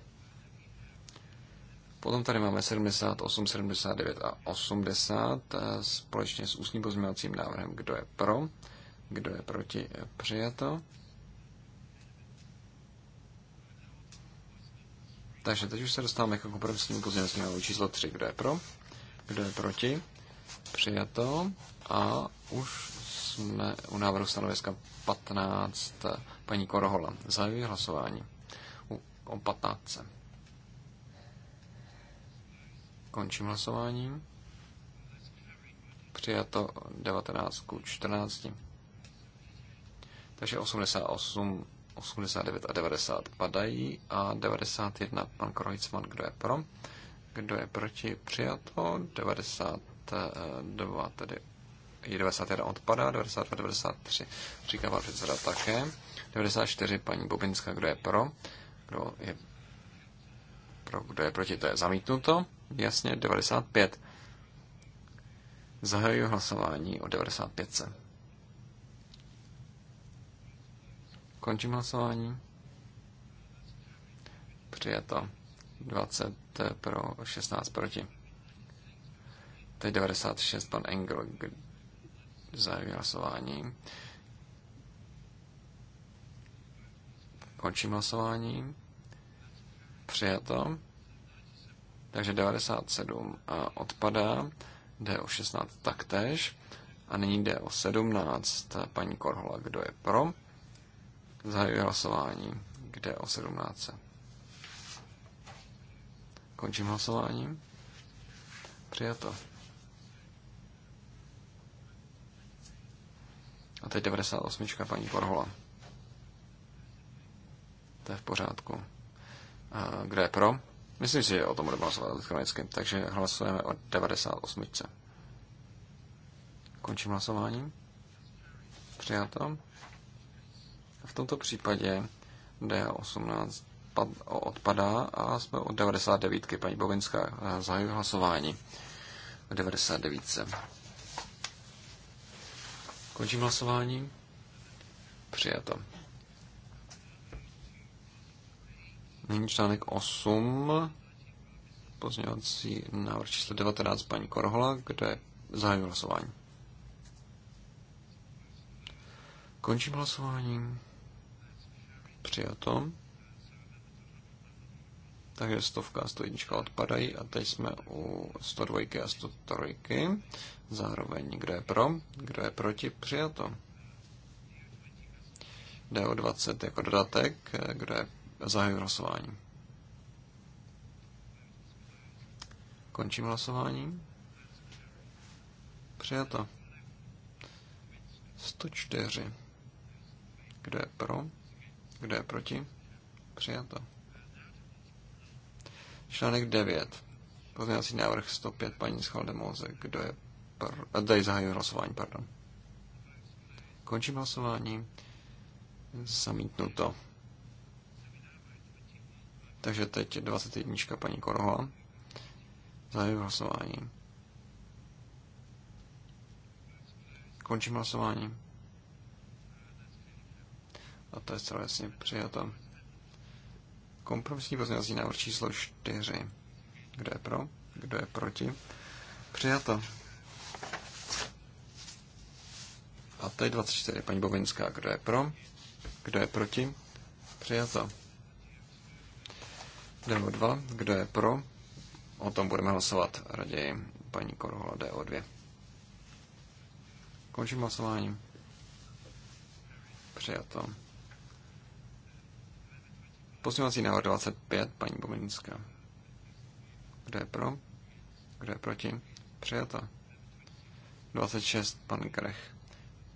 Speaker 4: Potom tady máme 78, 79 a 80 eh, společně s ústním pozměňovacím návrhem. Kdo je pro? Kdo je proti? Přijato. Takže teď už se dostáváme k kompromisnímu jako pozměňovacímu návrhu číslo 3. Kdo je pro? Kdo je proti? Přijato. A už jsme u návrhu stanoviska 15 paní Korohola. Zajímavé hlasování u, o 15. Končím hlasování. Přijato 19 k 14. Takže 88, 89 a 90 padají a 91 pan Krojcman, kdo je pro, kdo je proti, přijato, 90 92 eh, tedy i 91 odpadá, 92, 93 říká pan předseda také, 94 paní Bobinská, kdo je pro, kdo je pro, kdo je proti, to je zamítnuto, jasně, 95. Zahajuji hlasování o 95. Se. Končím hlasování. Přijato. 20 pro, 16 proti je 96, pan Engel, zahajuje hlasování. Končím hlasování. Přijato. Takže 97 a odpadá. D o 16 taktéž. A nyní jde o 17. Paní Korhola, kdo je pro? Zahajuje hlasování. Kde o 17? Končím hlasování. Přijato. A teď 98. paní Korhola. To je v pořádku. A kdo je pro? Myslím si, že o tom budeme hlasovat elektronicky, takže hlasujeme o 98. Končím hlasování. Přijato. V tomto případě D18 odpadá a jsme od 99. Paní Bovinská zahajuje hlasování 99. Končím hlasování. Přijato. Nyní článek 8, pozměňovací návrh číslo 19 paní Korhola, kde je zájem hlasování. Končím hlasování. Přijato. Takže stovka a 101 odpadají a teď jsme u 102 a 103 zároveň. Kdo je pro, kdo je proti, přijato. Jde o 20 jako dodatek, kdo je zahajuje hlasování. Končím hlasování. Přijato. 104. Kdo je pro? Kdo je proti? Přijato. Článek 9. Pozměňovací návrh 105 paní Schaldemoze. Kdo je Pr- tady zahajuji hlasování, pardon. Končím hlasování. Zamítnuto. Takže teď 21. paní Korhola. Zahajuji hlasování. Končím hlasování. A to je celé jasně přijato. Kompromisní pozměňovací návrh číslo 4. Kdo je pro? Kdo je proti? Přijato. A to je 24. Paní Bovinská, kdo je pro? Kdo je proti? Přijato. DO2, kdo je pro? O tom budeme hlasovat raději paní Korhola DO2. Končím hlasování. Přijato. Posměvací návrh 25, paní Bovinská. Kdo je pro? Kdo je proti? Přijato. 26, pan Grech.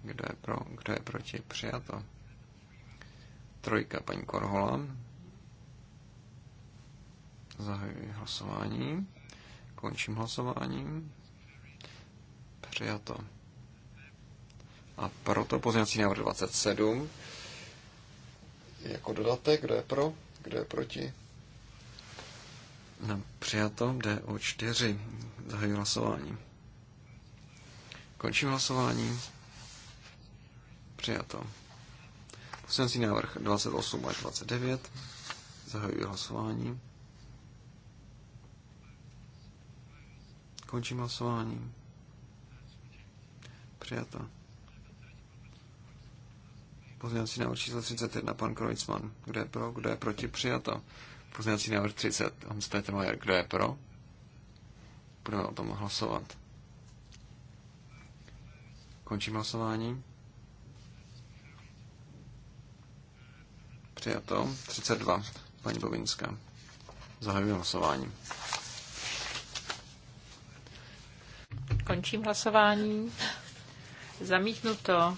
Speaker 4: Kdo je pro, kdo je proti? Přijato. Trojka paní Korhola. Zahajuji hlasování. Končím hlasování. Přijato. A proto pozměňovací návrh 27 jako dodatek, kdo je pro, kdo je proti. Na přijato jde o 4. Zahajuji hlasování. Končím hlasování. Přijato. Poslanecí návrh 28 až 29. Zahajuji hlasování. Končím hlasování. Přijato. Pozměňovací návrh číslo 31, pan Krojcman. Kdo je pro, kdo je proti, přijato. Pozměňovací návrh 30, Hans Petrmajer. Kdo je pro? Budeme o tom hlasovat. Končím hlasování. Přijato. 32. Paní Bovinská. Zahajuji hlasování.
Speaker 2: Končím hlasování. Zamítnuto.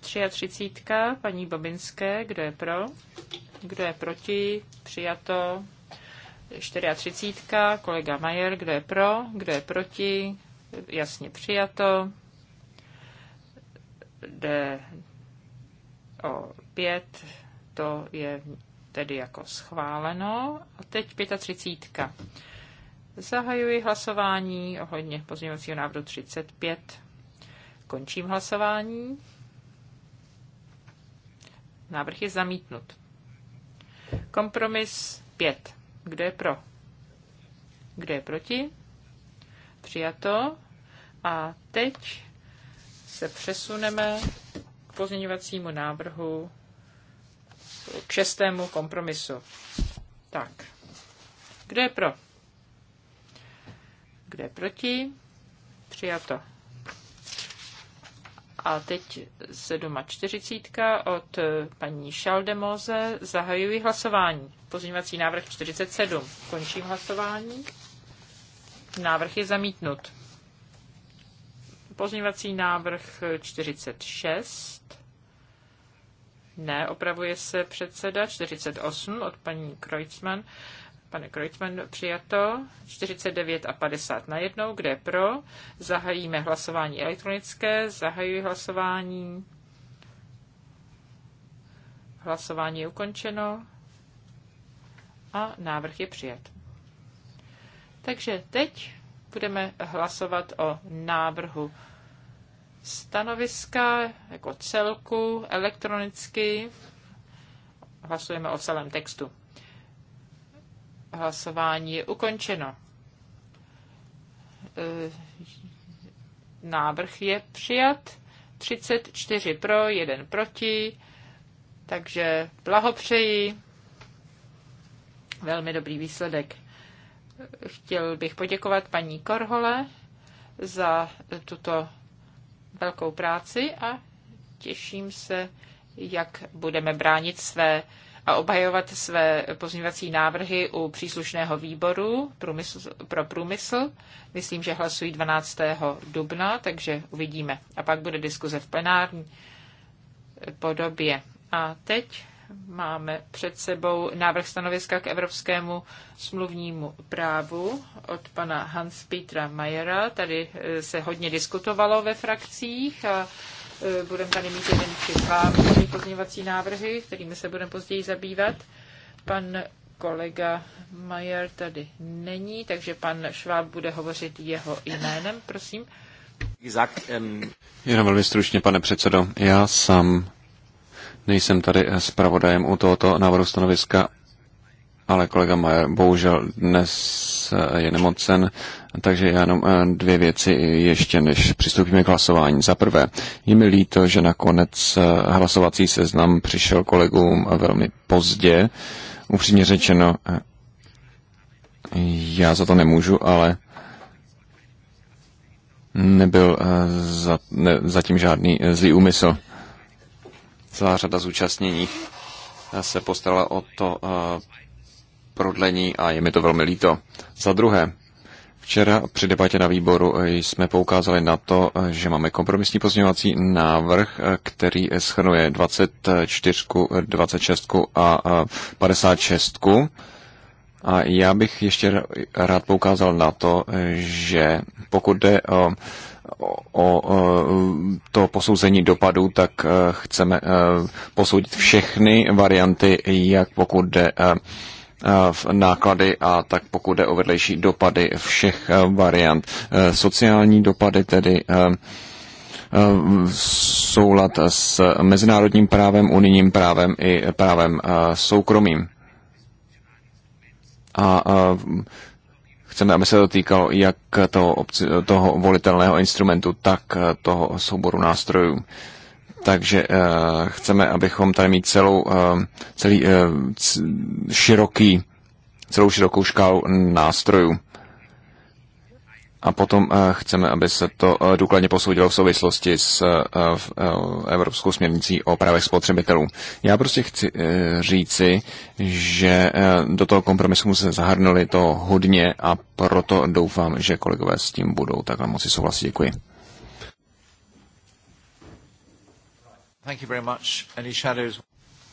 Speaker 2: 33. Paní Bobinské. Kdo je pro? Kdo je proti? Přijato. 34. Kolega Majer. Kdo je pro? Kdo je proti? Jasně přijato. D o 5 to je tedy jako schváleno. A teď 35. Zahajuji hlasování ohledně pozměňovacího návrhu 35. Končím hlasování. Návrh je zamítnut. Kompromis 5. Kdo je pro? Kdo je proti? Přijato. A teď se přesuneme k pozměňovacímu návrhu k šestému kompromisu. Tak. Kdo je pro? Kdo je proti? Přijato. A teď 7.40 od paní Šaldemoze. Zahajuji hlasování. Pozměňovací návrh 47. Končím hlasování. Návrh je zamítnut. Pozměňovací návrh 46. Ne, opravuje se předseda 48 od paní Kreutzmann. Pane Kreutzmann, přijato 49 a 50 na jednou. Kde pro? Zahajíme hlasování elektronické. Zahajuji hlasování. Hlasování je ukončeno a návrh je přijat. Takže teď budeme hlasovat o návrhu stanoviska jako celku elektronicky. Hlasujeme o celém textu. Hlasování je ukončeno. E, návrh je přijat. 34 pro, 1 proti. Takže blahopřeji. Velmi dobrý výsledek. Chtěl bych poděkovat paní Korhole za tuto velkou práci a těším se, jak budeme bránit své a obhajovat své pozměňovací návrhy u příslušného výboru průmysl, pro průmysl. Myslím, že hlasují 12. dubna, takže uvidíme. A pak bude diskuze v plenární podobě. A teď Máme před sebou návrh stanoviska k evropskému smluvnímu právu od pana Hans-Petra Mayera. Tady eh, se hodně diskutovalo ve frakcích a eh, budeme tady mít jeden či dva pozměňovací návrhy, kterými se budeme později zabývat. Pan kolega Majer tady není, takže pan Šváb bude hovořit jeho jménem, prosím.
Speaker 4: Jenom velmi stručně, pane předsedo. Já sám Nejsem tady eh, zpravodajem u tohoto návrhu stanoviska, ale kolega Majer bohužel dnes eh, je nemocen, takže já jenom eh, dvě věci ještě, než přistoupíme k hlasování. Za prvé, je mi líto, že nakonec hlasovací seznam přišel kolegům velmi pozdě. Upřímně řečeno, já za to nemůžu, ale nebyl za, ne, zatím žádný zlý úmysl celá řada zúčastněných se postarala o to eh, prodlení a je mi to velmi líto. Za druhé, Včera při debatě na výboru eh, jsme poukázali na to, eh, že máme kompromisní pozměňovací návrh, který schrnuje 24, 26 a 56. A já bych ještě rád poukázal na to, že pokud jde o o to posouzení dopadů, tak e, chceme e, posoudit všechny varianty, jak pokud jde e, v náklady a tak pokud jde o vedlejší dopady všech variant. Sociální dopady tedy soulad s mezinárodním právem, unijním právem i právem soukromým. A Chceme, aby se to týkalo jak toho, obci, toho volitelného instrumentu, tak eh, toho souboru nástrojů. Takže uh, chceme, abychom tady mít celou, uh, celý uh, široký, celou širokou škálu nástrojů. A potom eh, chceme, aby se to eh, důkladně posoudilo v souvislosti s eh, Evropskou směrnicí o právech spotřebitelů. Já prostě chci říci, že do toho kompromisu se zahrnuli to hodně a proto doufám, že kolegové s tím budou takhle moci souhlasit. Děkuji.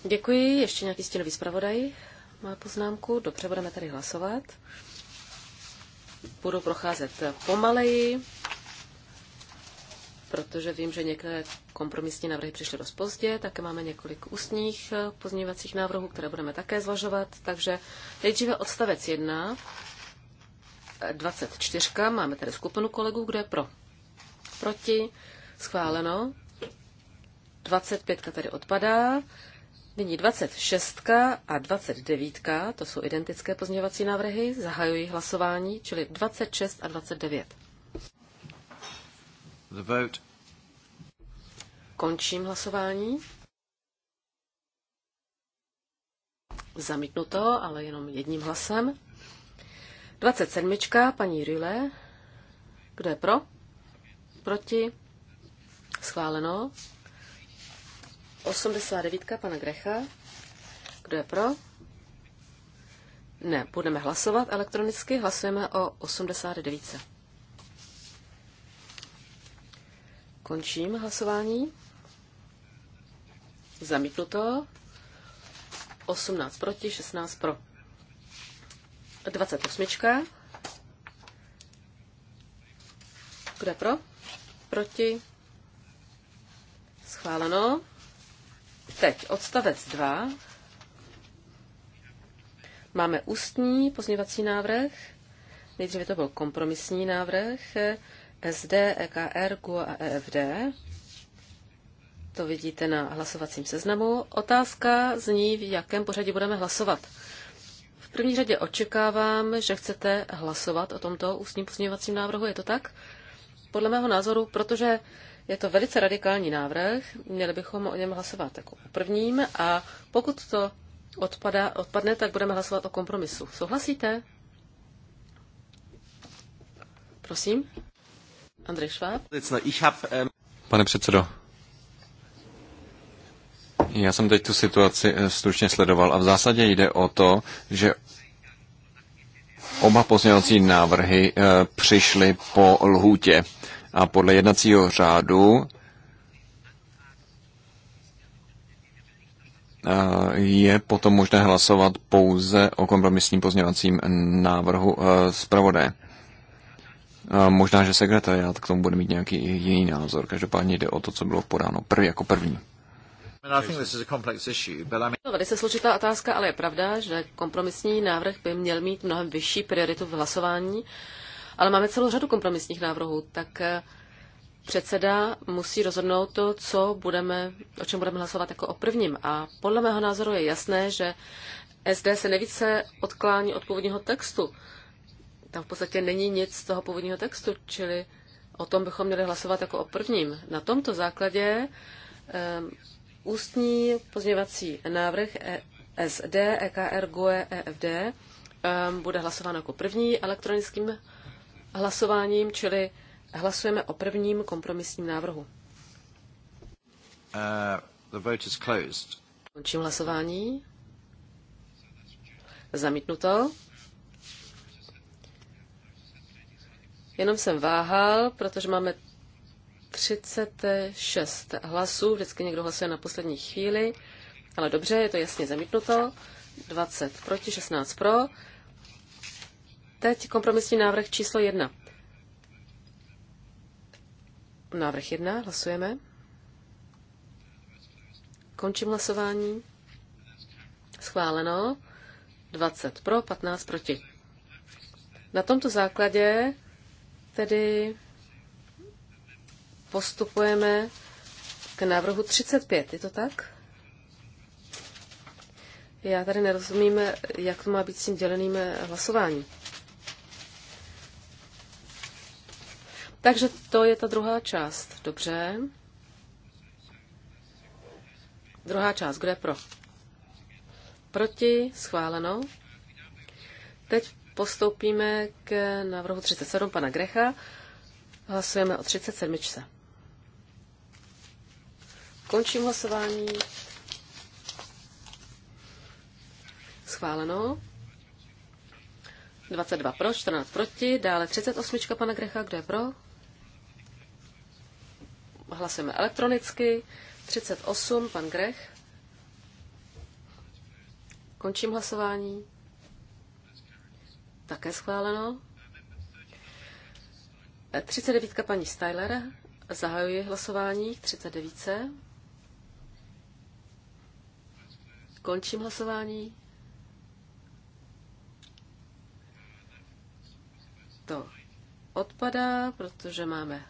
Speaker 5: Děkuji. Ještě nějaký stěnový zpravodaj má poznámku. Dobře, budeme tady hlasovat budu procházet pomaleji, protože vím, že některé kompromisní návrhy přišly dost pozdě, také máme několik ústních eh, pozměňovacích návrhů, které budeme také zvažovat. Takže nejdříve odstavec 1, 24. Eh, máme tady skupinu kolegů, kdo je pro. Proti, schváleno. 25 tady odpadá. Nyní 26 a 29, to jsou identické pozměňovací návrhy, zahajují hlasování, čili 26 a 29. The vote. Končím hlasování. Zamítnuto, ale jenom jedním hlasem. 27. paní Rüle. Kdo je pro? Proti? Schváleno. 89. pana Grecha. Kdo je pro? Ne, budeme hlasovat elektronicky. Hlasujeme o 89. Končím hlasování. Zamítnuto. 18 proti, 16 pro. 28. Kdo pro? Proti. Schváleno. Teď odstavec 2. Máme ústní pozměvací návrh. Nejdříve to byl kompromisní návrh SD, EKR, GU a EFD. To vidíte na hlasovacím seznamu. Otázka zní, v jakém pořadí budeme hlasovat. V první řadě očekávám, že chcete hlasovat o tomto ústním pozměňovacím návrhu. Je to tak? Podle mého názoru, protože je to velice radikální návrh, měli bychom o něm hlasovat jako o prvním a pokud to odpada, odpadne, tak budeme hlasovat o kompromisu. Souhlasíte? Prosím. Andrej Šváb.
Speaker 6: Ähm,
Speaker 4: Pane předsedo, já jsem teď tu situaci eh, stručně sledoval a v zásadě jde o to, že oba pozměňovací návrhy eh, přišly po lhůtě. A podle jednacího řádu eh, je potom možné hlasovat pouze o kompromisním pozměňovacím návrhu eh, zpravodé. Eh, možná, že sekretariat k tomu bude mít nějaký jiný názor. Každopádně jde o to, co bylo podáno První jako první.
Speaker 5: Velice složitá otázka, ale je pravda, že kompromisní návrh by měl mít mnohem vyšší prioritu v hlasování, ale máme celou řadu kompromisních návrhů, tak eh, předseda musí rozhodnout to, co budeme, o čem budeme hlasovat jako o prvním. A podle mého názoru je jasné, že SD se nevíce odklání od původního textu. Tam v podstatě není nic z toho původního textu, čili o tom bychom měli hlasovat jako o prvním. Na tomto základě um, ústní pozměvací návrh e- SD, EKR, GUE, EFD um, eh, bude hlasován jako první elektronickým hlasováním, čili hlasujeme o prvním kompromisním návrhu.
Speaker 1: Uh, the vote is closed.
Speaker 5: Končím hlasování. Zamítnuto. Jenom jsem váhal, protože máme 36 hlasů, vždycky někdo hlasuje na poslední chvíli, ale dobře, je to jasně zamítnuto. 20 proti, 16 pro teď kompromisní návrh číslo jedna. Návrh jedna, hlasujeme. Končím hlasování. Schváleno. 20 pro, 15 proti. Na tomto základě tedy postupujeme k návrhu 35, je to tak? Já tady nerozumím, jak to má být s tím děleným eh, hlasováním. Takže to je ta druhá část. Dobře. Druhá část, je pro? Proti, schváleno. Teď postoupíme k návrhu 37 pana Grecha. Hlasujeme o 37. Končím hlasování. Schváleno. 22 pro, 14 proti, dále 38. pana Grecha, kdo je pro? hlasujeme elektronicky. 38, pan Grech. Končím hlasování. Také schváleno. 39. paní Styler. Zahajuji hlasování k 39. Končím hlasování. To odpadá, protože máme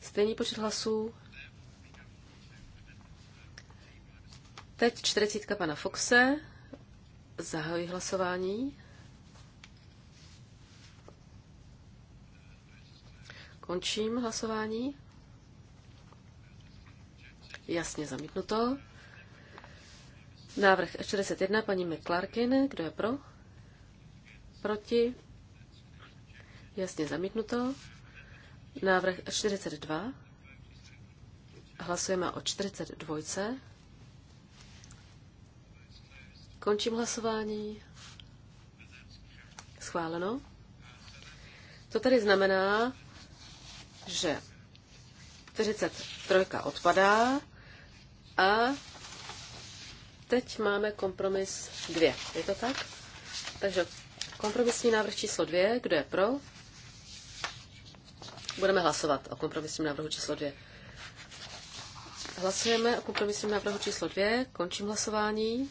Speaker 5: Stejný počet hlasů. Teď čtyřicítka pana Foxe. Zahajuji hlasování. Končím hlasování. Jasně zamítnuto. Návrh 41 paní McClarkin. Kdo je pro? Proti? Jasně zamítnuto. Návrh 42. Hlasujeme o 42. Končím hlasování. Schváleno. To tedy znamená, že 43 odpadá a teď máme kompromis 2. Je to tak? Takže kompromisní návrh číslo 2. Kdo je pro? Budeme hlasovat o kompromisním návrhu číslo dvě. Hlasujeme o kompromisním návrhu číslo dvě. Končím hlasování.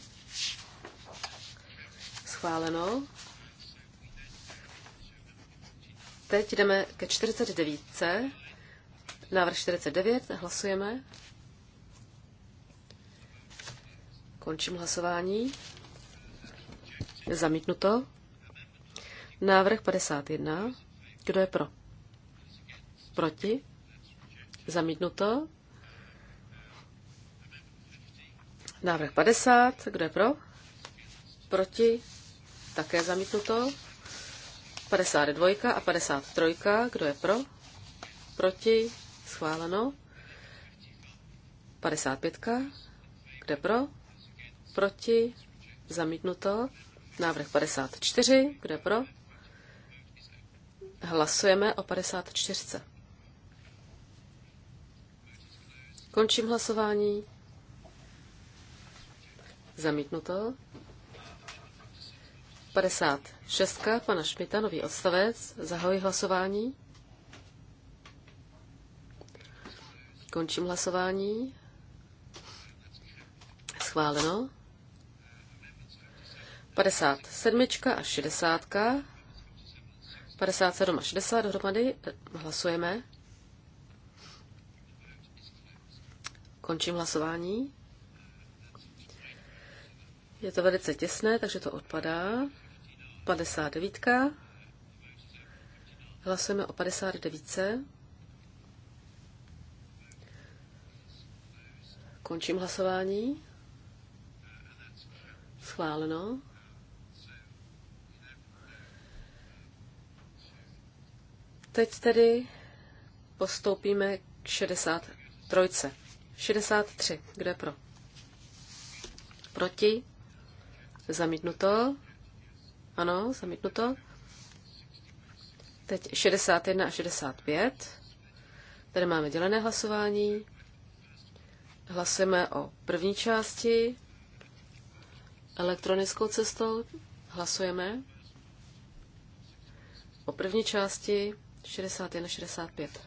Speaker 5: Schváleno. Teď jdeme ke 49. Návrh 49. Hlasujeme. Končím hlasování. Zamítnuto. Návrh 51. Kdo je pro? Proti? Zamítnuto. Návrh 50. Kdo je pro? Proti? Také zamítnuto. 52 a 53. Kdo je pro? Proti? Schváleno. 55. Kdo je pro? Proti? Zamítnuto. Návrh 54. Kdo je pro? Hlasujeme o 54. Končím hlasování. Zamítnuto. 56. Pana Šmita, nový odstavec. Zahoji hlasování. Končím hlasování. Schváleno. 57 a 60. 57 a 60 dohromady hlasujeme. Končím hlasování. Je to velice těsné, takže to odpadá. 59. Hlasujeme o 59. Končím hlasování. Schváleno. Teď tedy postoupíme k 63. 63. Kdo je pro? Proti? Zamítnuto. Ano, zamítnuto. Teď 61 a 65. Tady máme dělené hlasování. Hlasujeme o první části elektronickou cestou. Hlasujeme o první části 61 a 65.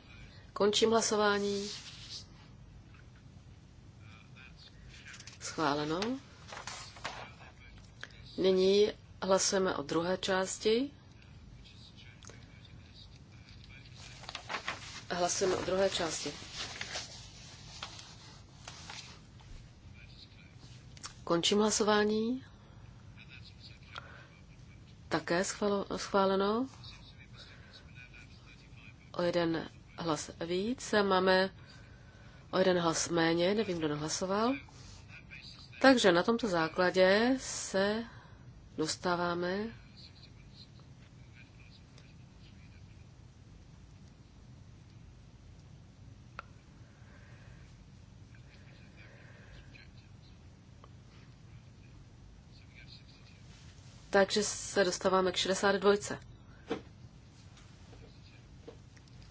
Speaker 5: Končím hlasování. Schváleno. Nyní hlasujeme o druhé části. Hlasujeme o druhé části. Končím hlasování. Také schváleno. O jeden hlas víc. Máme o jeden hlas méně. Nevím, kdo nehlasoval. Takže na tomto základě se dostáváme Takže se dostáváme k 62.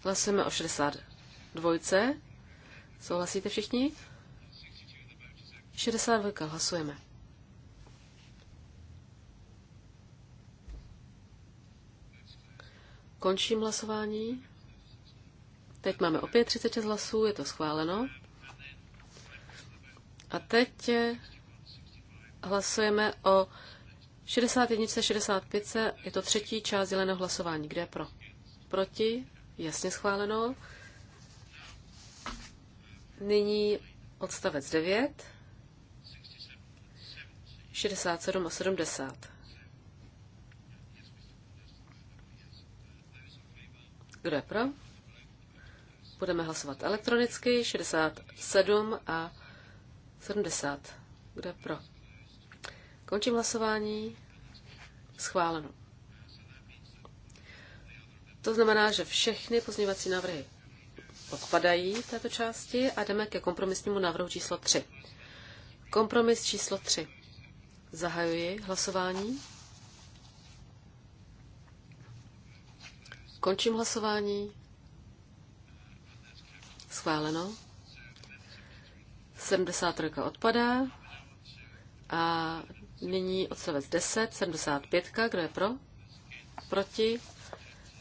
Speaker 5: Hlasujeme o 62. Souhlasíte všichni? 62. Hlasujeme. Končím hlasování. Teď máme opět 36 hlasů, je to schváleno. A teď eh, hlasujeme o 61, 65, je to třetí část děleného hlasování. Kde je pro? Proti? Jasně schváleno. Nyní odstavec 9. 67 a 70. Kdo je pro? Budeme hlasovat elektronicky. 67 a 70. Kdo je pro? Končím hlasování. Schváleno. To znamená, že všechny pozměňovací návrhy odpadají v této části a jdeme ke kompromisnímu návrhu číslo 3. Kompromis číslo 3. Zahajuji hlasování. Končím hlasování. Schváleno. 73 odpadá. A nyní odstavec 10, 75, kdo je pro? Proti.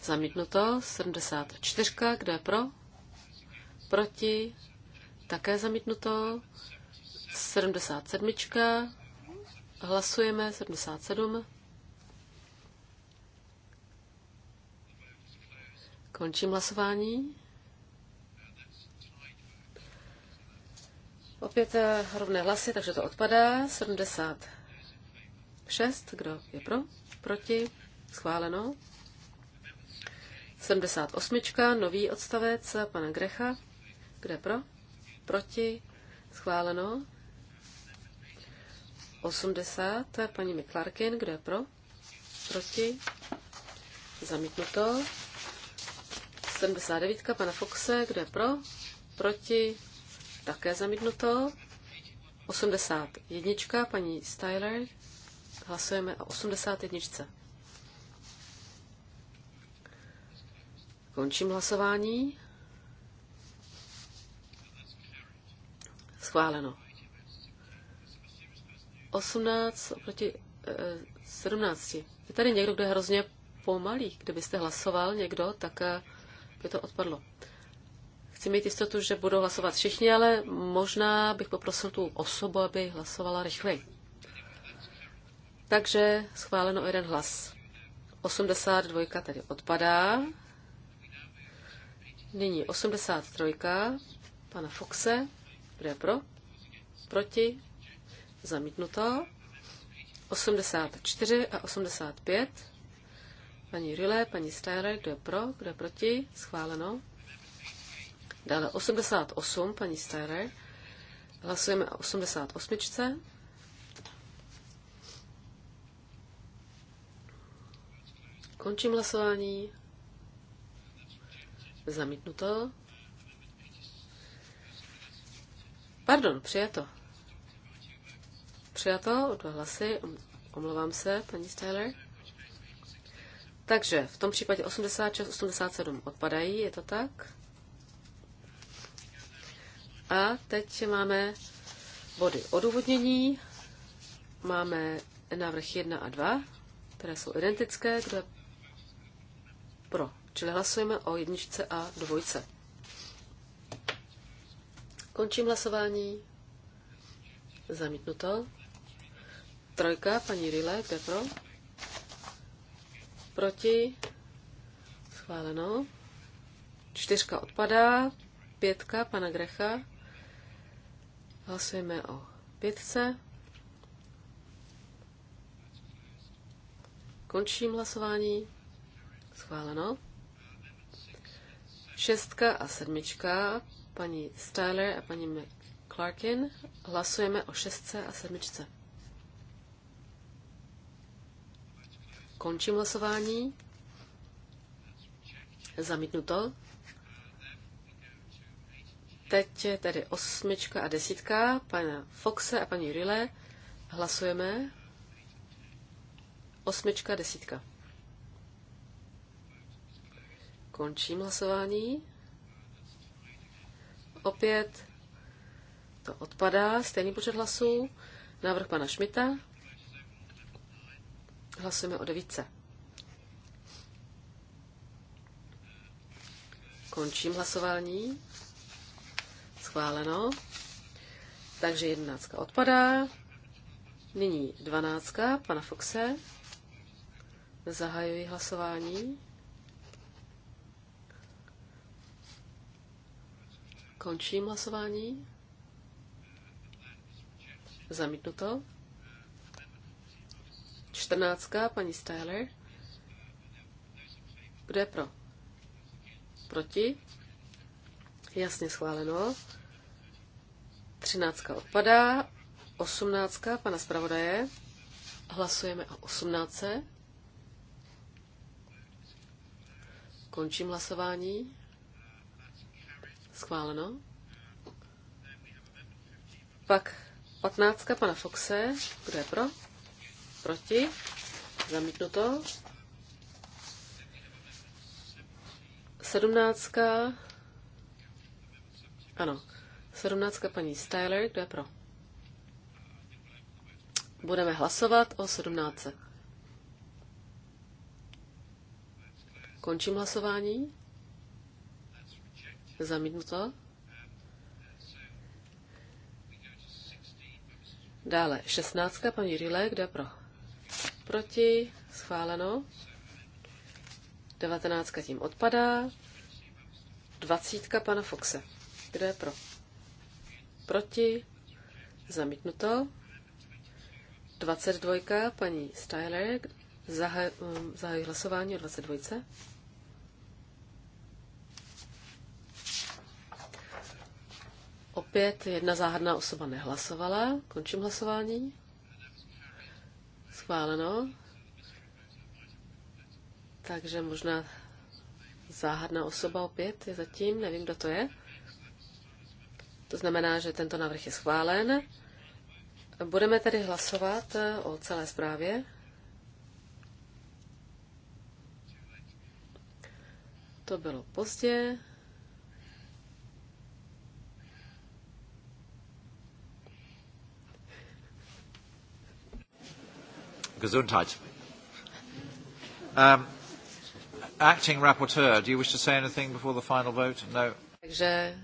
Speaker 5: Zamítnuto. 74, kdo je pro? Proti. Také zamítnuto. 77, Hlasujeme 77. Končím hlasování. Opět eh, rovné hlasy, takže to odpadá. 76. Kdo je pro? Proti? Schváleno. 78. Nový odstavec eh, pana Grecha. Kde pro? Proti? Schváleno. 80, paní Miklarkin, kdo je pro? Proti? Zamítnuto. 79, pana Foxe, kdo je pro? Proti? Také zamítnuto. 81, paní Styler, hlasujeme o 81. Končím hlasování. Schváleno. 18 oproti 17. Eh, je tady někdo, kdo je hrozně pomalý. Kdybyste hlasoval někdo, tak eh, by to odpadlo. Chci mít jistotu, že budou hlasovat všichni, ale možná bych poprosil tu osobu, aby hlasovala rychleji. Takže schváleno jeden hlas. 82 tedy odpadá. Nyní 83. Pana Foxe. Kdo je pro? Proti? Zamítnuto. 84 a 85. Paní Rilé, paní Steinreich, kdo je pro, kdo je proti? Schváleno. Dále 88, paní Steinreich. Hlasujeme o 88. Končím hlasování. Zamítnuto. Pardon, přijato. Přijato o dva hlasy. Omlouvám se, paní Styler. Takže v tom případě 86, 87 odpadají, je to tak? A teď máme body odůvodnění. Máme návrh 1 a 2, které jsou identické, kdo pro. Čili hlasujeme o jedničce a dvojce. Končím hlasování. Zamítnuto. Trojka, paní Rile, kde pro? Proti? Schváleno. Čtyřka odpadá. Pětka, pana Grecha. Hlasujeme o pětce. Končím hlasování. Schváleno. Šestka a sedmička, paní Styler a paní McClarkin. Hlasujeme o šestce a sedmičce. Končím hlasování. Zamítnuto. Teď je tedy osmička a desítka pana Foxe a paní Rille. Hlasujeme. Osmička a desítka. Končím hlasování. Opět to odpadá. Stejný počet hlasů. Návrh pana Šmita. Hlasujeme o devítce. Končím hlasování. Schváleno. Takže jedenáctka odpadá. Nyní dvanáctka pana Foxe. Zahajuji hlasování. Končím hlasování. Zamítnuto. Čtrnáctka, paní Styler. Kdo je pro? Proti? Jasně schváleno. Třináctka odpadá. Osmnáctka, pana zpravodaje. Hlasujeme o osmnáctce. Končím hlasování. Schváleno. Pak patnáctka pana Foxe. Kdo je pro? Proti? to. Sedmnáctka. Ano. Sedmnáctka paní Styler, kdo je pro? Budeme hlasovat o sedmnáctce. Končím hlasování. Zamítnu to. Dále šestnáctka paní Rile, kde pro? proti, schváleno. 19 tím odpadá. 20 pana Foxe. Kdo je pro? Proti, zamítnuto. 22 paní Styler. Zahaj, um, hlasování o 22. Opět jedna záhadná osoba nehlasovala. Končím hlasování. Schváleno. Takže možná záhadná osoba opět je zatím, nevím, kdo to je. To znamená, že tento návrh je schválen. Budeme tedy hlasovat eh, o celé zprávě. To bylo pozdě.
Speaker 1: Gesundheit. Um, acting rapporteur, do you wish to say anything before the final vote? No.
Speaker 5: Takže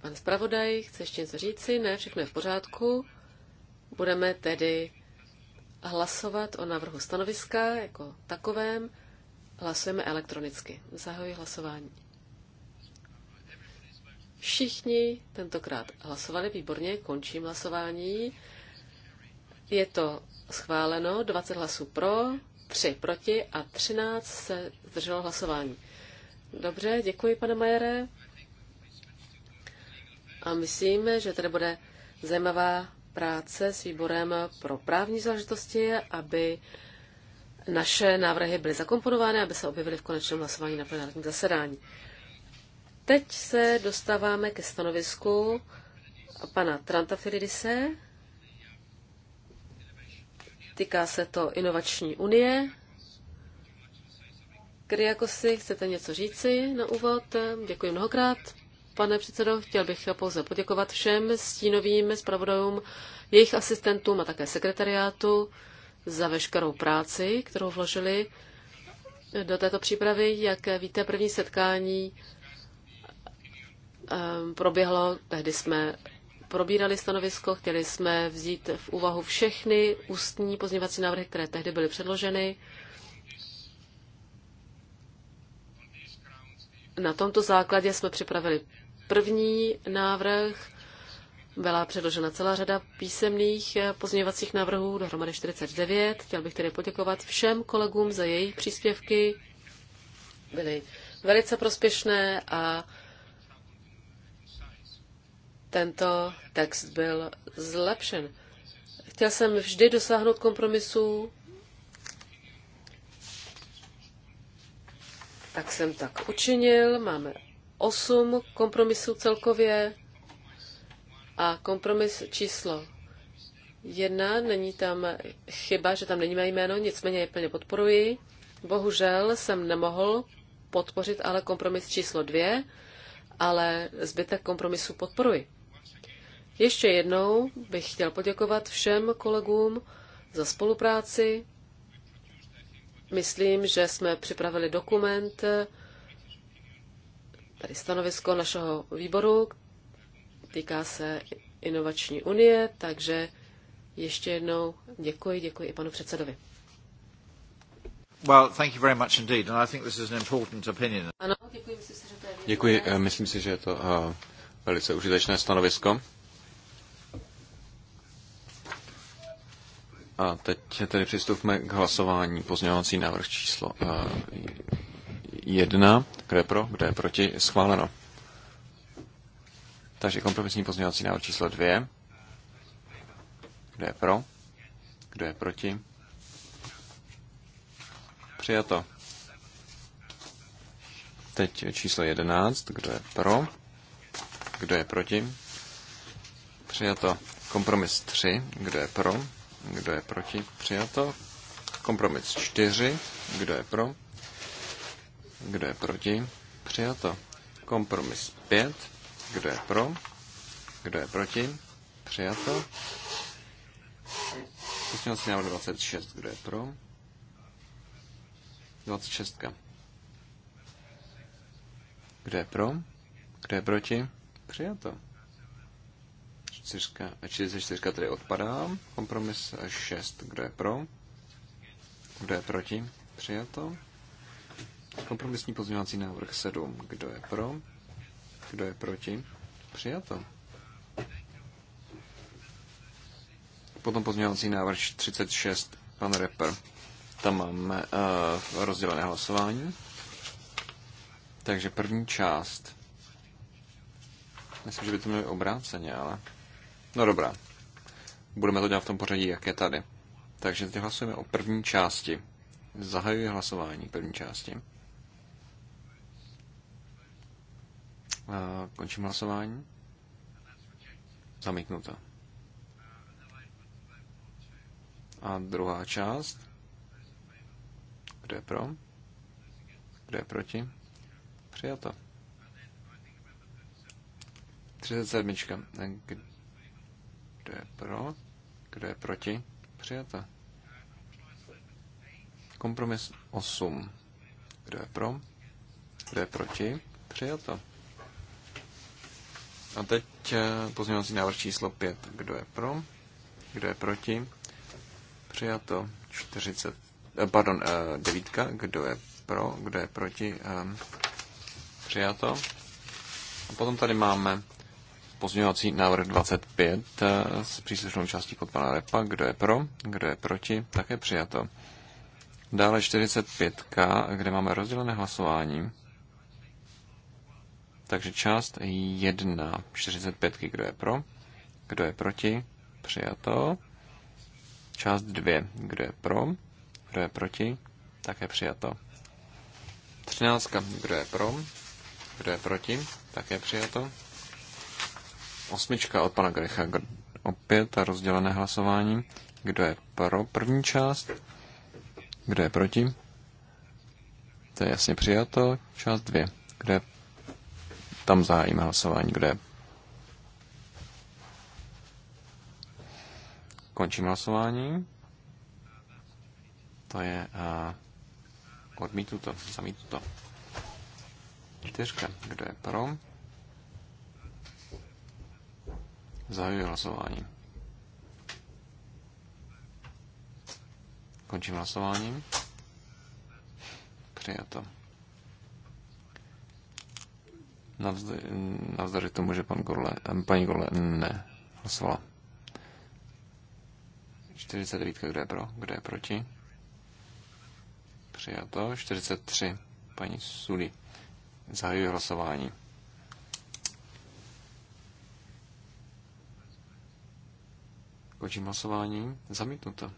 Speaker 5: pan zpravodaj chce ještě něco říci, ne, všechno je v pořádku. Budeme tedy hlasovat o návrhu stanoviska jako takovém. Hlasujeme elektronicky. Zahajuji hlasování. Všichni tentokrát hlasovali výborně, končím hlasování. Je to schváleno, 20 hlasů pro, 3 proti a 13 se zdrželo hlasování. Dobře, děkuji, pane Majere. A myslím, že tady bude zajímavá práce s výborem pro právní záležitosti, aby naše návrhy byly zakomponovány, aby se objevily v konečném hlasování na plenárním zasedání. Teď se dostáváme ke stanovisku pana Trantafilidise Týká se to inovační unie. Kdy jako si chcete něco říci na úvod? Děkuji mnohokrát. Pane předsedo, chtěl bych pouze poděkovat všem stínovým zpravodajům, jejich asistentům a také sekretariátu za veškerou práci, kterou vložili do této přípravy. Jak víte, první setkání ehm, proběhlo, tehdy jsme probírali stanovisko, chtěli jsme vzít v úvahu všechny ústní pozměňovací návrhy, které tehdy byly předloženy. Na tomto základě jsme připravili první návrh. Byla předložena celá řada písemných pozměňovacích návrhů, dohromady 49. Chtěl bych tedy poděkovat všem kolegům za jejich příspěvky. Byly velice prospěšné a tento text byl zlepšen. Chtěl jsem vždy dosáhnout kompromisu, tak jsem tak učinil. Máme osm kompromisů celkově a kompromis číslo jedna, není tam chyba, že tam není mé jméno, nicméně je plně podporuji. Bohužel jsem nemohl podpořit ale kompromis číslo dvě, ale zbytek kompromisu podporuji. Ještě jednou bych chtěl poděkovat všem kolegům za spolupráci. Myslím, že jsme připravili dokument, tady stanovisko našeho výboru, týká se inovační unie, takže ještě jednou děkuji, děkuji i panu předsedovi.
Speaker 1: Well, thank you very much indeed, and I think this is an important opinion.
Speaker 5: Ano, děkuji, myslím si, že to je,
Speaker 4: děkuji, eh, myslím si, že je to uh, velice užitečné stanovisko. A teď tedy přistupme k hlasování. Pozměňovací návrh číslo 1. Eh, kde je pro, kde je proti? Schváleno. Takže kompromisní pozměňovací návrh číslo 2. Kdo je pro? Kdo je proti? Přijato. Teď číslo 11. Kdo je pro? Kdo je proti? Přijato. Kompromis 3. Kdo je pro? Kdo je proti? Přijato. Kompromis 4. Kdo je pro? Kdo je proti? Přijato. Kompromis 5. Kdo je pro? Kdo je proti? Přijato. Pozměňovací návrh 26. Kdo je pro? 26. Kdo je pro? Kdo je proti? Přijato. 44 tady odpadá. Kompromis 6. Kdo je pro? Kdo je proti? Přijato. Kompromisní pozměňovací návrh 7. Kdo je pro? Kdo je proti? Přijato. Potom pozměňovací návrh 36. Pan Reper. Tam máme uh, rozdělené hlasování. Takže první část. Myslím, že by to mělo obráceně, ale... No dobrá. Budeme to dělat v tom pořadí, jak je tady. Takže teď hlasujeme o první části. Zahajuji hlasování první části. A končím hlasování. Zamítnuto. A druhá část. Kdo je pro? Kdo je proti? Přijato. 37. Kdo je pro? Kdo je proti? Přijata. Kompromis 8. Kdo je pro? Kdo je proti? Přijato. A teď eh, pozměňovací návrh číslo 5. Kdo je pro? Kdo je proti? Přijato 40, eh, pardon, 9. Eh, Kdo je pro? Kdo je proti? Přijato. A potom tady máme pozměňovací návrh 25 eh, s příslušnou částí pod pana Repa. Kdo je pro, kdo je proti, také přijato. Dále 45K, kde máme rozdělené hlasování. Takže část 1, 45, kdo je pro, kdo je proti, přijato. Část 2, kdo je pro, kdo je proti, také přijato. 13, kdo je pro, kdo je proti, také přijato. Osmička od pana Grecha opět a rozdělené hlasování. Kdo je pro první část? Kdo je proti? To je jasně přijato. Část dvě. kde je... Tam zahájíme hlasování. kde je... Končím hlasování. To je odmítu to, zamítu to. Čtyřka. Kdo je pro? Zahajuji hlasování. Končím hlasováním. Přijato. Navzdory, navzdory tomu, že pan Gorle, eh, paní Gorle ne, hlasovala. 49, kdo je pro, kdo je proti? Přijato. 43, paní Sudy. Zahajuji hlasování. Končím hlasování. Zamítnuto.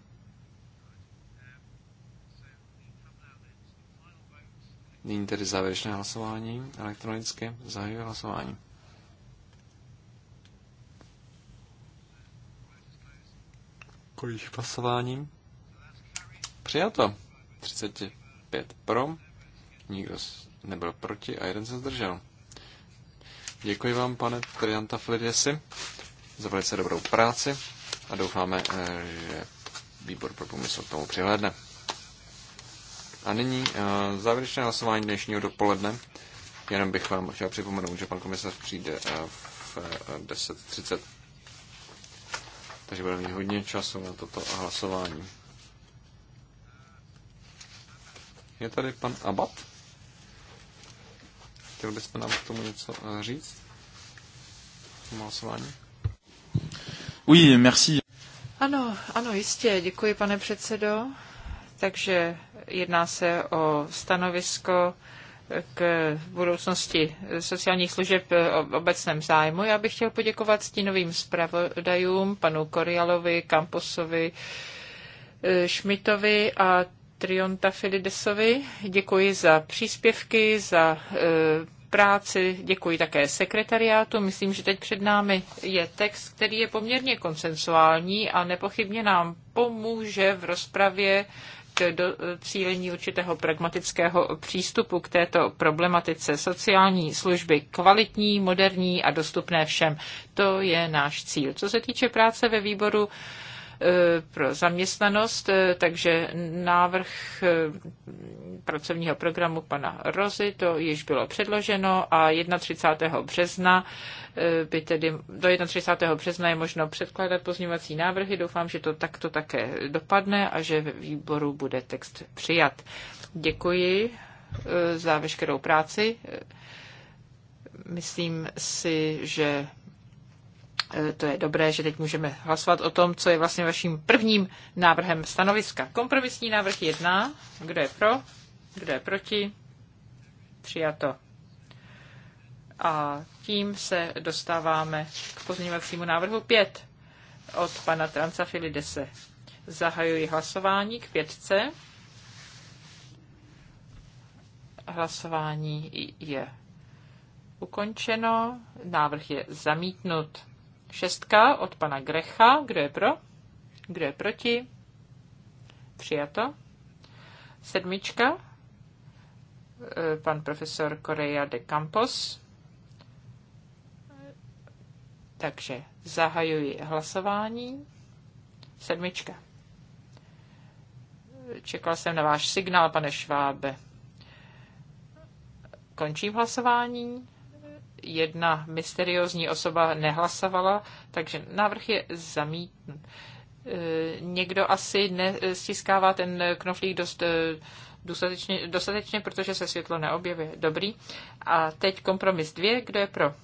Speaker 4: Nyní tedy závěrečné hlasování elektronické. Zahajuji hlasování. Kolik hlasování. Přijato. 35 pro, nikdo nebyl proti a jeden se zdržel. Děkuji vám, pane Trianta Flidesi, za velice dobrou práci a doufáme, eh, že výbor pro průmysl k tomu přihlédne. A nyní eh, závěrečné hlasování dnešního dopoledne. Jenom bych vám chtěl připomenout, že pan komisař přijde eh, v 10.30. Takže budeme mít hodně času na toto hlasování. Je tady pan Abad? Chtěl byste nám k tomu něco říct? tomu hlasování? Oui, merci.
Speaker 2: Ano, ano, jistě. Děkuji, pane předsedo. Takže jedná se o stanovisko k budoucnosti sociálních služeb v obecném zájmu. Já bych chtěl poděkovat stínovým zpravodajům, panu Korialovi, Kamposovi, Šmitovi a Trionta Filidesovi. Děkuji za příspěvky, za eh, práci. Děkuji také sekretariátu. Myslím, že teď před námi je text, který je poměrně konsensuální a nepochybně nám pomůže v rozpravě k cílení určitého pragmatického přístupu k této problematice. Sociální služby kvalitní, moderní a dostupné všem. To je náš cíl. Co se týče práce ve výboru, Eh, pro zaměstnanost, eh, takže návrh eh, pracovního programu pana Rozy, to již bylo předloženo a 31. března by tedy do 31. března je možno předkládat pozměňovací návrhy. Doufám, že to takto také dopadne a že ve výboru bude text přijat. Děkuji za veškerou práci. Myslím si, že Eh, to je dobré, že teď můžeme hlasovat o tom, co je vlastně vaším prvním návrhem stanoviska. Kompromisní návrh jedna, Kdo je pro? Kdo je proti? Přijato. A tím se dostáváme k pozměňovacímu návrhu 5 od pana Transafilidese. Zahajuji hlasování k pětce. Hlasování je ukončeno. Návrh je zamítnut. Šestka od pana Grecha. Kdo je pro? Kdo je proti? Přijato. Sedmička. E, pan profesor Correa de Campos. Takže zahajuji hlasování. Sedmička. Čekal jsem na váš signál, pane Švábe. Končím hlasování jedna mysteriózní osoba nehlasovala, takže návrh je zamítnut. E, někdo asi nestiskává ten knoflík dost e, dostatečně, dostatečně, protože se světlo neobjeví. Dobrý. A teď kompromis dvě. Kdo je pro?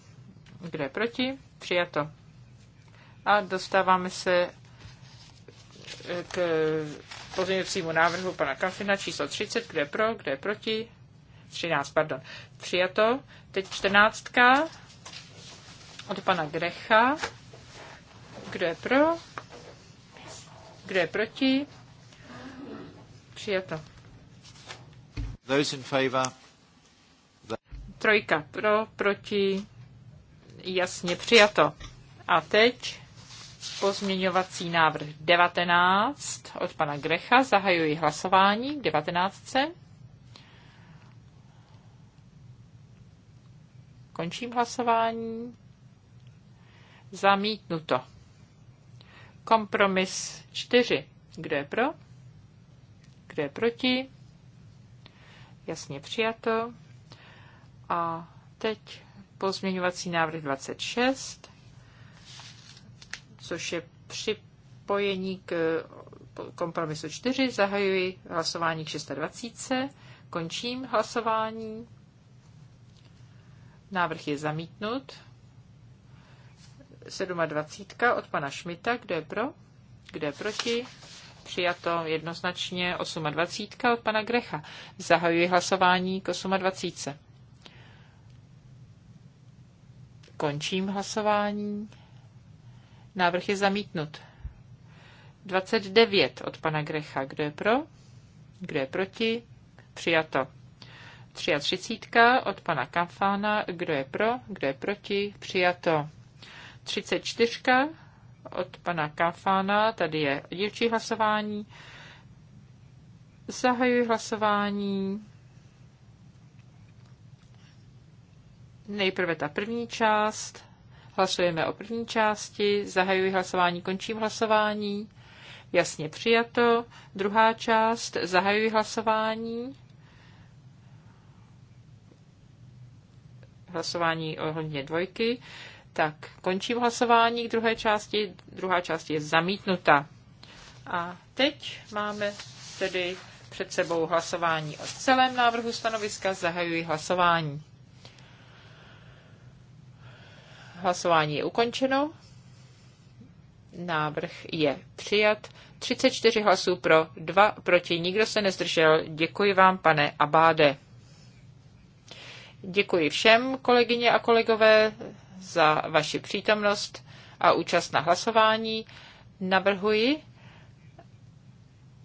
Speaker 2: Kdo je proti? Přijato. A dostáváme se k pozměňovacímu návrhu pana Kafina číslo 30. Kdo je pro? Kdo je proti? 13, pardon. Přijato. Teď 14. Od pana Grecha. Kdo je pro? Kdo je proti? Přijato.
Speaker 1: Those in favor.
Speaker 2: Trojka pro, proti, jasně přijato. A teď pozměňovací návrh 19 od pana Grecha. Zahajuji hlasování k 19. Končím hlasování. Zamítnuto. Kompromis 4. Kdo je pro? Kdo je proti? Jasně přijato. A teď pozměňovací návrh 26, což je připojení k kompromisu 4. Zahajuji hlasování 26. 620. Končím hlasování. Návrh je zamítnut. 27. od pana Šmita. Kdo je pro? Kdo je proti? Přijato jednoznačně 28. od pana Grecha. Zahajuji hlasování k 28. Končím hlasování. Návrh je zamítnut. 29 od pana Grecha. Kdo je pro? Kdo je proti? Přijato. 33 od pana Kamfána. Kdo je pro? Kdo je proti? Přijato. 34 od pana Kamfána. Tady je dílčí hlasování. Zahajuji hlasování. Nejprve ta první část. Hlasujeme o první části. Zahajuji hlasování, končím hlasování. Jasně přijato. Druhá část. Zahajuji hlasování. hlasování ohledně dvojky. Tak končím hlasování k druhé části. Druhá část je zamítnuta. A teď máme tedy před sebou hlasování o celém návrhu stanoviska. Zahajuji hlasování. Hlasování je ukončeno. Návrh je přijat. 34 hlasů pro, 2 proti, nikdo se nezdržel. Děkuji vám, pane Abáde. Děkuji všem, kolegyně a kolegové, za vaši přítomnost a účast na hlasování. Navrhuji,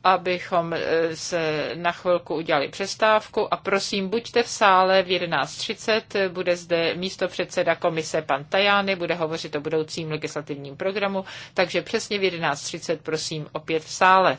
Speaker 2: abychom eh, se na chvilku udělali přestávku a prosím, buďte v sále v 11.30, bude zde místo předseda komise pan Tajány, bude hovořit o budoucím legislativním programu, takže přesně v 11.30 prosím opět v sále.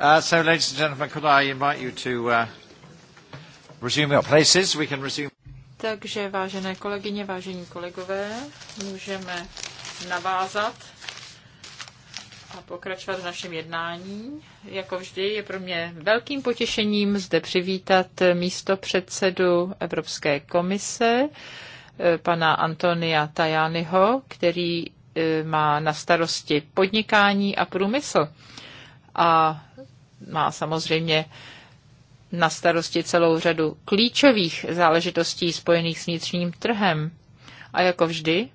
Speaker 1: Uh, so, ladies and gentlemen, could I invite you to uh, resume your places? We can resume.
Speaker 2: Takže, vážené kolegyně, vážení kolegové, můžeme navázat a pokračovat v našem jednání. Jako vždy je pro mě velkým potěšením zde přivítat místo předsedu Evropské komise, eh, pana Antonia Tajányho, který eh, má na starosti podnikání a průmysl a má samozřejmě na starosti celou řadu klíčových záležitostí spojených s vnitřním trhem. A jako vždy,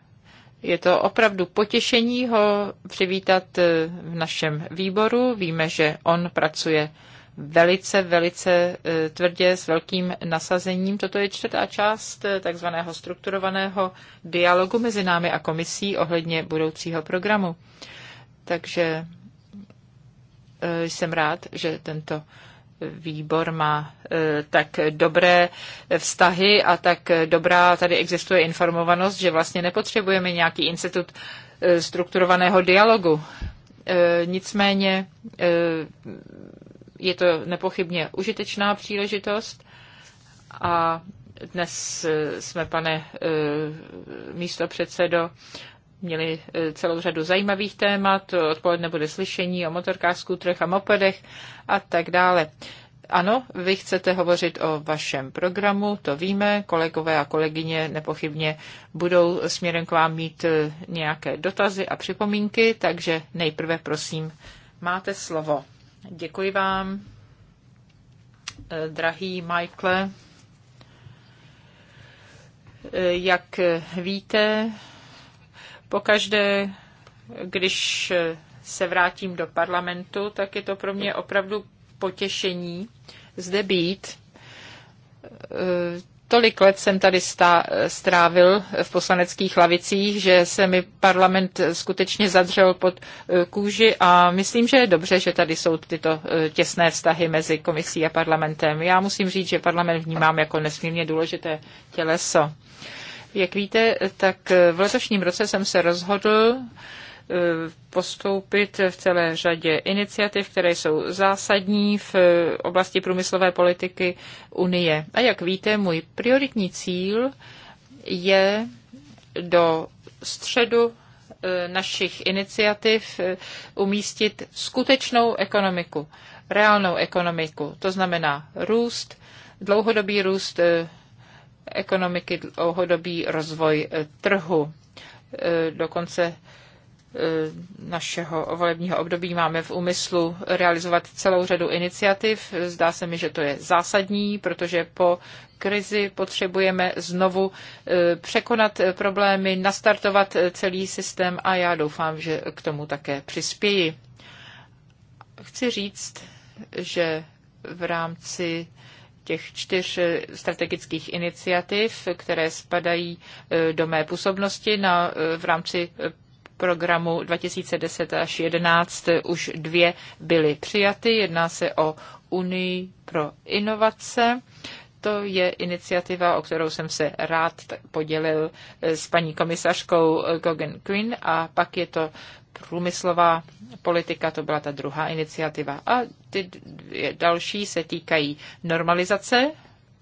Speaker 2: je to opravdu potěšení ho přivítat eh, v našem výboru. Víme, že on pracuje velice, velice eh, tvrdě, s velkým nasazením. Toto je čtvrtá část eh, takzvaného strukturovaného dialogu mezi námi a komisí ohledně budoucího programu. Takže Eh, jsem rád, že tento výbor má eh, tak dobré vztahy a tak dobrá tady existuje informovanost, že vlastně nepotřebujeme nějaký institut eh, strukturovaného dialogu. Nicméně je to nepochybně užitečná příležitost a dnes jsme, pane místo předsedo, měli eh, celou řadu zajímavých témat. Odpoledne bude slyšení o motorkách, skutrech a mopedech a tak dále. Ano, vy chcete hovořit o vašem programu, to víme, kolegové a kolegyně nepochybně budou směrem k vám mít eh, nějaké dotazy a připomínky, takže nejprve prosím, máte slovo. Děkuji vám, eh, drahý Michael. Jak víte, Pokaždé, když se vrátím do parlamentu, tak je to pro mě opravdu potěšení zde být. Tolik let jsem tady stá, strávil v poslaneckých lavicích, že se mi parlament skutečně zadřel pod eh, kůži a myslím, že je dobře, že tady jsou tyto eh, těsné vztahy mezi komisí a parlamentem. Já musím říct, že parlament vnímám jako nesmírně důležité těleso. Jak víte, tak v letošním roce jsem se rozhodl eh, postoupit v celé řadě iniciativ, které jsou zásadní v eh, oblasti průmyslové politiky Unie. A jak víte, můj prioritní cíl je do středu eh, našich iniciativ umístit skutečnou ekonomiku, reálnou ekonomiku, to znamená růst, dlouhodobý růst ekonomiky dlouhodobý rozvoj eh, trhu. Eh, dokonce eh, našeho volebního období máme v úmyslu realizovat celou řadu iniciativ. Zdá se mi, že to je zásadní, protože po krizi potřebujeme znovu překonat problémy, nastartovat celý systém a já doufám, že k tomu také přispěji. Chci říct, že v rámci těch čtyř eh, strategických iniciativ, které spadají eh, do mé působnosti na, eh, v rámci programu 2010 až 2011 už dvě byly přijaty. Jedná se o Unii pro inovace. To je iniciativa, o kterou jsem se rád podělil s paní komisařkou Gogan Quinn a pak je to průmyslová politika, to byla ta druhá iniciativa. A ty další se týkají normalizace,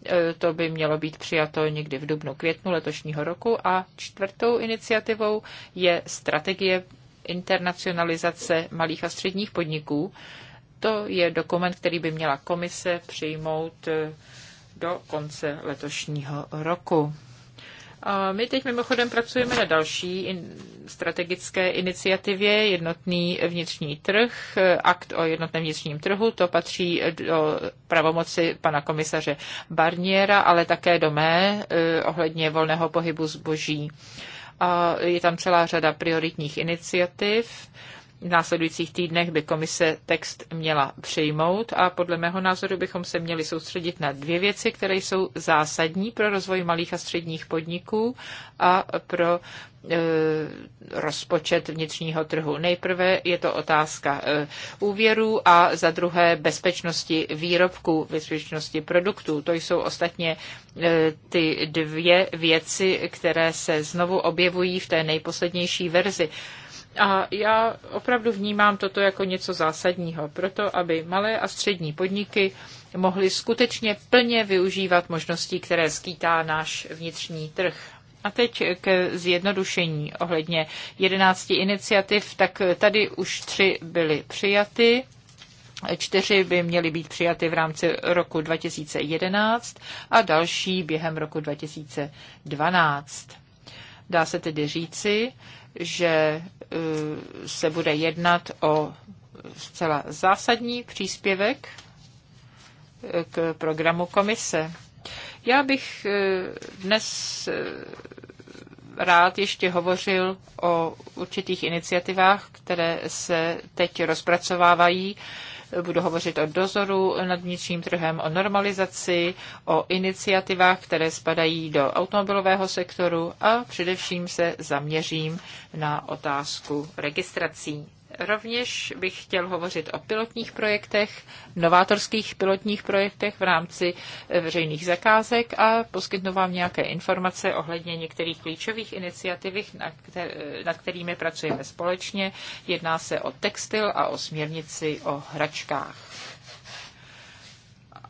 Speaker 2: e, to by mělo být přijato někdy v dubnu, květnu letošního roku. A čtvrtou iniciativou je strategie internacionalizace malých a středních podniků. To je dokument, který by měla komise přijmout e, do konce letošního roku my teď mimochodem pracujeme na další strategické iniciativě Jednotný vnitřní trh, akt o jednotném vnitřním trhu. To patří do pravomoci pana komisaře Barniera, ale také do mé eh, ohledně volného pohybu zboží. je tam celá řada prioritních iniciativ v následujících týdnech by komise text měla přejmout a podle mého názoru bychom se měli soustředit na dvě věci, které jsou zásadní pro rozvoj malých a středních podniků a pro e, rozpočet vnitřního trhu. Nejprve je to otázka e, úvěru a za druhé bezpečnosti výrobků, bezpečnosti produktů. To jsou ostatně e, ty dvě věci, které se znovu objevují v té nejposlednější verzi a já opravdu vnímám toto jako něco zásadního, proto aby malé a střední podniky mohly skutečně plně využívat možností, které skýtá náš vnitřní trh. A teď k zjednodušení ohledně 11 iniciativ, tak tady už tři byly přijaty. Čtyři by měly být přijaty v rámci roku 2011 a další během roku 2012. Dá se tedy říci, že eh, se bude jednat o zcela zásadní příspěvek eh, k programu komise. Já bych eh, dnes rád ještě hovořil o určitých iniciativách, které se teď rozpracovávají budu hovořit o dozoru nad vnitřním trhem, o normalizaci, o iniciativách, které spadají do automobilového sektoru a především se zaměřím na otázku registrací. Rovněž bych chtěl hovořit o pilotních projektech, novátorských pilotních projektech v rámci eh, veřejných zakázek a poskytnu vám nějaké informace ohledně některých klíčových iniciativ, eh, nad kterými pracujeme společně. Jedná se o textil a o směrnici o hračkách.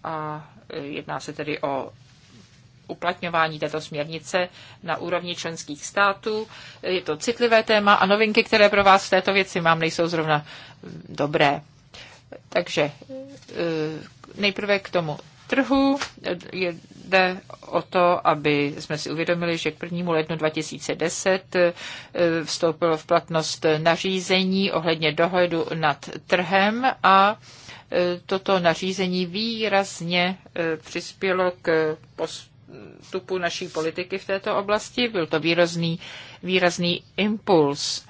Speaker 2: A eh, jedná se tedy o uplatňování této směrnice na úrovni členských států. Je to citlivé téma a novinky, které pro vás v této věci mám, nejsou zrovna dobré. Takže eh, nejprve k tomu trhu. Jde o to, aby jsme si uvědomili, že k 1. lednu 2010 eh, vstoupilo v platnost nařízení ohledně dohledu nad trhem a eh, toto nařízení výrazně přispělo k postupu vstupu naší politiky v této oblasti. Byl to výrazný, výrazný impuls.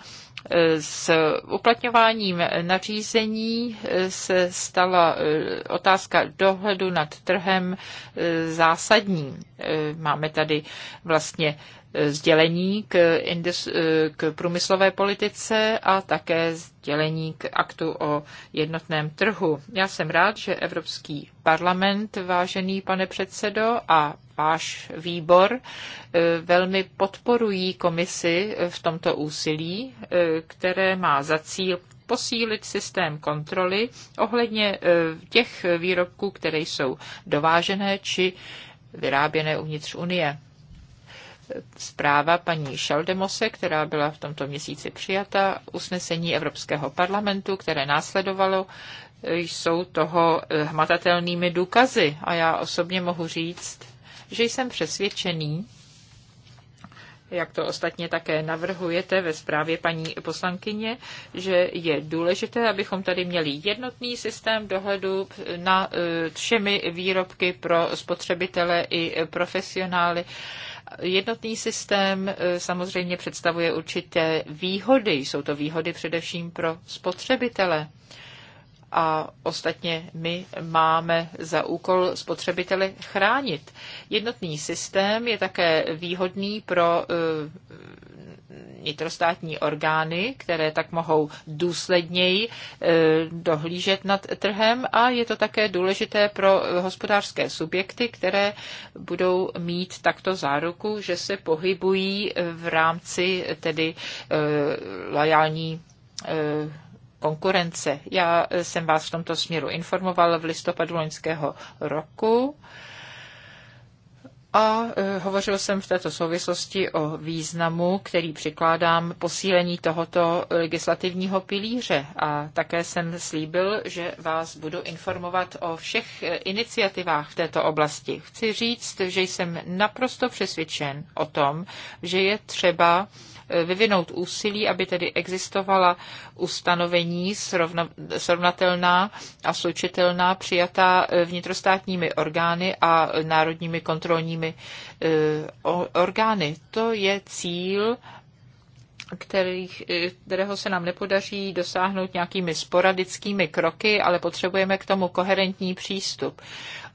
Speaker 2: S uplatňováním nařízení se stala eh, otázka dohledu nad trhem eh, zásadní. Eh, máme tady vlastně sdělení k, indes, k průmyslové politice a také sdělení k aktu o jednotném trhu. Já jsem rád, že Evropský parlament, vážený pane předsedo, a váš výbor eh, velmi podporují komisi v tomto úsilí, eh, které má za cíl posílit systém kontroly ohledně eh, těch výrobků, které jsou dovážené či vyráběné uvnitř Unie. Zpráva paní Šaldemose, která byla v tomto měsíci přijata, usnesení Evropského parlamentu, které následovalo, jsou toho hmatatelnými důkazy. A já osobně mohu říct, že jsem přesvědčený, jak to ostatně také navrhujete ve zprávě paní poslankyně, že je důležité, abychom tady měli jednotný systém dohledu na e, všemi výrobky pro spotřebitele i profesionály. Jednotný systém e, samozřejmě představuje určité výhody. Jsou to výhody především pro spotřebitele a ostatně my máme za úkol spotřebiteli chránit. Jednotný systém je také výhodný pro eh, vnitrostátní orgány, které tak mohou důsledněji eh, dohlížet nad trhem a je to také důležité pro hospodářské subjekty, které budou mít takto záruku, že se pohybují v rámci tedy eh, lojální konkurence. Já eh, jsem vás v tomto směru informoval v listopadu loňského roku. A eh, hovořil jsem v této souvislosti o významu, který přikládám posílení tohoto legislativního pilíře. A také jsem slíbil, že vás budu informovat o všech eh, iniciativách v této oblasti. Chci říct, že jsem naprosto přesvědčen o tom, že je třeba vyvinout úsilí, aby tedy existovala ustanovení srovna, srovnatelná a slučitelná přijatá eh, vnitrostátními orgány a národními kontrolními eh, orgány. To je cíl kterých, eh, kterého se nám nepodaří dosáhnout nějakými sporadickými kroky, ale potřebujeme k tomu koherentní přístup.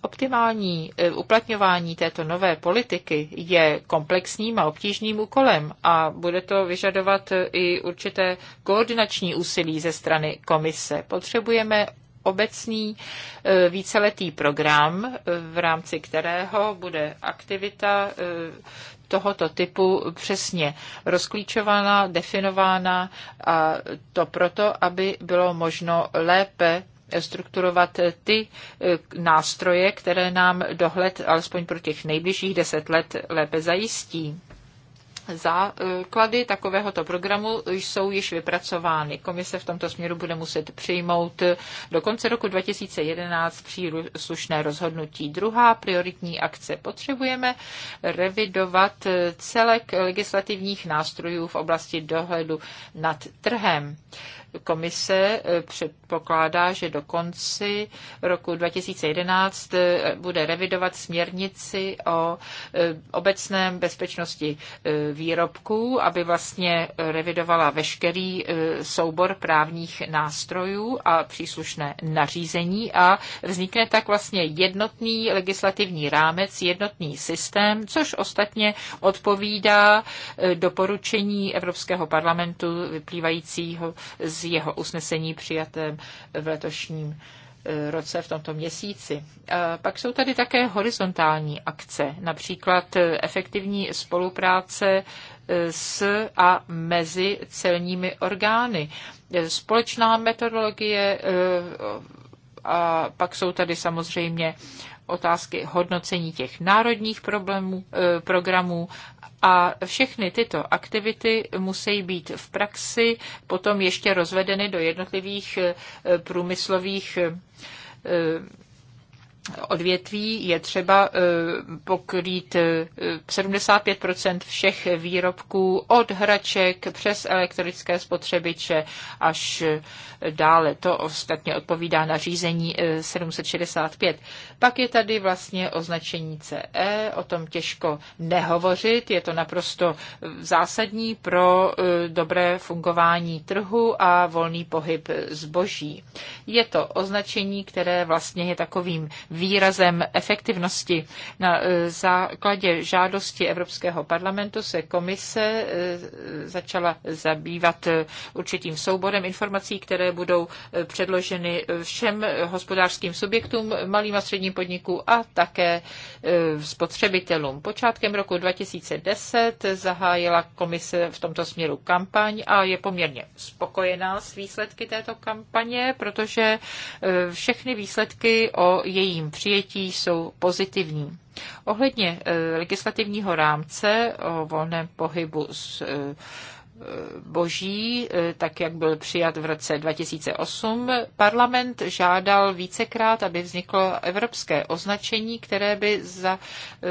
Speaker 2: Optimální eh, uplatňování této nové politiky je komplexním a obtížným úkolem a bude to vyžadovat eh, i určité koordinační úsilí ze strany komise. Potřebujeme obecný eh, víceletý program, v rámci kterého bude aktivita tohoto typu přesně rozklíčována, definována a to proto, aby bylo možno lépe strukturovat ty eh, nástroje, které nám dohled alespoň pro těch nejbližších deset let lépe zajistí. Základy takovéhoto programu jsou již vypracovány. Komise v tomto směru bude muset přijmout do konce roku 2011 příslušné rozhodnutí. Druhá prioritní akce. Potřebujeme revidovat celek legislativních nástrojů v oblasti dohledu nad trhem komise eh, předpokládá, že do konci roku 2011 eh, bude revidovat směrnici o eh, obecném bezpečnosti výrobků, aby vlastně revidovala veškerý soubor právních nástrojů a příslušné nařízení a vznikne tak vlastně jednotný legislativní rámec, jednotný systém, což ostatně odpovídá doporučení Evropského parlamentu vyplývajícího z jeho usnesení přijatém v letošním eh, roce v tomto měsíci. A pak jsou tady také horizontální akce, například eh, efektivní spolupráce eh, s a mezi celními orgány. Společná metodologie a pak jsou tady samozřejmě otázky hodnocení těch národních problémů, programů a všechny tyto aktivity musí být v praxi potom ještě rozvedeny do jednotlivých eh, průmyslových eh, odvětví je třeba eh, pokrýt 75 eh, všech výrobků od hraček přes elektrické spotřebiče až eh, dále. To ostatně odpovídá na řízení 765. Pak je tady vlastně označení CE, o tom těžko nehovořit, je to naprosto zásadní pro dobré fungování trhu a volný pohyb zboží. Je to označení, které vlastně je takovým výrazem efektivnosti. Na e, základě žádosti Evropského parlamentu se komise e, začala zabývat e, určitým souborem informací, které budou předloženy všem hospodářským subjektům, malým a středním podnikům a také spotřebitelům. Počátkem roku 2010 zahájila komise v tomto směru kampaň a je poměrně spokojená s výsledky této kampaně, protože všechny výsledky o jejím jejím přijetí jsou pozitivní. Ohledně eh, legislativního rámce o volném pohybu s eh, boží, eh, tak jak byl přijat v roce 2008, parlament žádal vícekrát, aby vzniklo evropské označení, které by za, eh,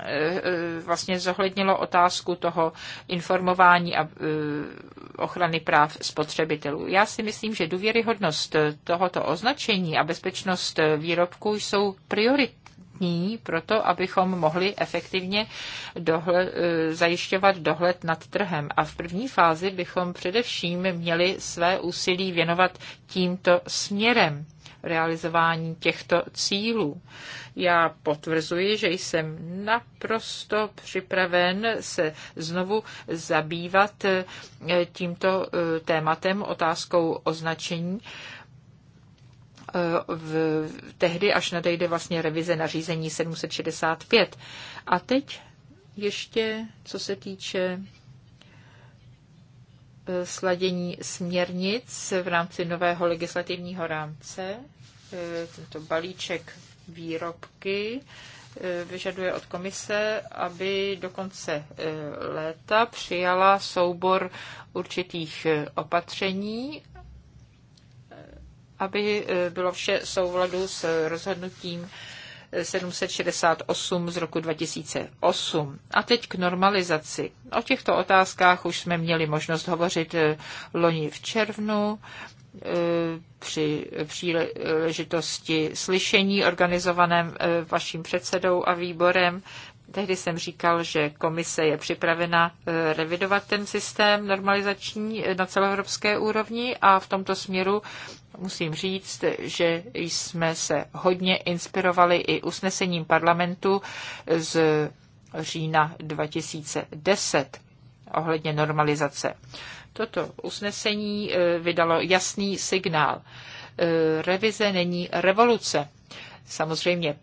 Speaker 2: eh, vlastně zohlednilo otázku toho informování a ochrany práv spotřebitelů. Já si myslím, že důvěryhodnost tohoto označení a bezpečnost výrobků jsou priority relevantní pro to, abychom mohli efektivně dohle, eh, zajišťovat dohled nad trhem. A v první fázi bychom především měli své úsilí věnovat tímto směrem realizování těchto cílů. Já potvrzuji, že jsem naprosto připraven se znovu zabývat eh, tímto eh, tématem, otázkou označení Eh, v, tehdy, až nadejde vlastně revize nařízení 765. A teď ještě, co se týče eh, sladění směrnic v rámci nového legislativního rámce, eh, tento balíček výrobky, vyžaduje od komise, aby do konce léta přijala soubor určitých opatření aby eh, bylo vše souladu s rozhodnutím 768 eh, z roku 2008. A teď k normalizaci. O těchto otázkách už jsme měli možnost hovořit eh, loni v červnu při příležitosti slyšení organizovaném vaším předsedou a výborem. Tehdy jsem říkal, že komise je připravena revidovat ten systém normalizační na celoevropské úrovni a v tomto směru musím říct, že jsme se hodně inspirovali i usnesením parlamentu z října 2010 ohledně normalizace. Toto usnesení eh, vydalo jasný signál. Eh, revize není revoluce. Samozřejmě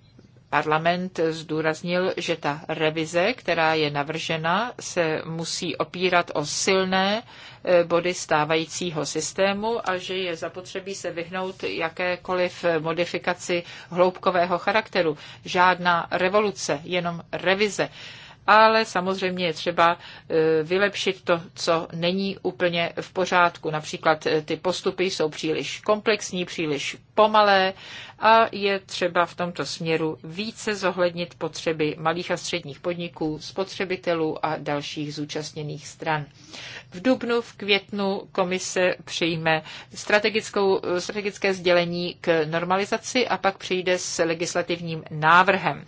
Speaker 2: Parlament zdůraznil, že ta revize, která je navržena, se musí opírat o silné eh, body stávajícího systému a že je zapotřebí se vyhnout jakékoliv modifikaci hloubkového charakteru. Žádná revoluce, jenom revize ale samozřejmě je třeba e, vylepšit to, co není úplně v pořádku. Například e, ty postupy jsou příliš komplexní, příliš pomalé a je třeba v tomto směru více zohlednit potřeby malých a středních podniků, spotřebitelů a dalších zúčastněných stran. V dubnu, v květnu komise přijme strategickou, strategické sdělení k normalizaci a pak přijde s legislativním návrhem.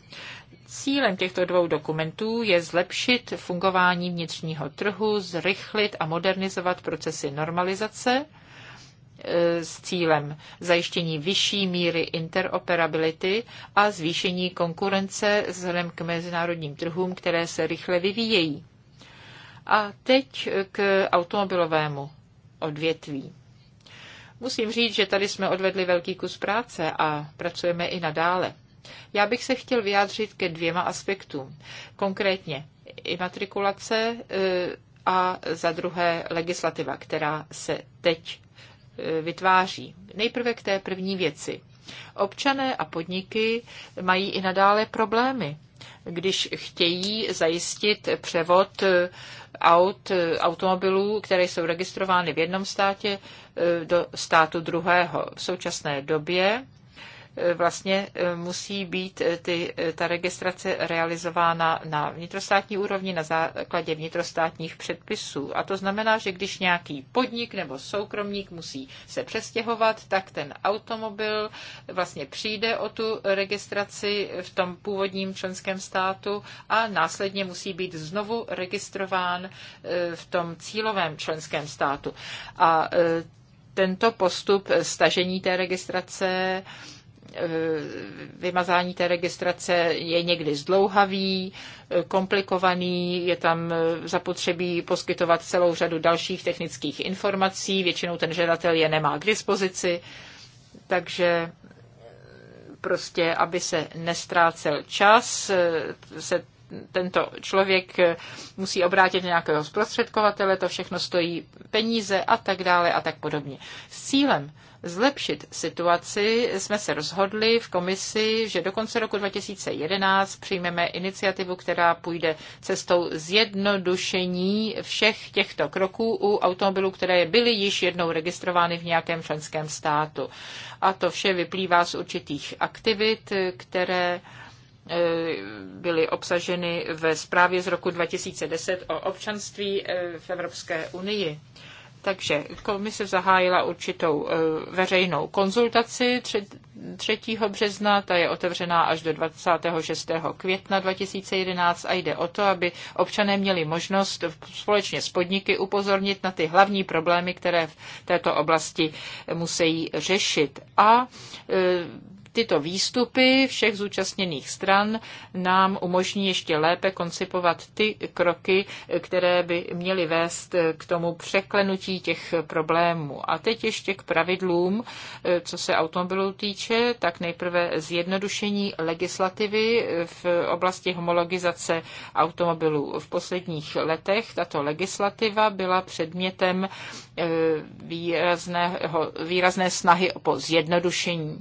Speaker 2: Cílem těchto dvou dokumentů je zlepšit fungování vnitřního trhu, zrychlit a modernizovat procesy normalizace e, s cílem zajištění vyšší míry interoperability a zvýšení konkurence vzhledem k mezinárodním trhům, které se rychle vyvíjejí. A teď k automobilovému odvětví. Musím říct, že tady jsme odvedli velký kus práce a pracujeme i nadále. Já bych se chtěl vyjádřit ke dvěma aspektům. Konkrétně imatrikulace e, a za druhé legislativa, která se teď e, vytváří. Nejprve k té první věci. Občané a podniky mají i nadále problémy, když chtějí zajistit převod e, aut, automobilů, které jsou registrovány v jednom státě, do státu druhého. V současné době vlastně eh, musí být eh, ty, eh, ta registrace realizována na vnitrostátní úrovni na základě vnitrostátních předpisů. A to znamená, že když nějaký podnik nebo soukromník musí se přestěhovat, tak ten automobil vlastně přijde o tu registraci v tom původním členském státu a následně musí být znovu registrován v tom cílovém členském státu. A tento postup stažení té registrace Eh, vymazání té registrace je někdy zdlouhavý, eh, komplikovaný, je tam eh, zapotřebí poskytovat celou řadu dalších technických informací, většinou ten žadatel je nemá k dispozici, takže prostě, aby se nestrácel čas, se tento člověk musí obrátit nějakého zprostředkovatele, to všechno stojí peníze a tak dále a tak podobně. S cílem zlepšit situaci, jsme se rozhodli v komisi, že do konce roku 2011 přijmeme iniciativu, která půjde cestou zjednodušení všech těchto kroků u automobilů, které byly již jednou registrovány v nějakém členském státu. A to vše vyplývá z určitých aktivit, které eh, byly obsaženy ve zprávě z roku 2010 o občanství eh, v Evropské unii. Takže komise zahájila určitou eh, veřejnou konzultaci 3. března, ta je otevřená až do 26. května 2011 a jde o to, aby občané měli možnost společně s podniky upozornit na ty hlavní problémy, které v této oblasti musí řešit. A eh, tyto výstupy všech zúčastněných stran nám umožní ještě lépe koncipovat ty kroky, které by měly vést k tomu překlenutí těch problémů. A teď ještě k pravidlům, co se automobilů týče, tak nejprve zjednodušení legislativy v oblasti homologizace automobilů. V posledních letech tato legislativa byla předmětem eh, výrazného, výrazné snahy o zjednodušení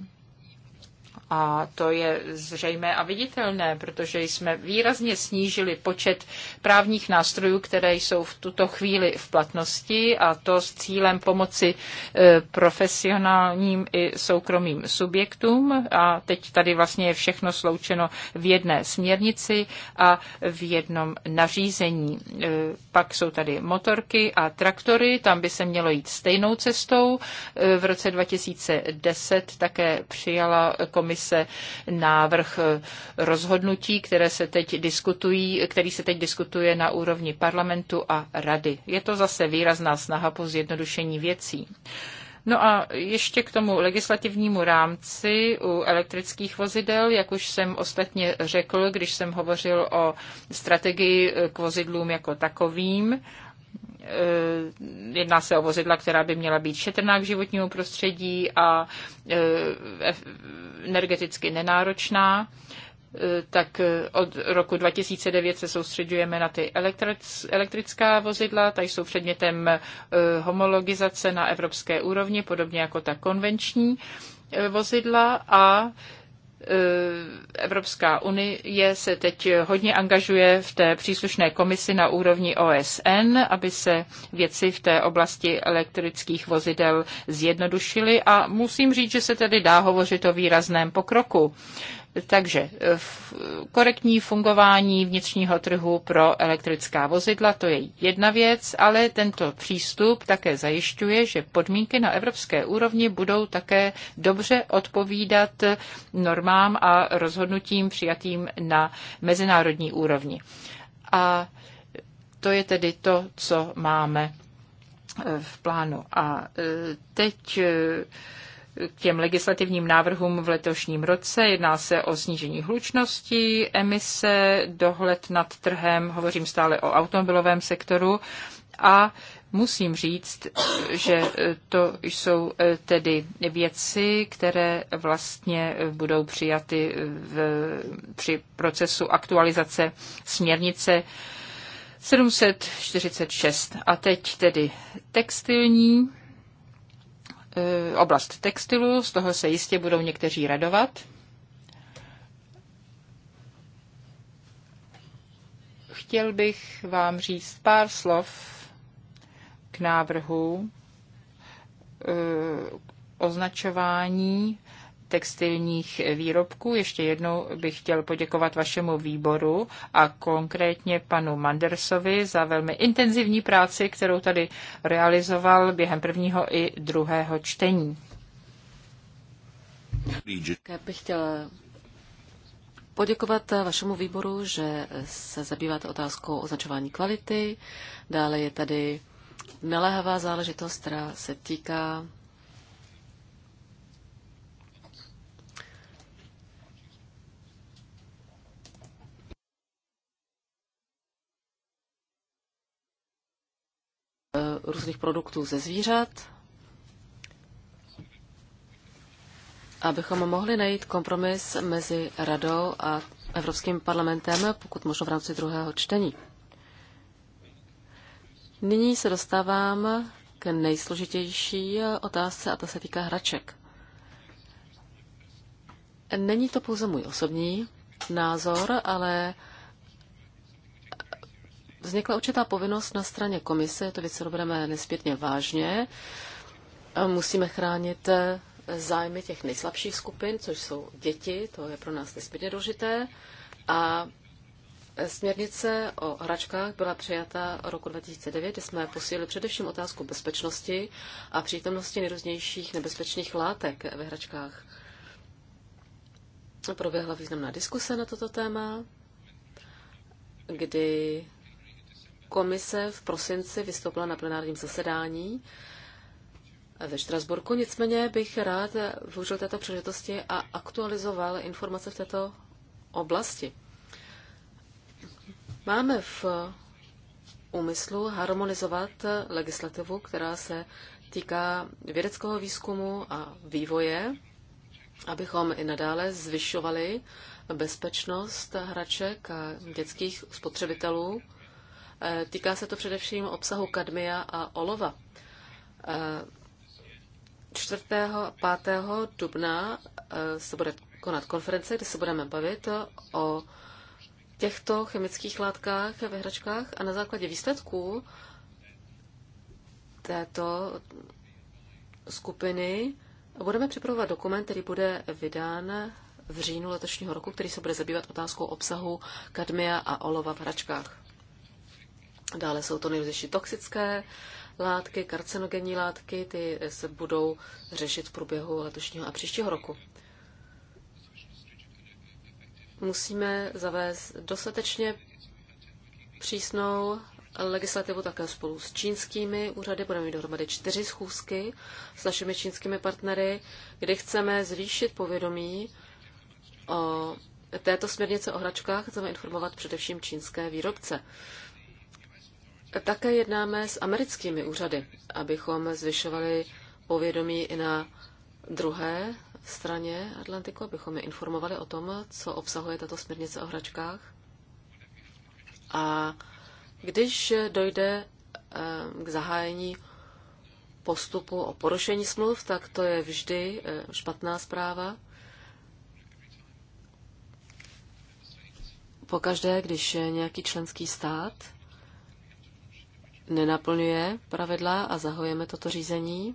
Speaker 2: a to je zřejmé a viditelné, protože jsme výrazně snížili počet právních nástrojů, které jsou v tuto chvíli v platnosti a to s cílem pomoci e, profesionálním i soukromým subjektům. A teď tady vlastně je všechno sloučeno v jedné směrnici a v jednom nařízení. E, pak jsou tady motorky a traktory, tam by se mělo jít stejnou cestou. E, v roce 2010 také přijala komise komise návrh eh, rozhodnutí, které se teď diskutují, který se teď diskutuje na úrovni parlamentu a rady. Je to zase výrazná snaha po zjednodušení věcí. No a ještě k tomu legislativnímu rámci u elektrických vozidel, jak už jsem ostatně řekl, když jsem hovořil o strategii k vozidlům jako takovým, Eh, jedná se o vozidla, která by měla být šetrná k životnímu prostředí a eh, energeticky nenáročná eh, tak od roku 2009 se soustředujeme na ty elektrická vozidla, ta jsou předmětem homologizace na evropské úrovni, podobně jako ta konvenční vozidla a Evropská unie se teď hodně angažuje v té příslušné komisi na úrovni OSN, aby se věci v té oblasti elektrických vozidel zjednodušily a musím říct, že se tedy dá hovořit o výrazném pokroku. Takže eh, korektní fungování vnitřního trhu pro elektrická vozidla, to je jedna věc, ale tento přístup také zajišťuje, že podmínky na evropské úrovni budou také dobře odpovídat normám a rozhodnutím přijatým na mezinárodní úrovni. A to je tedy to, co máme eh, v plánu. A eh, teď k těm legislativním návrhům v letošním roce. Jedná se o snížení hlučnosti, emise, dohled nad trhem, hovořím stále o automobilovém sektoru a musím říct, že to jsou eh, tedy věci, které vlastně eh, budou přijaty eh, v, při procesu aktualizace směrnice 746. A teď tedy textilní Eh, oblast textilu, z toho se jistě budou někteří radovat. Chtěl bych vám říct pár slov k návrhu eh, označování textilních výrobků. Ještě jednou bych chtěl poděkovat vašemu výboru a konkrétně panu Mandersovi za velmi intenzivní práci, kterou tady realizoval během prvního i druhého čtení. Já
Speaker 5: bych chtěla poděkovat vašemu výboru, že se zabýváte otázkou označování kvality. Dále je tady naléhavá záležitost, která se týká Eh, různých produktů ze zvířat, abychom mohli najít kompromis mezi radou a Evropským parlamentem, pokud možno v rámci druhého čtení. Nyní se dostávám k nejsložitější otázce a ta se týká hraček. Není to pouze můj osobní názor, ale vznikla určitá povinnost na straně komise, to věc dobereme nespětně vážně. Musíme chránit eh, zájmy těch nejslabších skupin, což jsou děti, to je pro nás nesmírně důležité. A eh, Směrnice o hračkách byla přijata roku 2009, kde jsme posílili především otázku bezpečnosti a přítomnosti nejrůznějších nebezpečných látek ve hračkách. Proběhla významná diskuse na toto téma, kdy Komise v prosinci vystoupila na plenárním zasedání ve Štrasburku. Nicméně bych rád využil této příležitosti a aktualizoval informace v této oblasti. Máme v úmyslu harmonizovat legislativu, která se týká vědeckého výzkumu a vývoje, abychom i nadále zvyšovali bezpečnost hraček a dětských spotřebitelů. Eh, týká se to především obsahu kadmia a olova. 4. a 5. dubna eh, se bude konat konference, kde se budeme bavit o těchto chemických látkách ve hračkách a na základě výsledků této skupiny budeme připravovat dokument, který bude vydán v říjnu letošního roku, který se bude zabývat otázkou obsahu kadmia a olova v hračkách. Dále jsou to nejrůznější toxické látky, karcinogenní látky, ty se budou řešit v průběhu letošního a příštího roku. Musíme zavést dostatečně přísnou legislativu také spolu s čínskými úřady. Budeme mít dohromady čtyři schůzky s našimi čínskými partnery, kdy chceme zvýšit povědomí o této směrnice o hračkách. Chceme informovat především čínské výrobce. Také jednáme s americkými úřady, abychom zvyšovali povědomí i na druhé straně Atlantiku, abychom je informovali o tom, co obsahuje tato směrnice o hračkách. A když dojde eh, k zahájení postupu o porušení smluv, tak to je vždy eh, špatná zpráva. Pokaždé, když nějaký členský stát nenaplňuje pravidla a zahojeme toto řízení,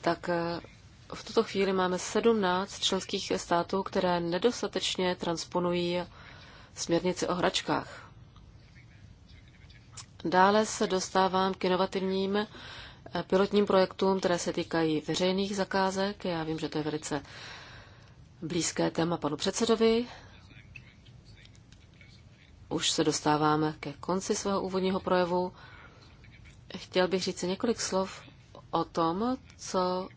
Speaker 5: tak eh, v tuto chvíli máme 17 členských států, které nedostatečně transponují směrnici o hračkách. Dále se dostávám k inovativním eh, pilotním projektům, které se týkají veřejných zakázek. Já vím, že to je velice blízké téma panu předsedovi už se dostáváme ke konci svého úvodního projevu. Chtěl bych říct několik slov o tom, co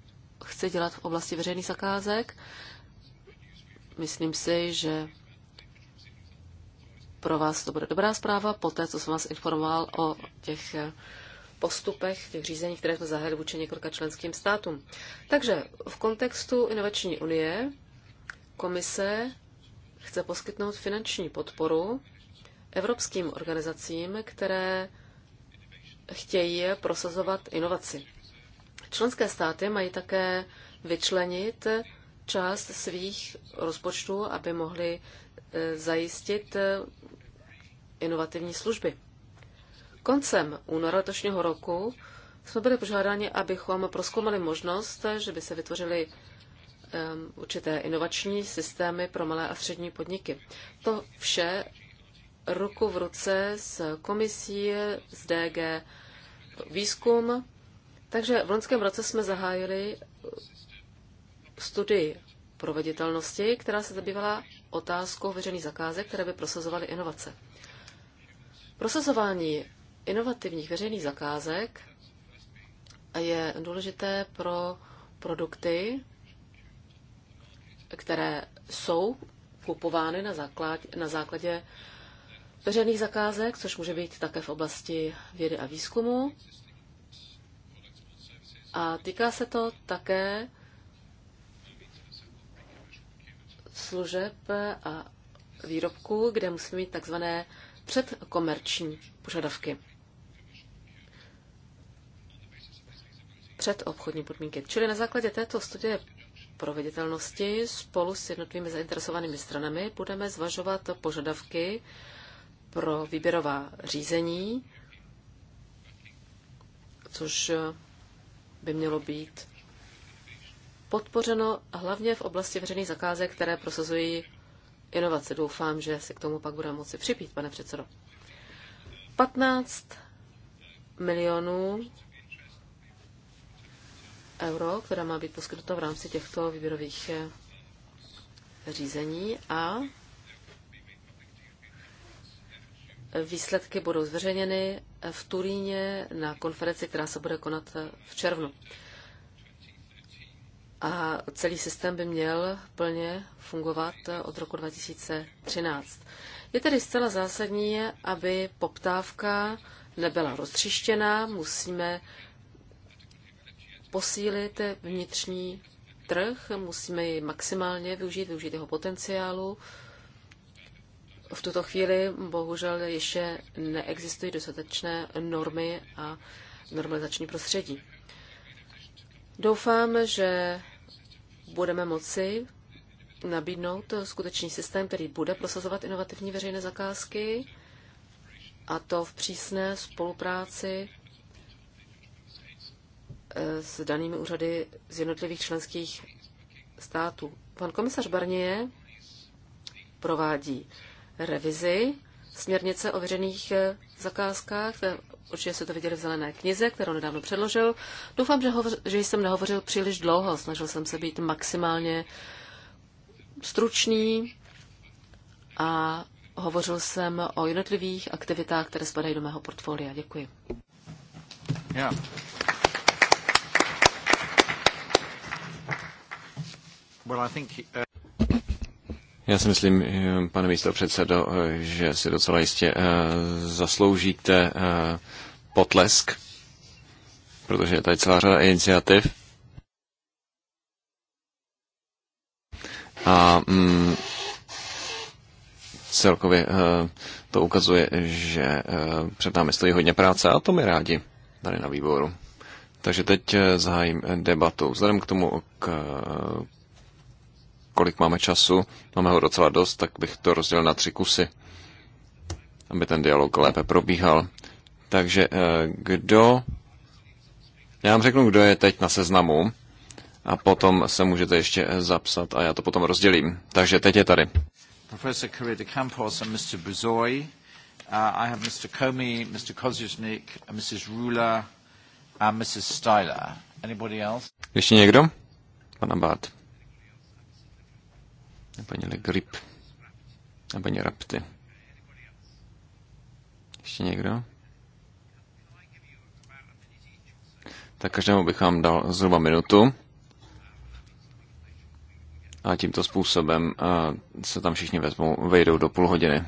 Speaker 5: chci dělat v oblasti veřejných zakázek. Myslím si, že pro vás to bude dobrá zpráva, po té, co jsem vás informoval o těch postupech, těch řízení, které jsme zahájili vůči několika členským státům. Takže v kontextu Inovační unie komise chce poskytnout finanční podporu evropským organizacím, které chtějí prosazovat inovaci. Členské státy mají také vyčlenit část svých rozpočtů, aby mohly e, zajistit e, inovativní služby. Koncem února letošního roku jsme byli požádáni, abychom proskoumali možnost, že by se vytvořily e, určité inovační systémy pro malé a střední podniky. To vše ruku v ruce s komisí, z DG výzkum. Takže v loňském roce jsme zahájili studii proveditelnosti, která se zabývala otázkou veřejných zakázek, které by prosazovaly inovace. Prosazování inovativních veřejných zakázek je důležité pro produkty, které jsou kupovány na, základ, na základě veřejných zakázek, což může být také v oblasti vědy a výzkumu. A týká se to také služeb a výrobků, kde musíme mít takzvané předkomerční požadavky. Před obchodní podmínky. Čili na základě této studie proveditelnosti spolu s jednotlivými zainteresovanými stranami budeme zvažovat požadavky pro výběrová řízení, což by mělo být podpořeno hlavně v oblasti veřejných zakázek, které prosazují inovace. Doufám, že se k tomu pak bude moci připít, pane předsedo. 15 milionů euro, která má být poskytnuta v rámci těchto výběrových řízení a Výsledky budou zveřejněny v Turíně na konferenci, která se bude konat v červnu. A celý systém by měl plně fungovat od roku 2013. Je tedy zcela zásadní, aby poptávka nebyla roztřištěná, musíme posílit vnitřní trh, musíme ji maximálně využít, využít jeho potenciálu, v tuto chvíli bohužel ještě neexistují dostatečné normy a normalizační prostředí. Doufám, že budeme moci nabídnout skutečný systém, který bude prosazovat inovativní veřejné zakázky, a to v přísné spolupráci eh, s danými úřady z jednotlivých členských států. Pan komisař Barnier provádí revizi směrnice o veřejných eh, zakázkách. Určitě jste to viděli v zelené knize, kterou nedávno předložil. Doufám, že, hovoř, že jsem nehovořil příliš dlouho. Snažil jsem se být maximálně stručný a hovořil jsem o jednotlivých aktivitách, které spadají do mého portfolia. Děkuji.
Speaker 1: Yeah. Well, I think, uh...
Speaker 4: Já si myslím, eh, pane místo předsedo, eh, že si docela jistě eh, zasloužíte potlesk, protože je tady celá řada iniciativ. A mm, celkově to ukazuje, že před námi stojí hodně práce a to my rádi tady na výboru. Takže teď zahájím debatu. Vzhledem k tomu, k kolik máme času, máme ho docela dost, tak bych to rozdělil na tři kusy, aby ten dialog lépe probíhal. Takže eh, kdo... Já vám řeknu, kdo je teď na seznamu a potom se můžete ještě zapsat a já to potom rozdělím. Takže teď je tady.
Speaker 1: Professor Correa de Campos a Mr. Buzoy. Uh, I have Mr. Comey, Mr. Kozuznik, Mrs. Ruler and Mrs. Styler. Anybody else?
Speaker 4: Ještě někdo? Pana Bart. Vlastně paní Le Grip a paní Rapty. Ještě někdo? Tak každému bych vám dal zhruba minutu. A tímto způsobem se tam všichni vezmou, vejdou do půl hodiny.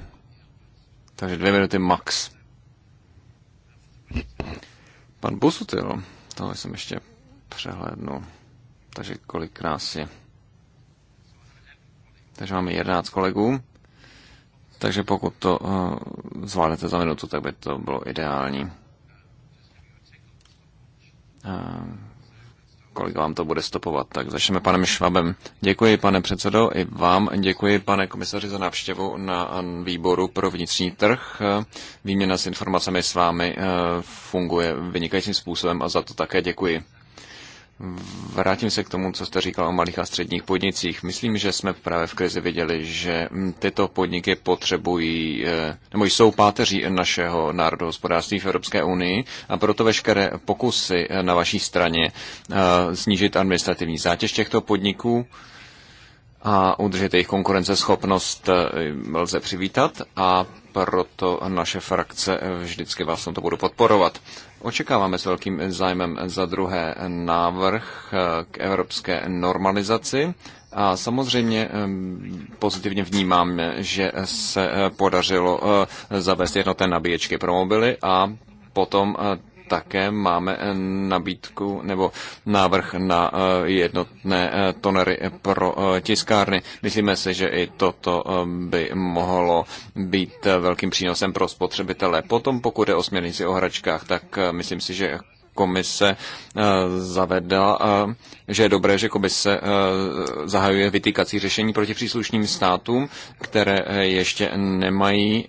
Speaker 4: Takže dvě minuty max. Pan Busutil, tohle jsem ještě přehlédnu. Takže kolik krásně. je. Takže máme 11 kolegů. Takže pokud to uh, zvládnete za minutu, tak by to bylo ideální. Uh, kolik vám to bude stopovat. Tak začneme panem Švabem. Děkuji, pane předsedo, i vám. Děkuji, pane komisaři, za návštěvu na výboru pro vnitřní trh. Výměna s informacemi s vámi eh, funguje vynikajícím způsobem a za to také děkuji vrátím se k tomu, co jste říkal o malých a středních podnicích. Myslím, že jsme právě v krizi viděli, že mm, tyto podniky potřebují, eh, nebo jsou páteří našeho hospodářství v Evropské unii a proto veškeré pokusy eh, na vaší straně eh, snížit administrativní zátěž těchto podniků a udržet jejich konkurenceschopnost lze přivítat a proto naše frakce vždycky vás na to budu podporovat. Očekáváme s velkým zájmem za druhé návrh eh, k evropské normalizaci a samozřejmě eh, pozitivně vnímáme, že se eh, podařilo zavést jednotné nabíječky pro mobily a potom také máme eh, nabídku nebo návrh na eh, jednotné eh, tonery pro tiskárny. Myslíme si, že i toto by mohlo být velkým přínosem pro spotřebitele. Potom, pokud je o směrnici o hračkách, tak myslím si, že komise zavedla, že je dobré, že komise zahajuje vytýkací řešení proti příslušným státům, které ještě nemají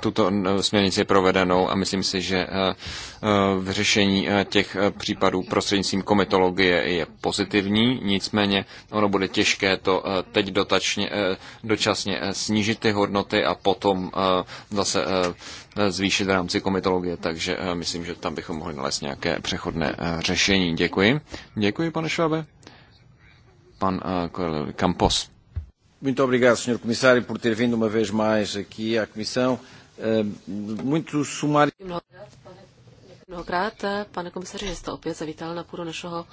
Speaker 4: tuto eh, směrnici provedenou a myslím si, že eh, eh, vyřešení těch případů prostřednictvím komitologie je pozitivní, nicméně ono bude těžké to teď dotačně, dočasně snížit ty hodnoty a potom zase zvýšit v rámci komitologie, takže myslím, že tam bychom mohli nalézt nějaké přechodné řešení. Děkuji. Děkuji, pane Švábe. Pan Campos. Muito obrigado, Sr. Comissário, por ter vindo uma vez mais aqui à Comissão. Eh, muito sumário.
Speaker 5: Mnohokrát, eh, pane, komisaři, že jste opět zavítal na půdu našeho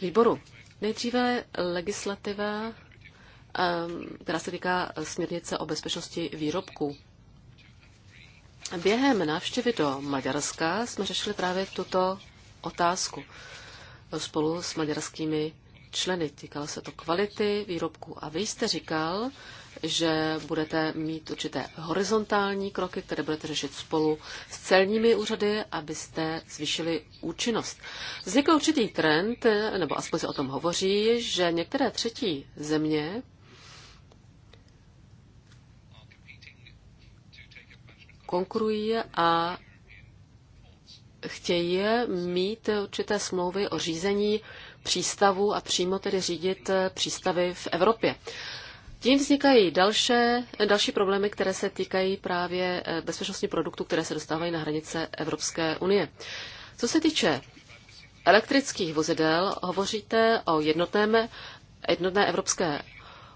Speaker 5: výboru. Nejdříve legislativa, eh, která se týká směrnice o bezpečnosti výrobků. Během návštěvy do Maďarska jsme řešili právě tuto otázku spolu s maďarskými členy. Týkalo se to kvality výrobků. A vy jste říkal, že budete mít určité horizontální kroky, které budete řešit spolu s celními úřady, abyste zvýšili účinnost. Vznikl určitý trend, nebo aspoň se o tom hovoří, že některé třetí země konkurují a chtějí mít určité smlouvy o řízení přístavu a přímo tedy řídit přístavy v Evropě. Tím vznikají další, další problémy, které se týkají právě eh, bezpečnostní produktů, které se dostávají na hranice Evropské unie. Co se týče elektrických vozidel, hovoříte o jednotném, jednotné evropské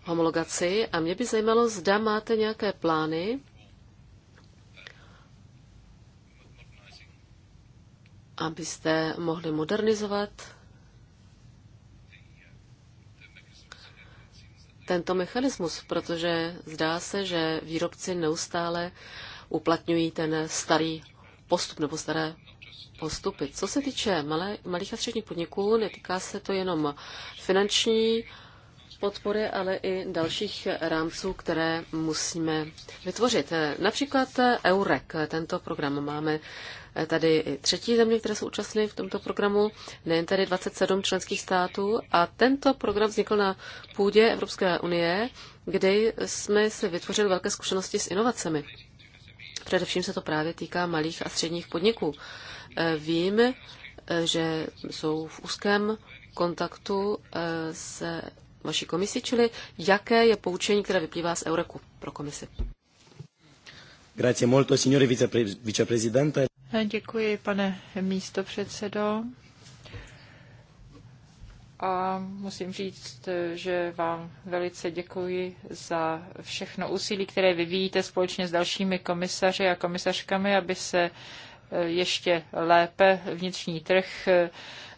Speaker 5: homologaci a mě by zajímalo, zda máte nějaké plány, abyste mohli modernizovat tento mechanismus, protože zdá se, že výrobci neustále uplatňují ten starý postup nebo staré postupy. Co se týče malé, malých a středních podniků, netýká se to jenom finanční podpory, ale i dalších rámců, které musíme vytvořit. Například EUREK, tento program máme Eh, tady i třetí země, které jsou účastny v tomto programu, nejen tady 27 členských států. A tento program vznikl na půdě Evropské unie, kde jsme se vytvořili velké zkušenosti s inovacemi. Především se to právě týká malých a středních podniků. Eh, vím, eh, že jsou v úzkém kontaktu s vaší komisí, čili jaké je
Speaker 2: poučení, které vyplývá z Eureku pro komisi.
Speaker 5: Grazie molto, signore
Speaker 6: viceprezidente.
Speaker 2: Děkuji, pane místo A musím říct, že vám velice děkuji za všechno úsilí, které vyvíjíte společně s dalšími komisaři a komisařkami, aby se ještě lépe vnitřní trh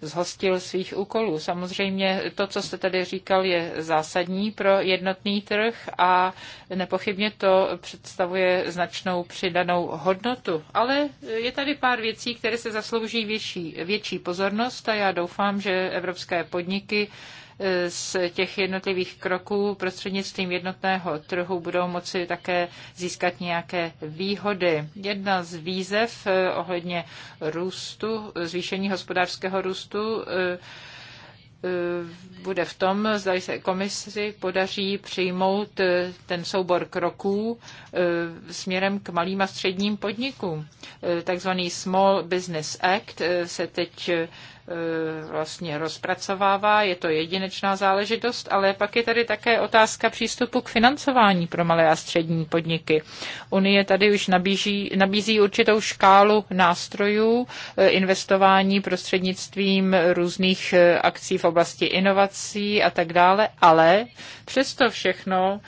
Speaker 2: zhostil svých úkolů. Samozřejmě to, co jste tady říkal, je zásadní pro jednotný trh a nepochybně to představuje značnou přidanou hodnotu. Ale je tady pár věcí, které se zaslouží větší, větší pozornost a já doufám, že evropské podniky z těch jednotlivých kroků prostřednictvím jednotného trhu budou moci také získat nějaké výhody. Jedna z výzev eh, ohledně růstu, zvýšení hospodářského růstu eh, eh, bude v tom, zda se komisi podaří přijmout ten soubor kroků směrem k malým a středním podnikům. Takzvaný Small Business Act se teď Eh, vlastně rozpracovává. Je to jedinečná záležitost, ale pak je tady také otázka přístupu k financování pro malé a střední podniky. Unie tady už nabíží, nabízí určitou škálu nástrojů eh, investování prostřednictvím různých eh, akcí v oblasti inovací a tak dále, ale přesto všechno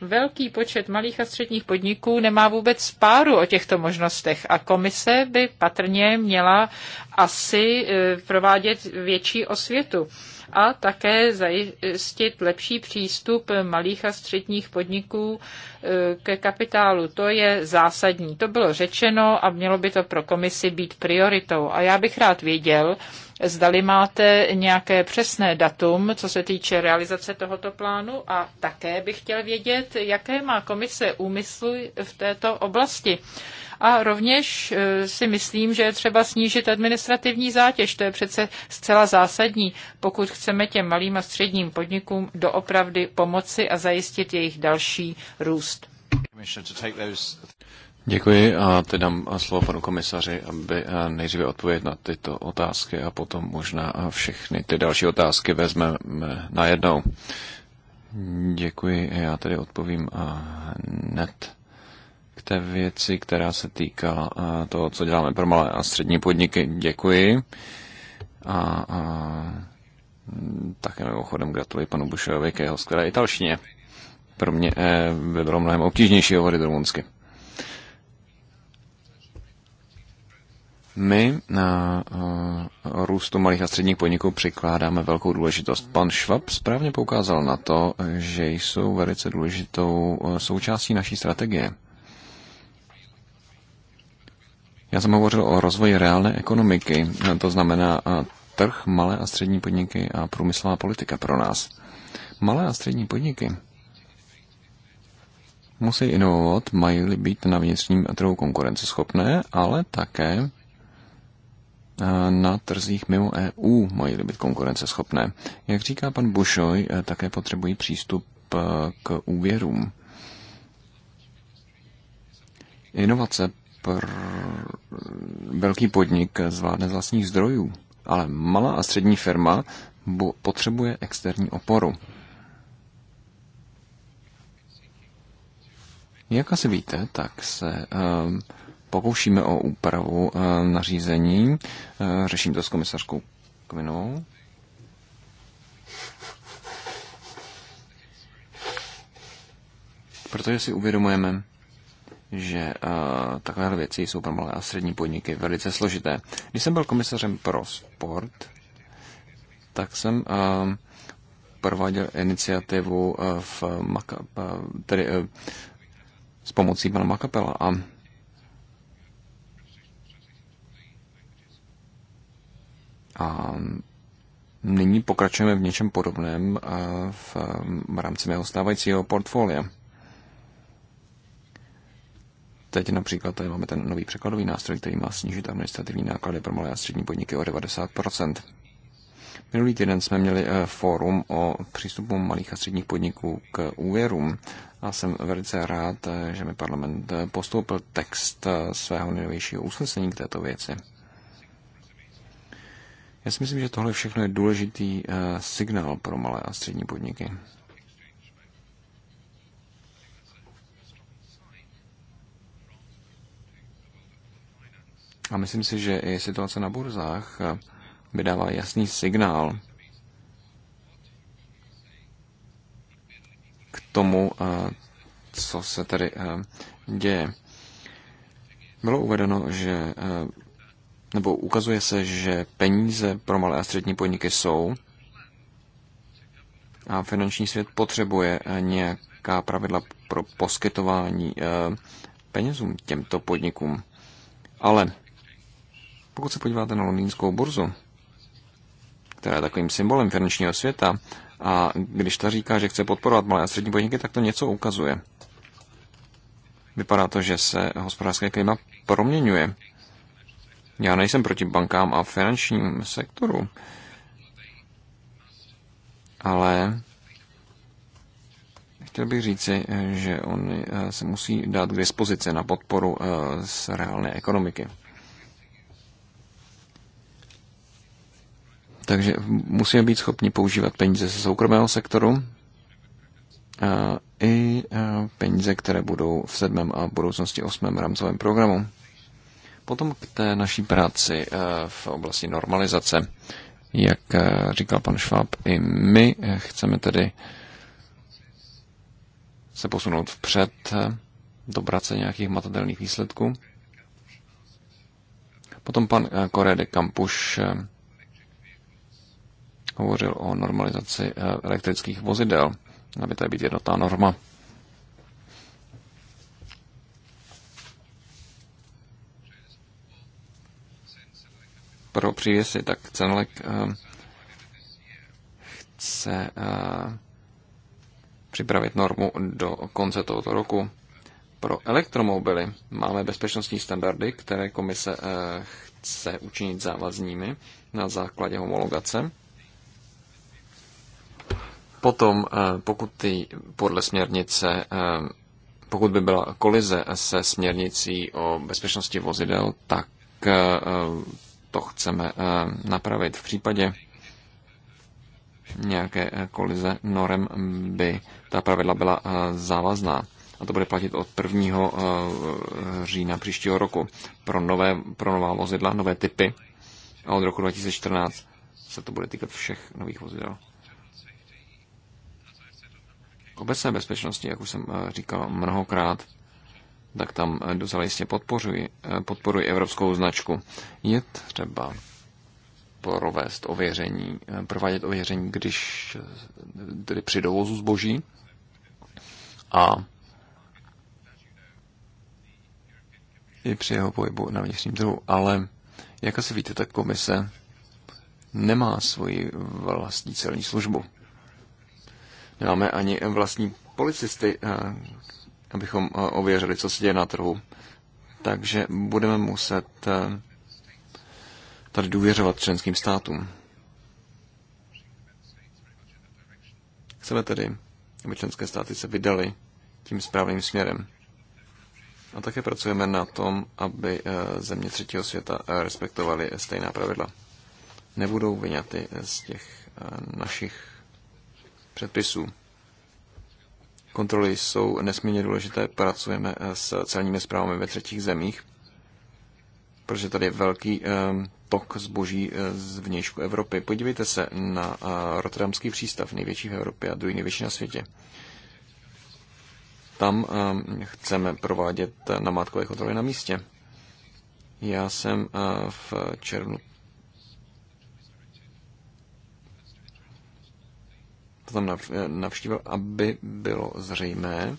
Speaker 2: Velký počet malých a středních podniků nemá vůbec páru o těchto možnostech a komise by patrně měla asi e, provádět větší osvětu a také zajistit lepší přístup malých a středních podniků e, ke kapitálu. To je zásadní. To bylo řečeno a mělo by to pro komisi být prioritou. A já bych rád věděl, zdali máte nějaké přesné datum, co se týče realizace tohoto plánu a také bych chtěl vědět, jaké má komise úmyslu v této oblasti. A rovněž eh, si myslím, že je třeba snížit administrativní zátěž. To je přece zcela zásadní, pokud chceme těm malým a středním podnikům doopravdy pomoci a zajistit jejich další růst.
Speaker 4: Děkuji a teď dám slovo panu komisaři, aby eh, nejdříve odpověděl na tyto otázky a potom možná eh, všechny ty další otázky vezmeme najednou. Děkuji, já tedy odpovím eh, hned k té věci, která se týká toho, co děláme pro malé a střední podniky. Děkuji. A, a také mimochodem gratuluji panu Bušovi k jeho skvělé italštině. Pro mě by bylo mnohem obtížnější hovořit rumunsky. My na eh, růstu malých a středních podniků přikládáme velkou důležitost. Pan Schwab správně poukázal na to, že jsou velice důležitou eh, součástí naší strategie. Já jsem hovořil o rozvoji reálné ekonomiky, eh, to znamená trh, malé a střední podniky a průmyslová politika pro nás. Malé a střední podniky musí inovovat, mají být na vnitřním trhu konkurenceschopné, ale také na trzích mimo EU mají být konkurenceschopné. Jak říká pan Bušoj, eh, také potřebují přístup eh, k úvěrům. Inovace pr... velký podnik zvládne z vlastních zdrojů, ale malá a střední firma potřebuje externí oporu. Jak asi víte, tak se uh, pokoušíme o úpravu eh, nařízení. Eh, řeším to s komisařkou Kvinou. Protože si uvědomujeme, že e, takovéhle věci jsou pro malé a střední podniky velice složité. Když jsem byl komisařem pro sport, tak jsem e, prováděl iniciativu e, v tedy, e, s pomocí pana Makapela a A nyní pokračujeme v něčem podobném eh, eh, v rámci mého stávajícího portfolia. Teď například tady máme ten nový překladový nástroj, který má snížit administrativní náklady pro malé a střední podniky o 90%. Minulý týden jsme měli eh, fórum o přístupu malých a středních podniků k úvěrům a jsem velice rád, že mi parlament postoupil text svého nejnovějšího usnesení k této věci. Já si myslím, že tohle všechno je důležitý eh, signál pro malé a střední podniky. A myslím si, že i situace na burzách eh, by dala jasný signál k tomu, eh, co se tady děje. Bylo uvedeno, že nebo ukazuje se, že peníze pro malé a střední podniky jsou a finanční svět potřebuje eh, nějaká pravidla pro poskytování eh, penězům těmto podnikům. Ale pokud se podíváte na londýnskou burzu, která je takovým symbolem finančního světa, a když ta říká, že chce podporovat malé a střední podniky, tak to něco ukazuje. Vypadá to, že se hospodářské klima proměňuje já nejsem proti bankám a finančním sektoru, ale chtěl bych říci, že on eh, se musí dát k dispozici na podporu eh, z reálné ekonomiky. Takže musíme být schopni používat peníze ze soukromého sektoru eh, i peníze, které budou v sedmém a budoucnosti osmém rámcovém programu. Potom k té naší práci eh, v oblasti normalizace. Jak eh, říkal pan Šváb, i my eh, chceme tedy se posunout vpřed, dobrat se nějakých matatelných výsledků. Potom pan Koré de Campuš hovořil o normalizaci elektrických vozidel. Aby to být jednotná norma. pro přívěsy, tak Cenlek eh, chce eh, připravit normu do konce tohoto roku. Pro elektromobily máme bezpečnostní standardy, které komise eh, chce učinit závaznými na základě homologace. Potom, pokud ty podle směrnice, pokud by byla kolize se směrnicí o bezpečnosti vozidel, tak to chceme eh, napravit. V případě nějaké eh, kolize norem by ta pravidla byla eh, závazná. A to bude platit od 1. října příštího roku pro, nové, pro nová vozidla, nové typy. A od roku 2014 se to bude týkat všech nových vozidel. K obecné bezpečnosti, jak už jsem říkal mnohokrát, tak tam eh, docela jistě podporuji, eh, podporuji evropskou značku. Je třeba provést ověření, eh, provádět ověření, když tedy při dovozu zboží a i při jeho pohybu na vnitřním trhu. Ale jak asi víte, tak komise nemá svoji vlastní celní službu. Nemáme ani vlastní policisty, abychom eh, ověřili, co se děje na trhu. Takže budeme muset eh, tady důvěřovat členským státům. Chceme tedy, aby členské státy se vydaly tím správným směrem. A také pracujeme na tom, aby eh, země třetího světa respektovaly stejná pravidla. Nebudou vyňaty z těch našich předpisů. Kontroly jsou nesmírně důležité, pracujeme eh, s celními zprávami ve třetích zemích, protože tady je velký eh, tok zboží eh, z vnějšku Evropy. Podívejte se na Rotterdamský přístav, největší v Evropě a druhý největší na světě. Tam chceme provádět namátkové kontroly na místě. Já jsem v červnu to tam eh, navštívil, aby bylo zřejmé,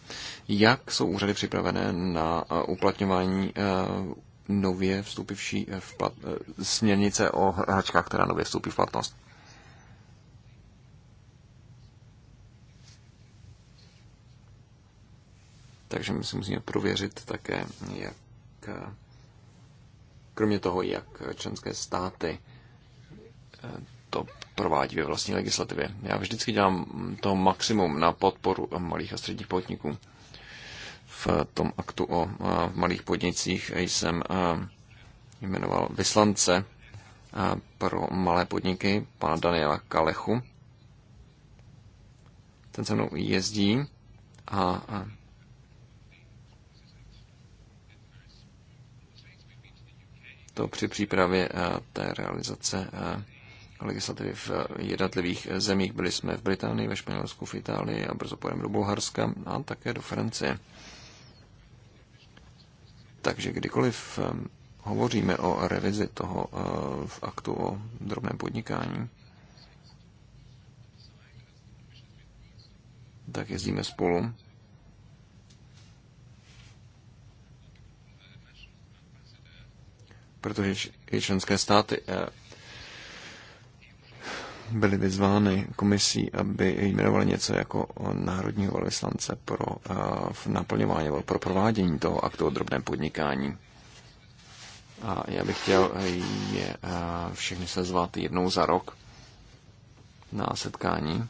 Speaker 4: jak jsou úřady připravené na eh, uplatňování eh, nově vstupivší v plat, směrnice o hračkách, která nově vstoupí v platnost. Takže my si musíme prověřit také, jak kromě toho, jak členské státy to provádí ve vlastní legislativě. Já vždycky dělám to maximum na podporu malých a středních podniků. V tom aktu o malých podnicích jsem jmenoval vyslance pro malé podniky pana Daniela Kalechu. Ten se mnou jezdí a to při přípravě té realizace legislativy v jednotlivých zemích. Byli jsme v Británii, ve Španělsku, v Itálii a brzo půjdeme do Bulharska a také do Francie. Takže kdykoliv ehm, hovoříme o revizi toho eh, v aktu o drobném podnikání, tak jezdíme spolu. Protože i členské státy eh, byly vyzvány komisí, aby jmenovali něco jako národního velvyslance pro uh, naplňování nebo pro provádění toho aktu o drobném podnikání. A já bych chtěl eh, je eh, všechny sezvat jednou za rok na setkání.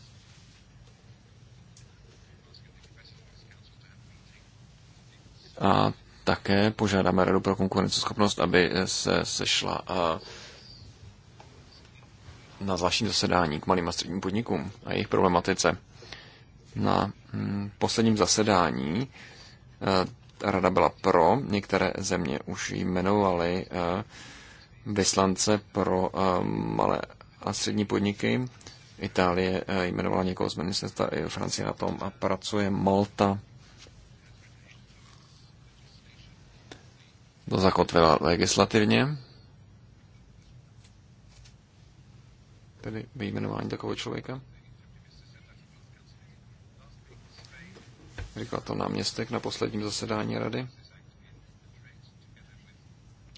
Speaker 4: A také požádáme Radu pro konkurenceschopnost, aby se sešla uh, na zvláštní zasedání k malým a středním podnikům a jejich problematice. Na mm, posledním zasedání eh, rada byla pro, některé země už jmenovaly eh, vyslance pro eh, malé a střední podniky. Itálie jmenovala někoho z ministerstva, i Francie na tom a pracuje Malta. To zakotvila legislativně. tedy vyjmenování takového člověka. Říkal to náměstek na posledním zasedání rady.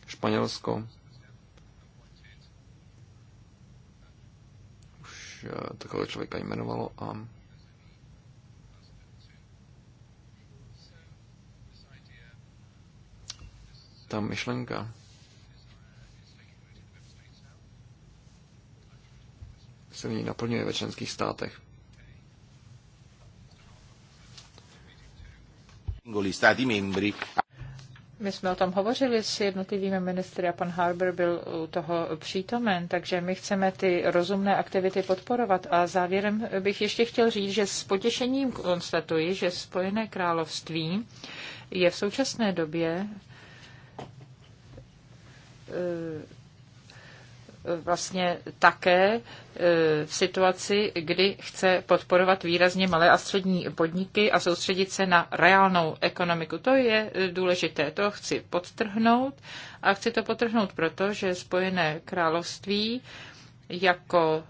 Speaker 4: Španělsko už eh, takového člověka jmenovalo a ta myšlenka se v ní naplňuje ve členských státech.
Speaker 2: My jsme o tom hovořili s jednotlivými ministry a pan Harber byl u toho přítomen, takže my chceme ty rozumné aktivity podporovat. A závěrem bych ještě chtěl říct, že s potěšením konstatuji, že Spojené království je v současné době vlastně také e, v situaci, kdy chce podporovat výrazně malé a střední podniky a soustředit se na reálnou ekonomiku. To je e, důležité, to chci podtrhnout a chci to podtrhnout proto, že Spojené království jako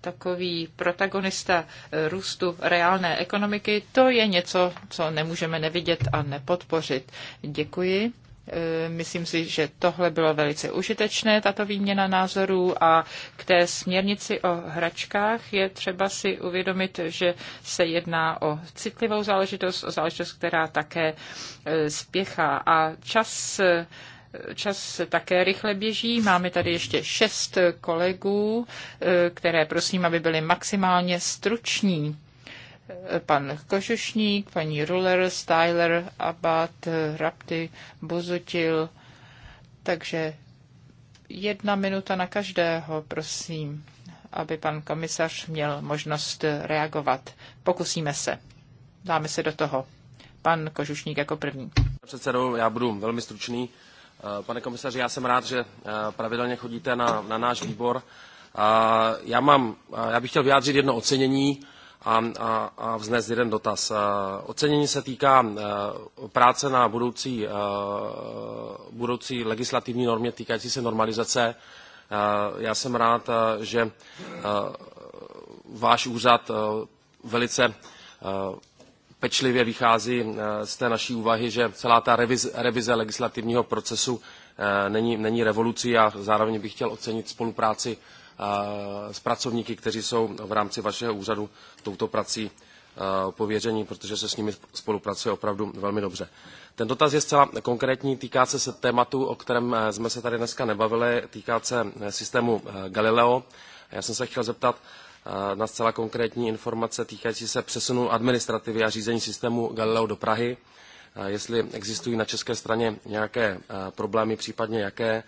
Speaker 2: takový protagonista e, růstu reálné ekonomiky, to je něco, co nemůžeme nevidět a nepodpořit. Děkuji. Eh, myslím si, že tohle bylo velice užitečné, tato výměna názorů a k té směrnici o hračkách je třeba si uvědomit, že se jedná o citlivou záležitost, o záležitost, která také eh, spěchá a čas eh, čas také rychle běží. Máme tady ještě šest kolegů, které prosím, aby byli maximálně struční pan Kožušník, paní Ruller, Styler, Abad, Rapty, Bozutil. Takže jedna minuta na každého, prosím, aby pan komisař měl možnost reagovat. Pokusíme se. Dáme se do toho.
Speaker 6: Pan Kožušník jako první. Předsedo, já budu velmi stručný. Pane komisaři, já jsem rád, že eh, pravidelně chodíte na, na náš výbor. Já, mám, já bych chtěl vyjádřit jedno ocenění a, a, a vznést jeden dotaz. E, ocenění se týká e, práce na budoucí, e, budoucí legislativní normě týkající se normalizace. Já jsem rád, že váš úřad velice pečlivě vychází z té naší úvahy, že celá ta revize, revize legislativního procesu není, není revolucí a zároveň bych chtěl ocenit spolupráci s pracovníky, kteří jsou v rámci vašeho úřadu touto prací pověření, protože se s nimi spolupracuje opravdu velmi dobře. Ten dotaz je zcela konkrétní, týká se, se tématu, o kterém e, jsme se tady dneska nebavili, týká se e, systému e, Galileo. Já jsem se chtěl zeptat na zcela konkrétní informace týkající se přesunu administrativy a řízení systému Galileo do Prahy, jestli existují na české straně nějaké problémy, případně jaké,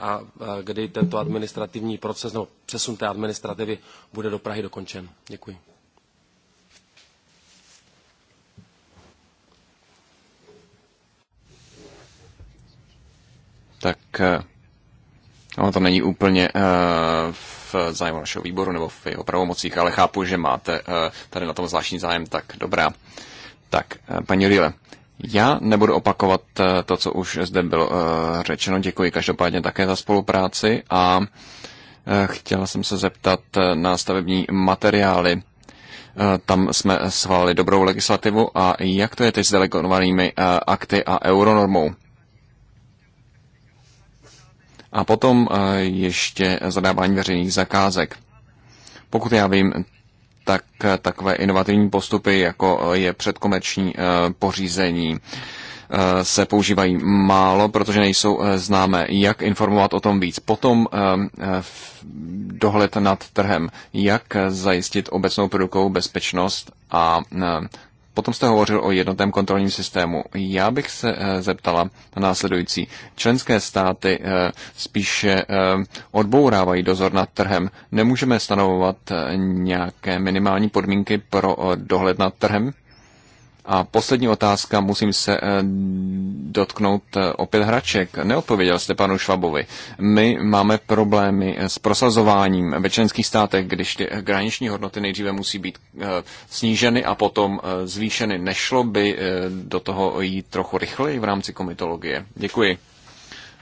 Speaker 6: a kdy tento administrativní proces nebo přesun té administrativy bude do Prahy dokončen. Děkuji. Tak
Speaker 4: eh, ono to není úplně eh, v zájmu našeho výboru nebo v jeho pravomocích, ale chápu, že máte eh, tady na tom zvláštní zájem, tak dobrá. Tak, paní Rile, já nebudu opakovat eh, to, co už zde bylo eh, řečeno. Děkuji každopádně také za spolupráci a eh, chtěla jsem se zeptat na stavební materiály. Tam jsme schválili dobrou legislativu a jak to je teď s delegovanými akty a euronormou? A potom ještě zadávání veřejných zakázek. Pokud já vím, tak eh, takové inovativní postupy, jako eh, je předkomerční eh, pořízení, se používají málo, protože nejsou známé. Jak informovat o tom víc? Potom dohled nad trhem. Jak zajistit obecnou produkovou bezpečnost a Potom jste hovořil o jednotném kontrolním systému. Já bych se eh, zeptala na následující. Členské státy eh, spíše eh, odbourávají dozor nad trhem. Nemůžeme stanovovat nějaké minimální podmínky pro dohled nad trhem? A poslední otázka, musím se eh, dotknout eh, opět hraček. Neodpověděl jste panu Švabovi. My máme problémy eh, s prosazováním ve členských státech, když ty hraniční hodnoty nejdříve musí být sníženy a potom zvýšeny. Nešlo by do toho jít trochu rychleji v rámci komitologie? Děkuji.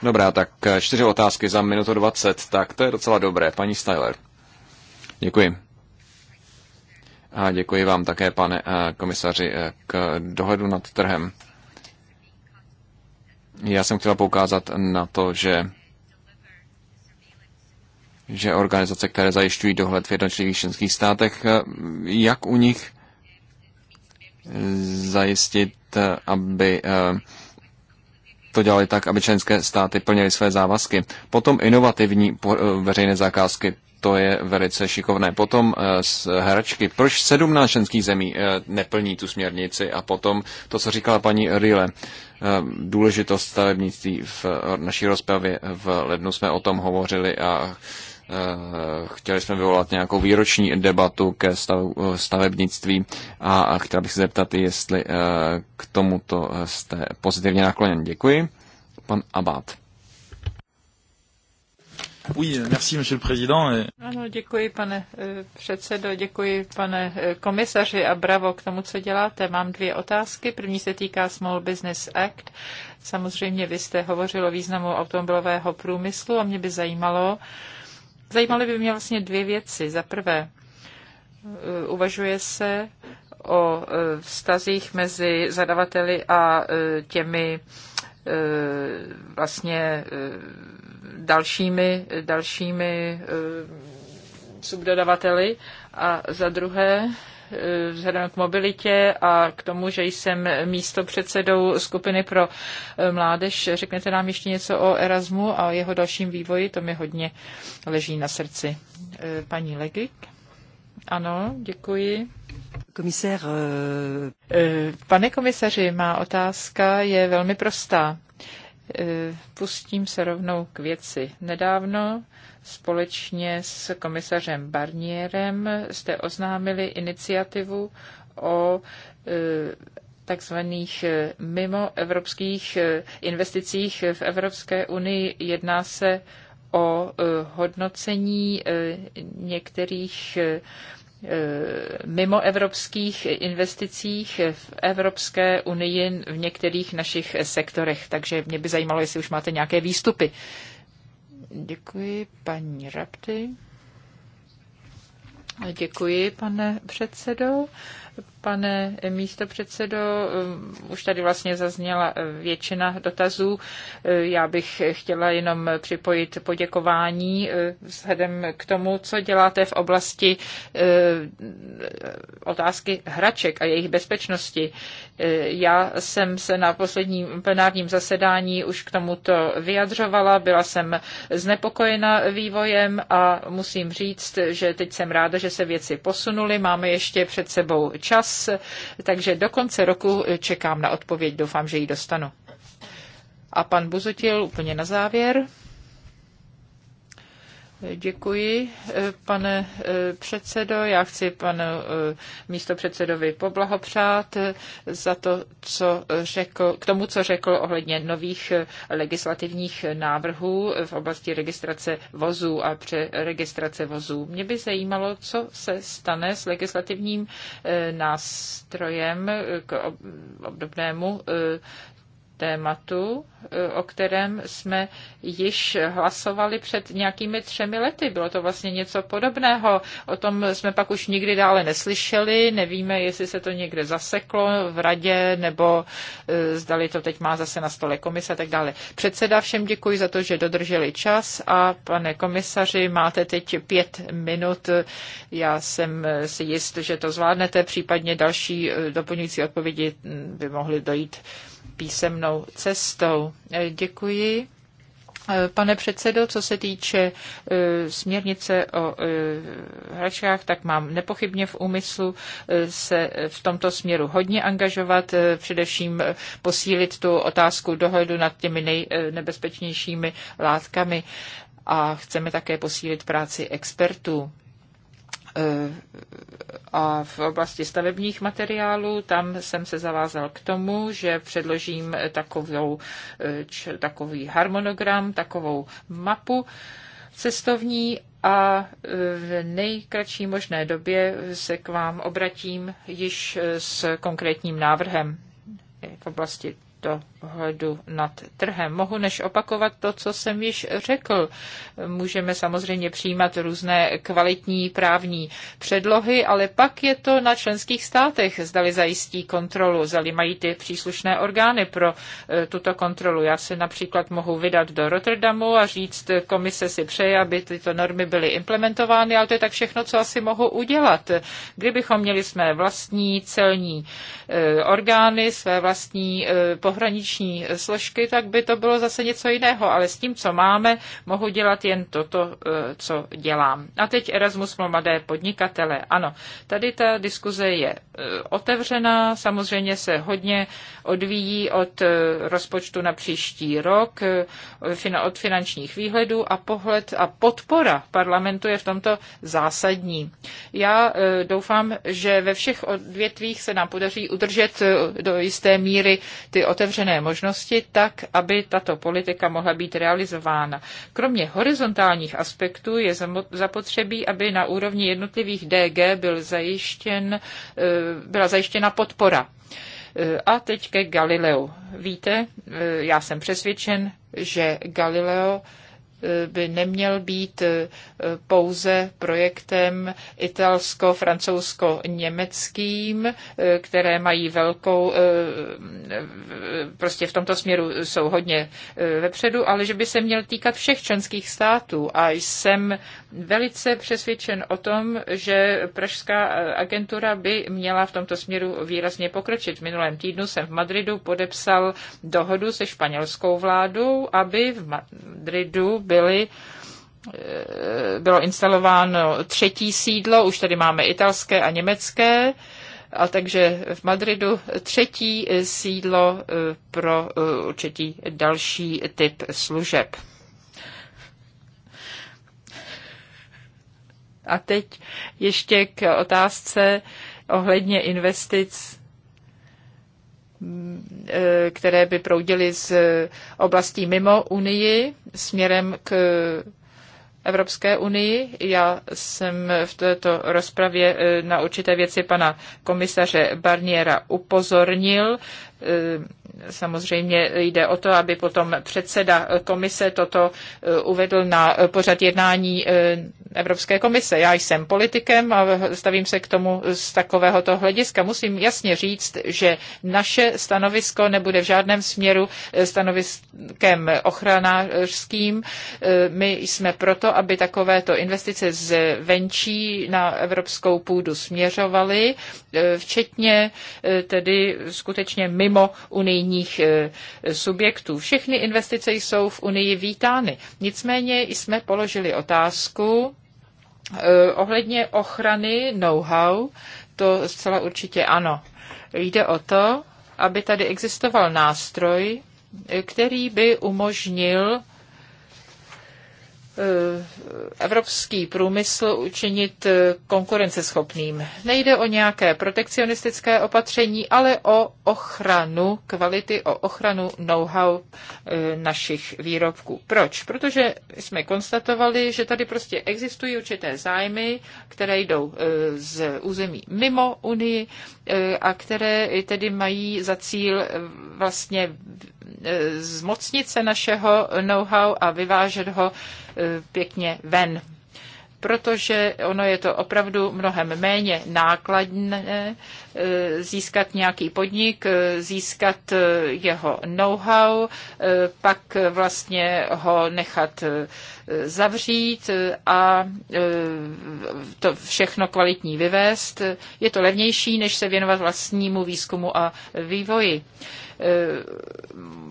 Speaker 4: Dobrá, tak čtyři otázky za minutu 20, tak to je docela dobré. Paní Styler. Děkuji. A děkuji vám také, pane eh, komisaři, eh, k dohledu nad trhem. Já jsem chtěla poukázat na to, že že organizace, které zajišťují dohled v jednotlivých členských státech, eh, jak u nich zajistit, aby to dělali tak, aby členské státy plnily své závazky. Potom inovativní veřejné zakázky, to je velice šikovné. Potom z eh, hračky, proč 17 členských zemí eh, neplní tu směrnici a potom to, co říkala paní Rile, eh, důležitost stavebnictví v naší rozpravě v lednu jsme o tom hovořili a chtěli jsme vyvolat nějakou výroční debatu ke stavebnictví a chtěl bych se zeptat, jestli k tomuto jste pozitivně nakloněn. Děkuji. Pan Abad.
Speaker 6: Oui, euh, merci, monsieur le président.
Speaker 2: Ano, děkuji, pane eh, předsedo, děkuji, pane eh, komisaři a bravo k tomu, co děláte. Mám dvě otázky. První se týká Small Business Act. Samozřejmě vy jste hovořil o významu automobilového průmyslu a mě by zajímalo, zajímaly by mě vlastně dvě věci. Za prvé, eh, uvažuje se o vztazích mezi zadavateli a těmi vlastně dalšími, dalšími eh, subdodavateli. A za druhé, eh, vzhledem k mobilitě a k tomu, že jsem místo předsedou skupiny pro eh, mládež. Řeknete nám ještě něco o Erasmu a o jeho dalším vývoji, to mi hodně leží na srdci. Paní Legik? Ano, děkuji. Komisér... Pane komisaři, má otázka je velmi prostá. E, pustím se rovnou k věci. Nedávno společně s komisařem Barnierem jste oznámili iniciativu o e, takzvaných e, mimo evropských investicích v Evropské unii. Jedná se o hodnocení některých mimoevropských investicích v Evropské unii v některých našich sektorech. Takže mě by zajímalo, jestli už máte nějaké výstupy. Děkuji, paní Rapty. Děkuji, pane předsedo pane místo předsedo. Um, už tady vlastně zazněla většina dotazů. Uh, já bych chtěla jenom připojit poděkování uh, vzhledem k tomu, co děláte v oblasti uh, otázky hraček a jejich bezpečnosti. Já jsem se na posledním plenárním zasedání už k tomuto vyjadřovala, byla jsem znepokojena vývojem a musím říct, že teď jsem ráda, že se věci posunuly. Máme ještě před sebou čas, takže do konce roku čekám na odpověď, doufám, že ji dostanu. A pan Buzutil úplně na závěr. Děkuji, eh, pane eh, předsedo. Já chci panu eh, místopředsedovi poblahopřát za to, co řekl, k tomu, co řekl ohledně nových legislativních návrhů v oblasti registrace vozů a přeregistrace vozů. Mě by zajímalo, co se stane s legislativním nástrojem k obdobnému tématu, e, o kterém jsme již hlasovali před nějakými třemi lety. Bylo to vlastně něco podobného. O tom jsme pak už nikdy dále neslyšeli. Nevíme, jestli se to někde zaseklo v radě, nebo e, zdali to teď má zase na stole komise a tak dále. Předseda všem děkuji za to, že dodrželi čas a pane komisaři, máte teď pět minut. Já jsem si jist, že to zvládnete, případně další e, doplňující odpovědi by mohly dojít písemnou cestou. E, děkuji. E, pane předsedo, co se týče e, směrnice o hračkách, tak mám nepochybně v úmyslu se v tomto směru hodně angažovat, především posílit tu otázku dohledu nad těmi nejnebezpečnějšími látkami a chceme také posílit práci expertů. Eh, a v oblasti stavebních materiálů, tam jsem se zavázal k tomu, že předložím takovou, eh, takový harmonogram, takovou mapu cestovní a eh, v nejkratší možné době se k vám obratím již s konkrétním návrhem v oblasti to pohledu nad trhem. Mohu než opakovat to, co jsem již řekl. Můžeme samozřejmě přijímat různé kvalitní právní předlohy, ale pak je to na členských státech, zdali zajistí kontrolu, zdali mají ty příslušné orgány pro e, tuto kontrolu. Já se například mohu vydat do Rotterdamu a říct, komise si přeje, aby tyto normy byly implementovány, ale to je tak všechno, co asi mohu udělat. Kdybychom měli své vlastní celní e, orgány, své vlastní e, pohraniční zahraniční složky, tak by to bylo zase něco jiného, ale s tím, co máme, mohu dělat jen toto, eh, co dělám. A teď Erasmus pro mladé podnikatele. Ano, tady ta diskuze je eh, otevřená, samozřejmě se hodně odvíjí od eh, rozpočtu na příští rok, od finančních výhledů a pohled a podpora parlamentu je v tomto zásadní. Já doufám, že ve všech odvětvích se nám podaří udržet do jisté míry ty otevřené možnosti tak, aby tato politika mohla být realizována. Kromě horizontálních aspektů je zapotřebí, aby na úrovni jednotlivých DG byl zajištěn, eh, byla zajištěna podpora. Eh, a teď ke Galileu. Víte, eh, já jsem přesvědčen, že Galileo by neměl být e, pouze projektem italsko-francouzsko-německým, e, které mají velkou, e, prostě v tomto směru jsou hodně vepředu, ale že by se měl týkat všech členských států. A jsem velice přesvědčen o tom, že Pražská agentura by měla v tomto směru výrazně pokročit. V minulém týdnu jsem v Madridu podepsal dohodu se španělskou vládou, aby v Madridu byly eh, bylo instalováno třetí sídlo, už tady máme italské a německé, a takže v Madridu třetí sídlo eh, pro eh, určitý další typ služeb. A teď ještě k otázce ohledně investic eh, které by proudily z oblastí mimo Unii směrem k Evropské unii. Já jsem v této rozpravě eh, na určité věci pana komisaře Barniera upozornil. Eh, Samozřejmě jde o to, aby potom předseda komise toto eh, uvedl na pořad jednání eh, Evropské komise. Já jsem politikem a stavím se k tomu z takovéhoto hlediska. Musím jasně říct, že naše stanovisko nebude v žádném směru eh, stanoviskem ochranářským. My jsme proto, aby takovéto investice zvenčí na evropskou půdu směřovaly, včetně tedy skutečně mimo unijní unijních e, subjektů. Všechny investice jsou v Unii vítány. Nicméně jsme položili otázku e, ohledně ochrany know-how. To zcela určitě ano. Jde o to, aby tady existoval nástroj, e, který by umožnil Eh, evropský průmysl učinit eh, konkurenceschopným. Nejde o nějaké protekcionistické opatření, ale o ochranu kvality, o ochranu know-how eh, našich výrobků. Proč? Protože jsme konstatovali, že tady prostě existují určité zájmy, které jdou z území mimo Unii a které tedy mají za cíl vlastně E, zmocnit se našeho know-how a vyvážet ho e, pěkně ven. Protože ono je to opravdu mnohem méně nákladné e, získat nějaký podnik, získat jeho know-how, pak vlastně ho nechat zavřít a to všechno kvalitní vyvést. Je to levnější, než se věnovat vlastnímu výzkumu a vývoji. Eh,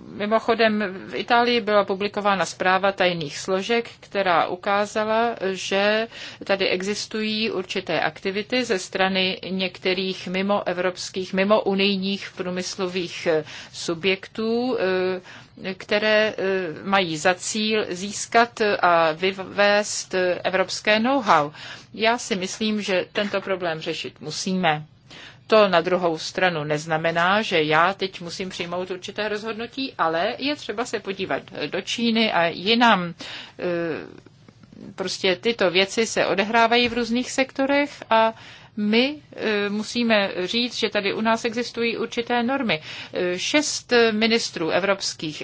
Speaker 2: mimochodem v Itálii byla publikována zpráva tajných složek, která ukázala, že tady existují určité aktivity ze strany některých mimoevropských, mimounijních průmyslových eh, subjektů, eh, které mají za cíl získat a vyvést evropské know-how. Já si myslím, že tento problém řešit musíme. To na druhou stranu neznamená, že já teď musím přijmout určité rozhodnutí, ale je třeba se podívat do Číny a jinam. Eh, prostě tyto věci se odehrávají v různých sektorech a my eh, musíme říct, že tady u nás existují určité normy. Eh, šest ministrů evropských,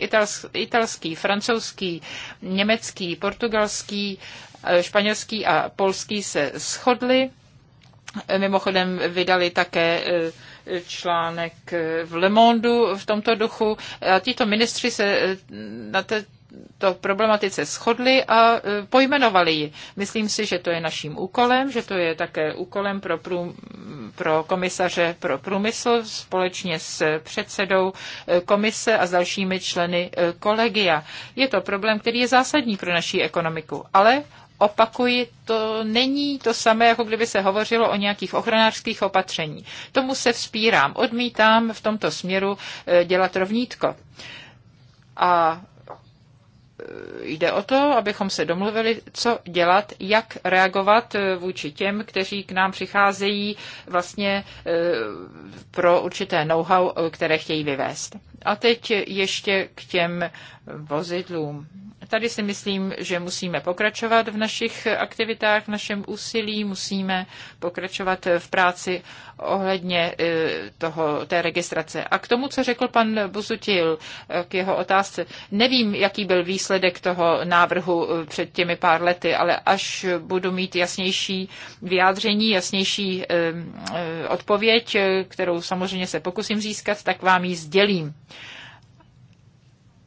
Speaker 2: italský, francouzský, německý, portugalský, španělský a polský se shodli mimochodem vydali také e, článek e, v Le Monde v tomto duchu. A tito ministři se e, na té to problematice shodli a pojmenovali ji. Myslím si, že to je naším úkolem, že to je také úkolem pro, prům, pro komisaře pro průmysl společně s předsedou komise a s dalšími členy kolegia. Je to problém, který je zásadní pro naší ekonomiku, ale opakuji, to není to samé, jako kdyby se hovořilo o nějakých ochranářských opatření. Tomu se vzpírám, odmítám v tomto směru eh, dělat rovnítko. A eh, jde o to, abychom se domluvili, co dělat, jak reagovat eh, vůči těm, kteří k nám přicházejí vlastně pro určité know-how, které chtějí vyvést. A teď ještě k těm vozidlům tady si myslím, že musíme pokračovat v našich aktivitách, v našem úsilí, musíme pokračovat v práci ohledně eh, toho, té registrace. A k tomu, co řekl pan Buzutil eh, k jeho otázce, nevím, jaký byl výsledek toho návrhu eh, před těmi pár lety, ale až budu mít jasnější vyjádření, jasnější odpověď, kterou samozřejmě se pokusím získat, tak vám ji sdělím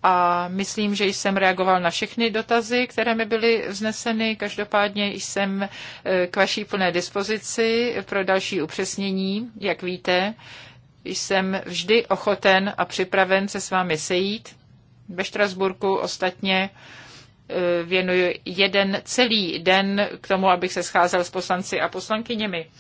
Speaker 2: a myslím, že jsem reagoval na všechny dotazy, které mi byly vzneseny. Každopádně jsem e, k vaší plné dispozici pro další upřesnění, jak víte. Jsem vždy ochoten a připraven se s vámi sejít ve Štrasburku ostatně Eh, věnuji jeden celý den k tomu, abych se scházel s poslanci a poslankyněmi.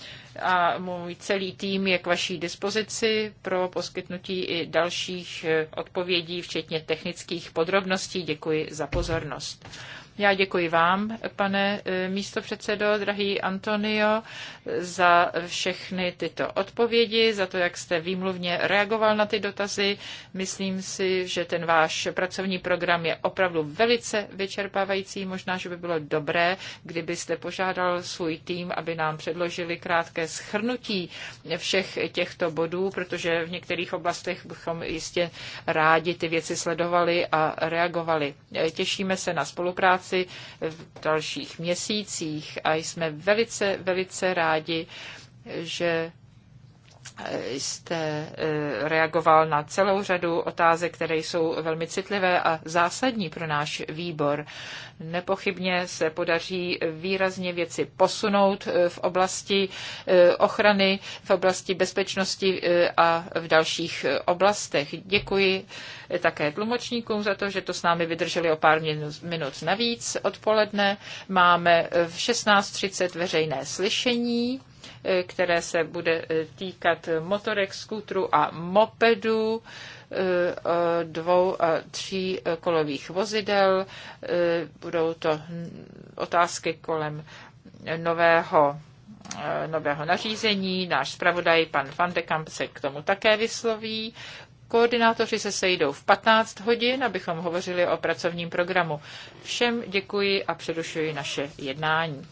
Speaker 2: A můj celý tým je k vaší dispozici pro poskytnutí i dalších eh, odpovědí, včetně technických podrobností. Děkuji za pozornost. Já děkuji vám, pane eh, místopředsedo, drahý Antonio, za všechny tyto odpovědi, za to, jak jste výmluvně reagoval na ty dotazy. Myslím si, že ten váš pracovní program je opravdu velice vyčerpávající. Možná, že by bylo dobré, kdybyste požádal svůj tým, aby nám předložili krátké schrnutí všech těchto bodů, protože v některých oblastech bychom jistě rádi ty věci sledovali a reagovali. Těšíme se na spolupráci práci v dalších měsících a jsme velice, velice rádi, že jste eh, reagoval na celou řadu otázek, které jsou velmi citlivé a zásadní pro náš výbor. Nepochybně se podaří výrazně věci posunout eh, v oblasti eh, ochrany, v oblasti bezpečnosti a v dalších oblastech. Děkuji také tlumočníkům za to, že to s námi vydrželi o pár minut navíc. Odpoledne máme v 16.30 veřejné slyšení E, které se bude e, týkat motorek, skutru a mopedů, e, dvou a tří kolových vozidel. Budou to otázky kolem nového nového nařízení. Náš zpravodaj, pan Van de Kamp, se k tomu také vysloví. Koordinátoři se sejdou v 15 hodin, abychom hovořili o pracovním programu. Všem děkuji a přerušuji naše jednání.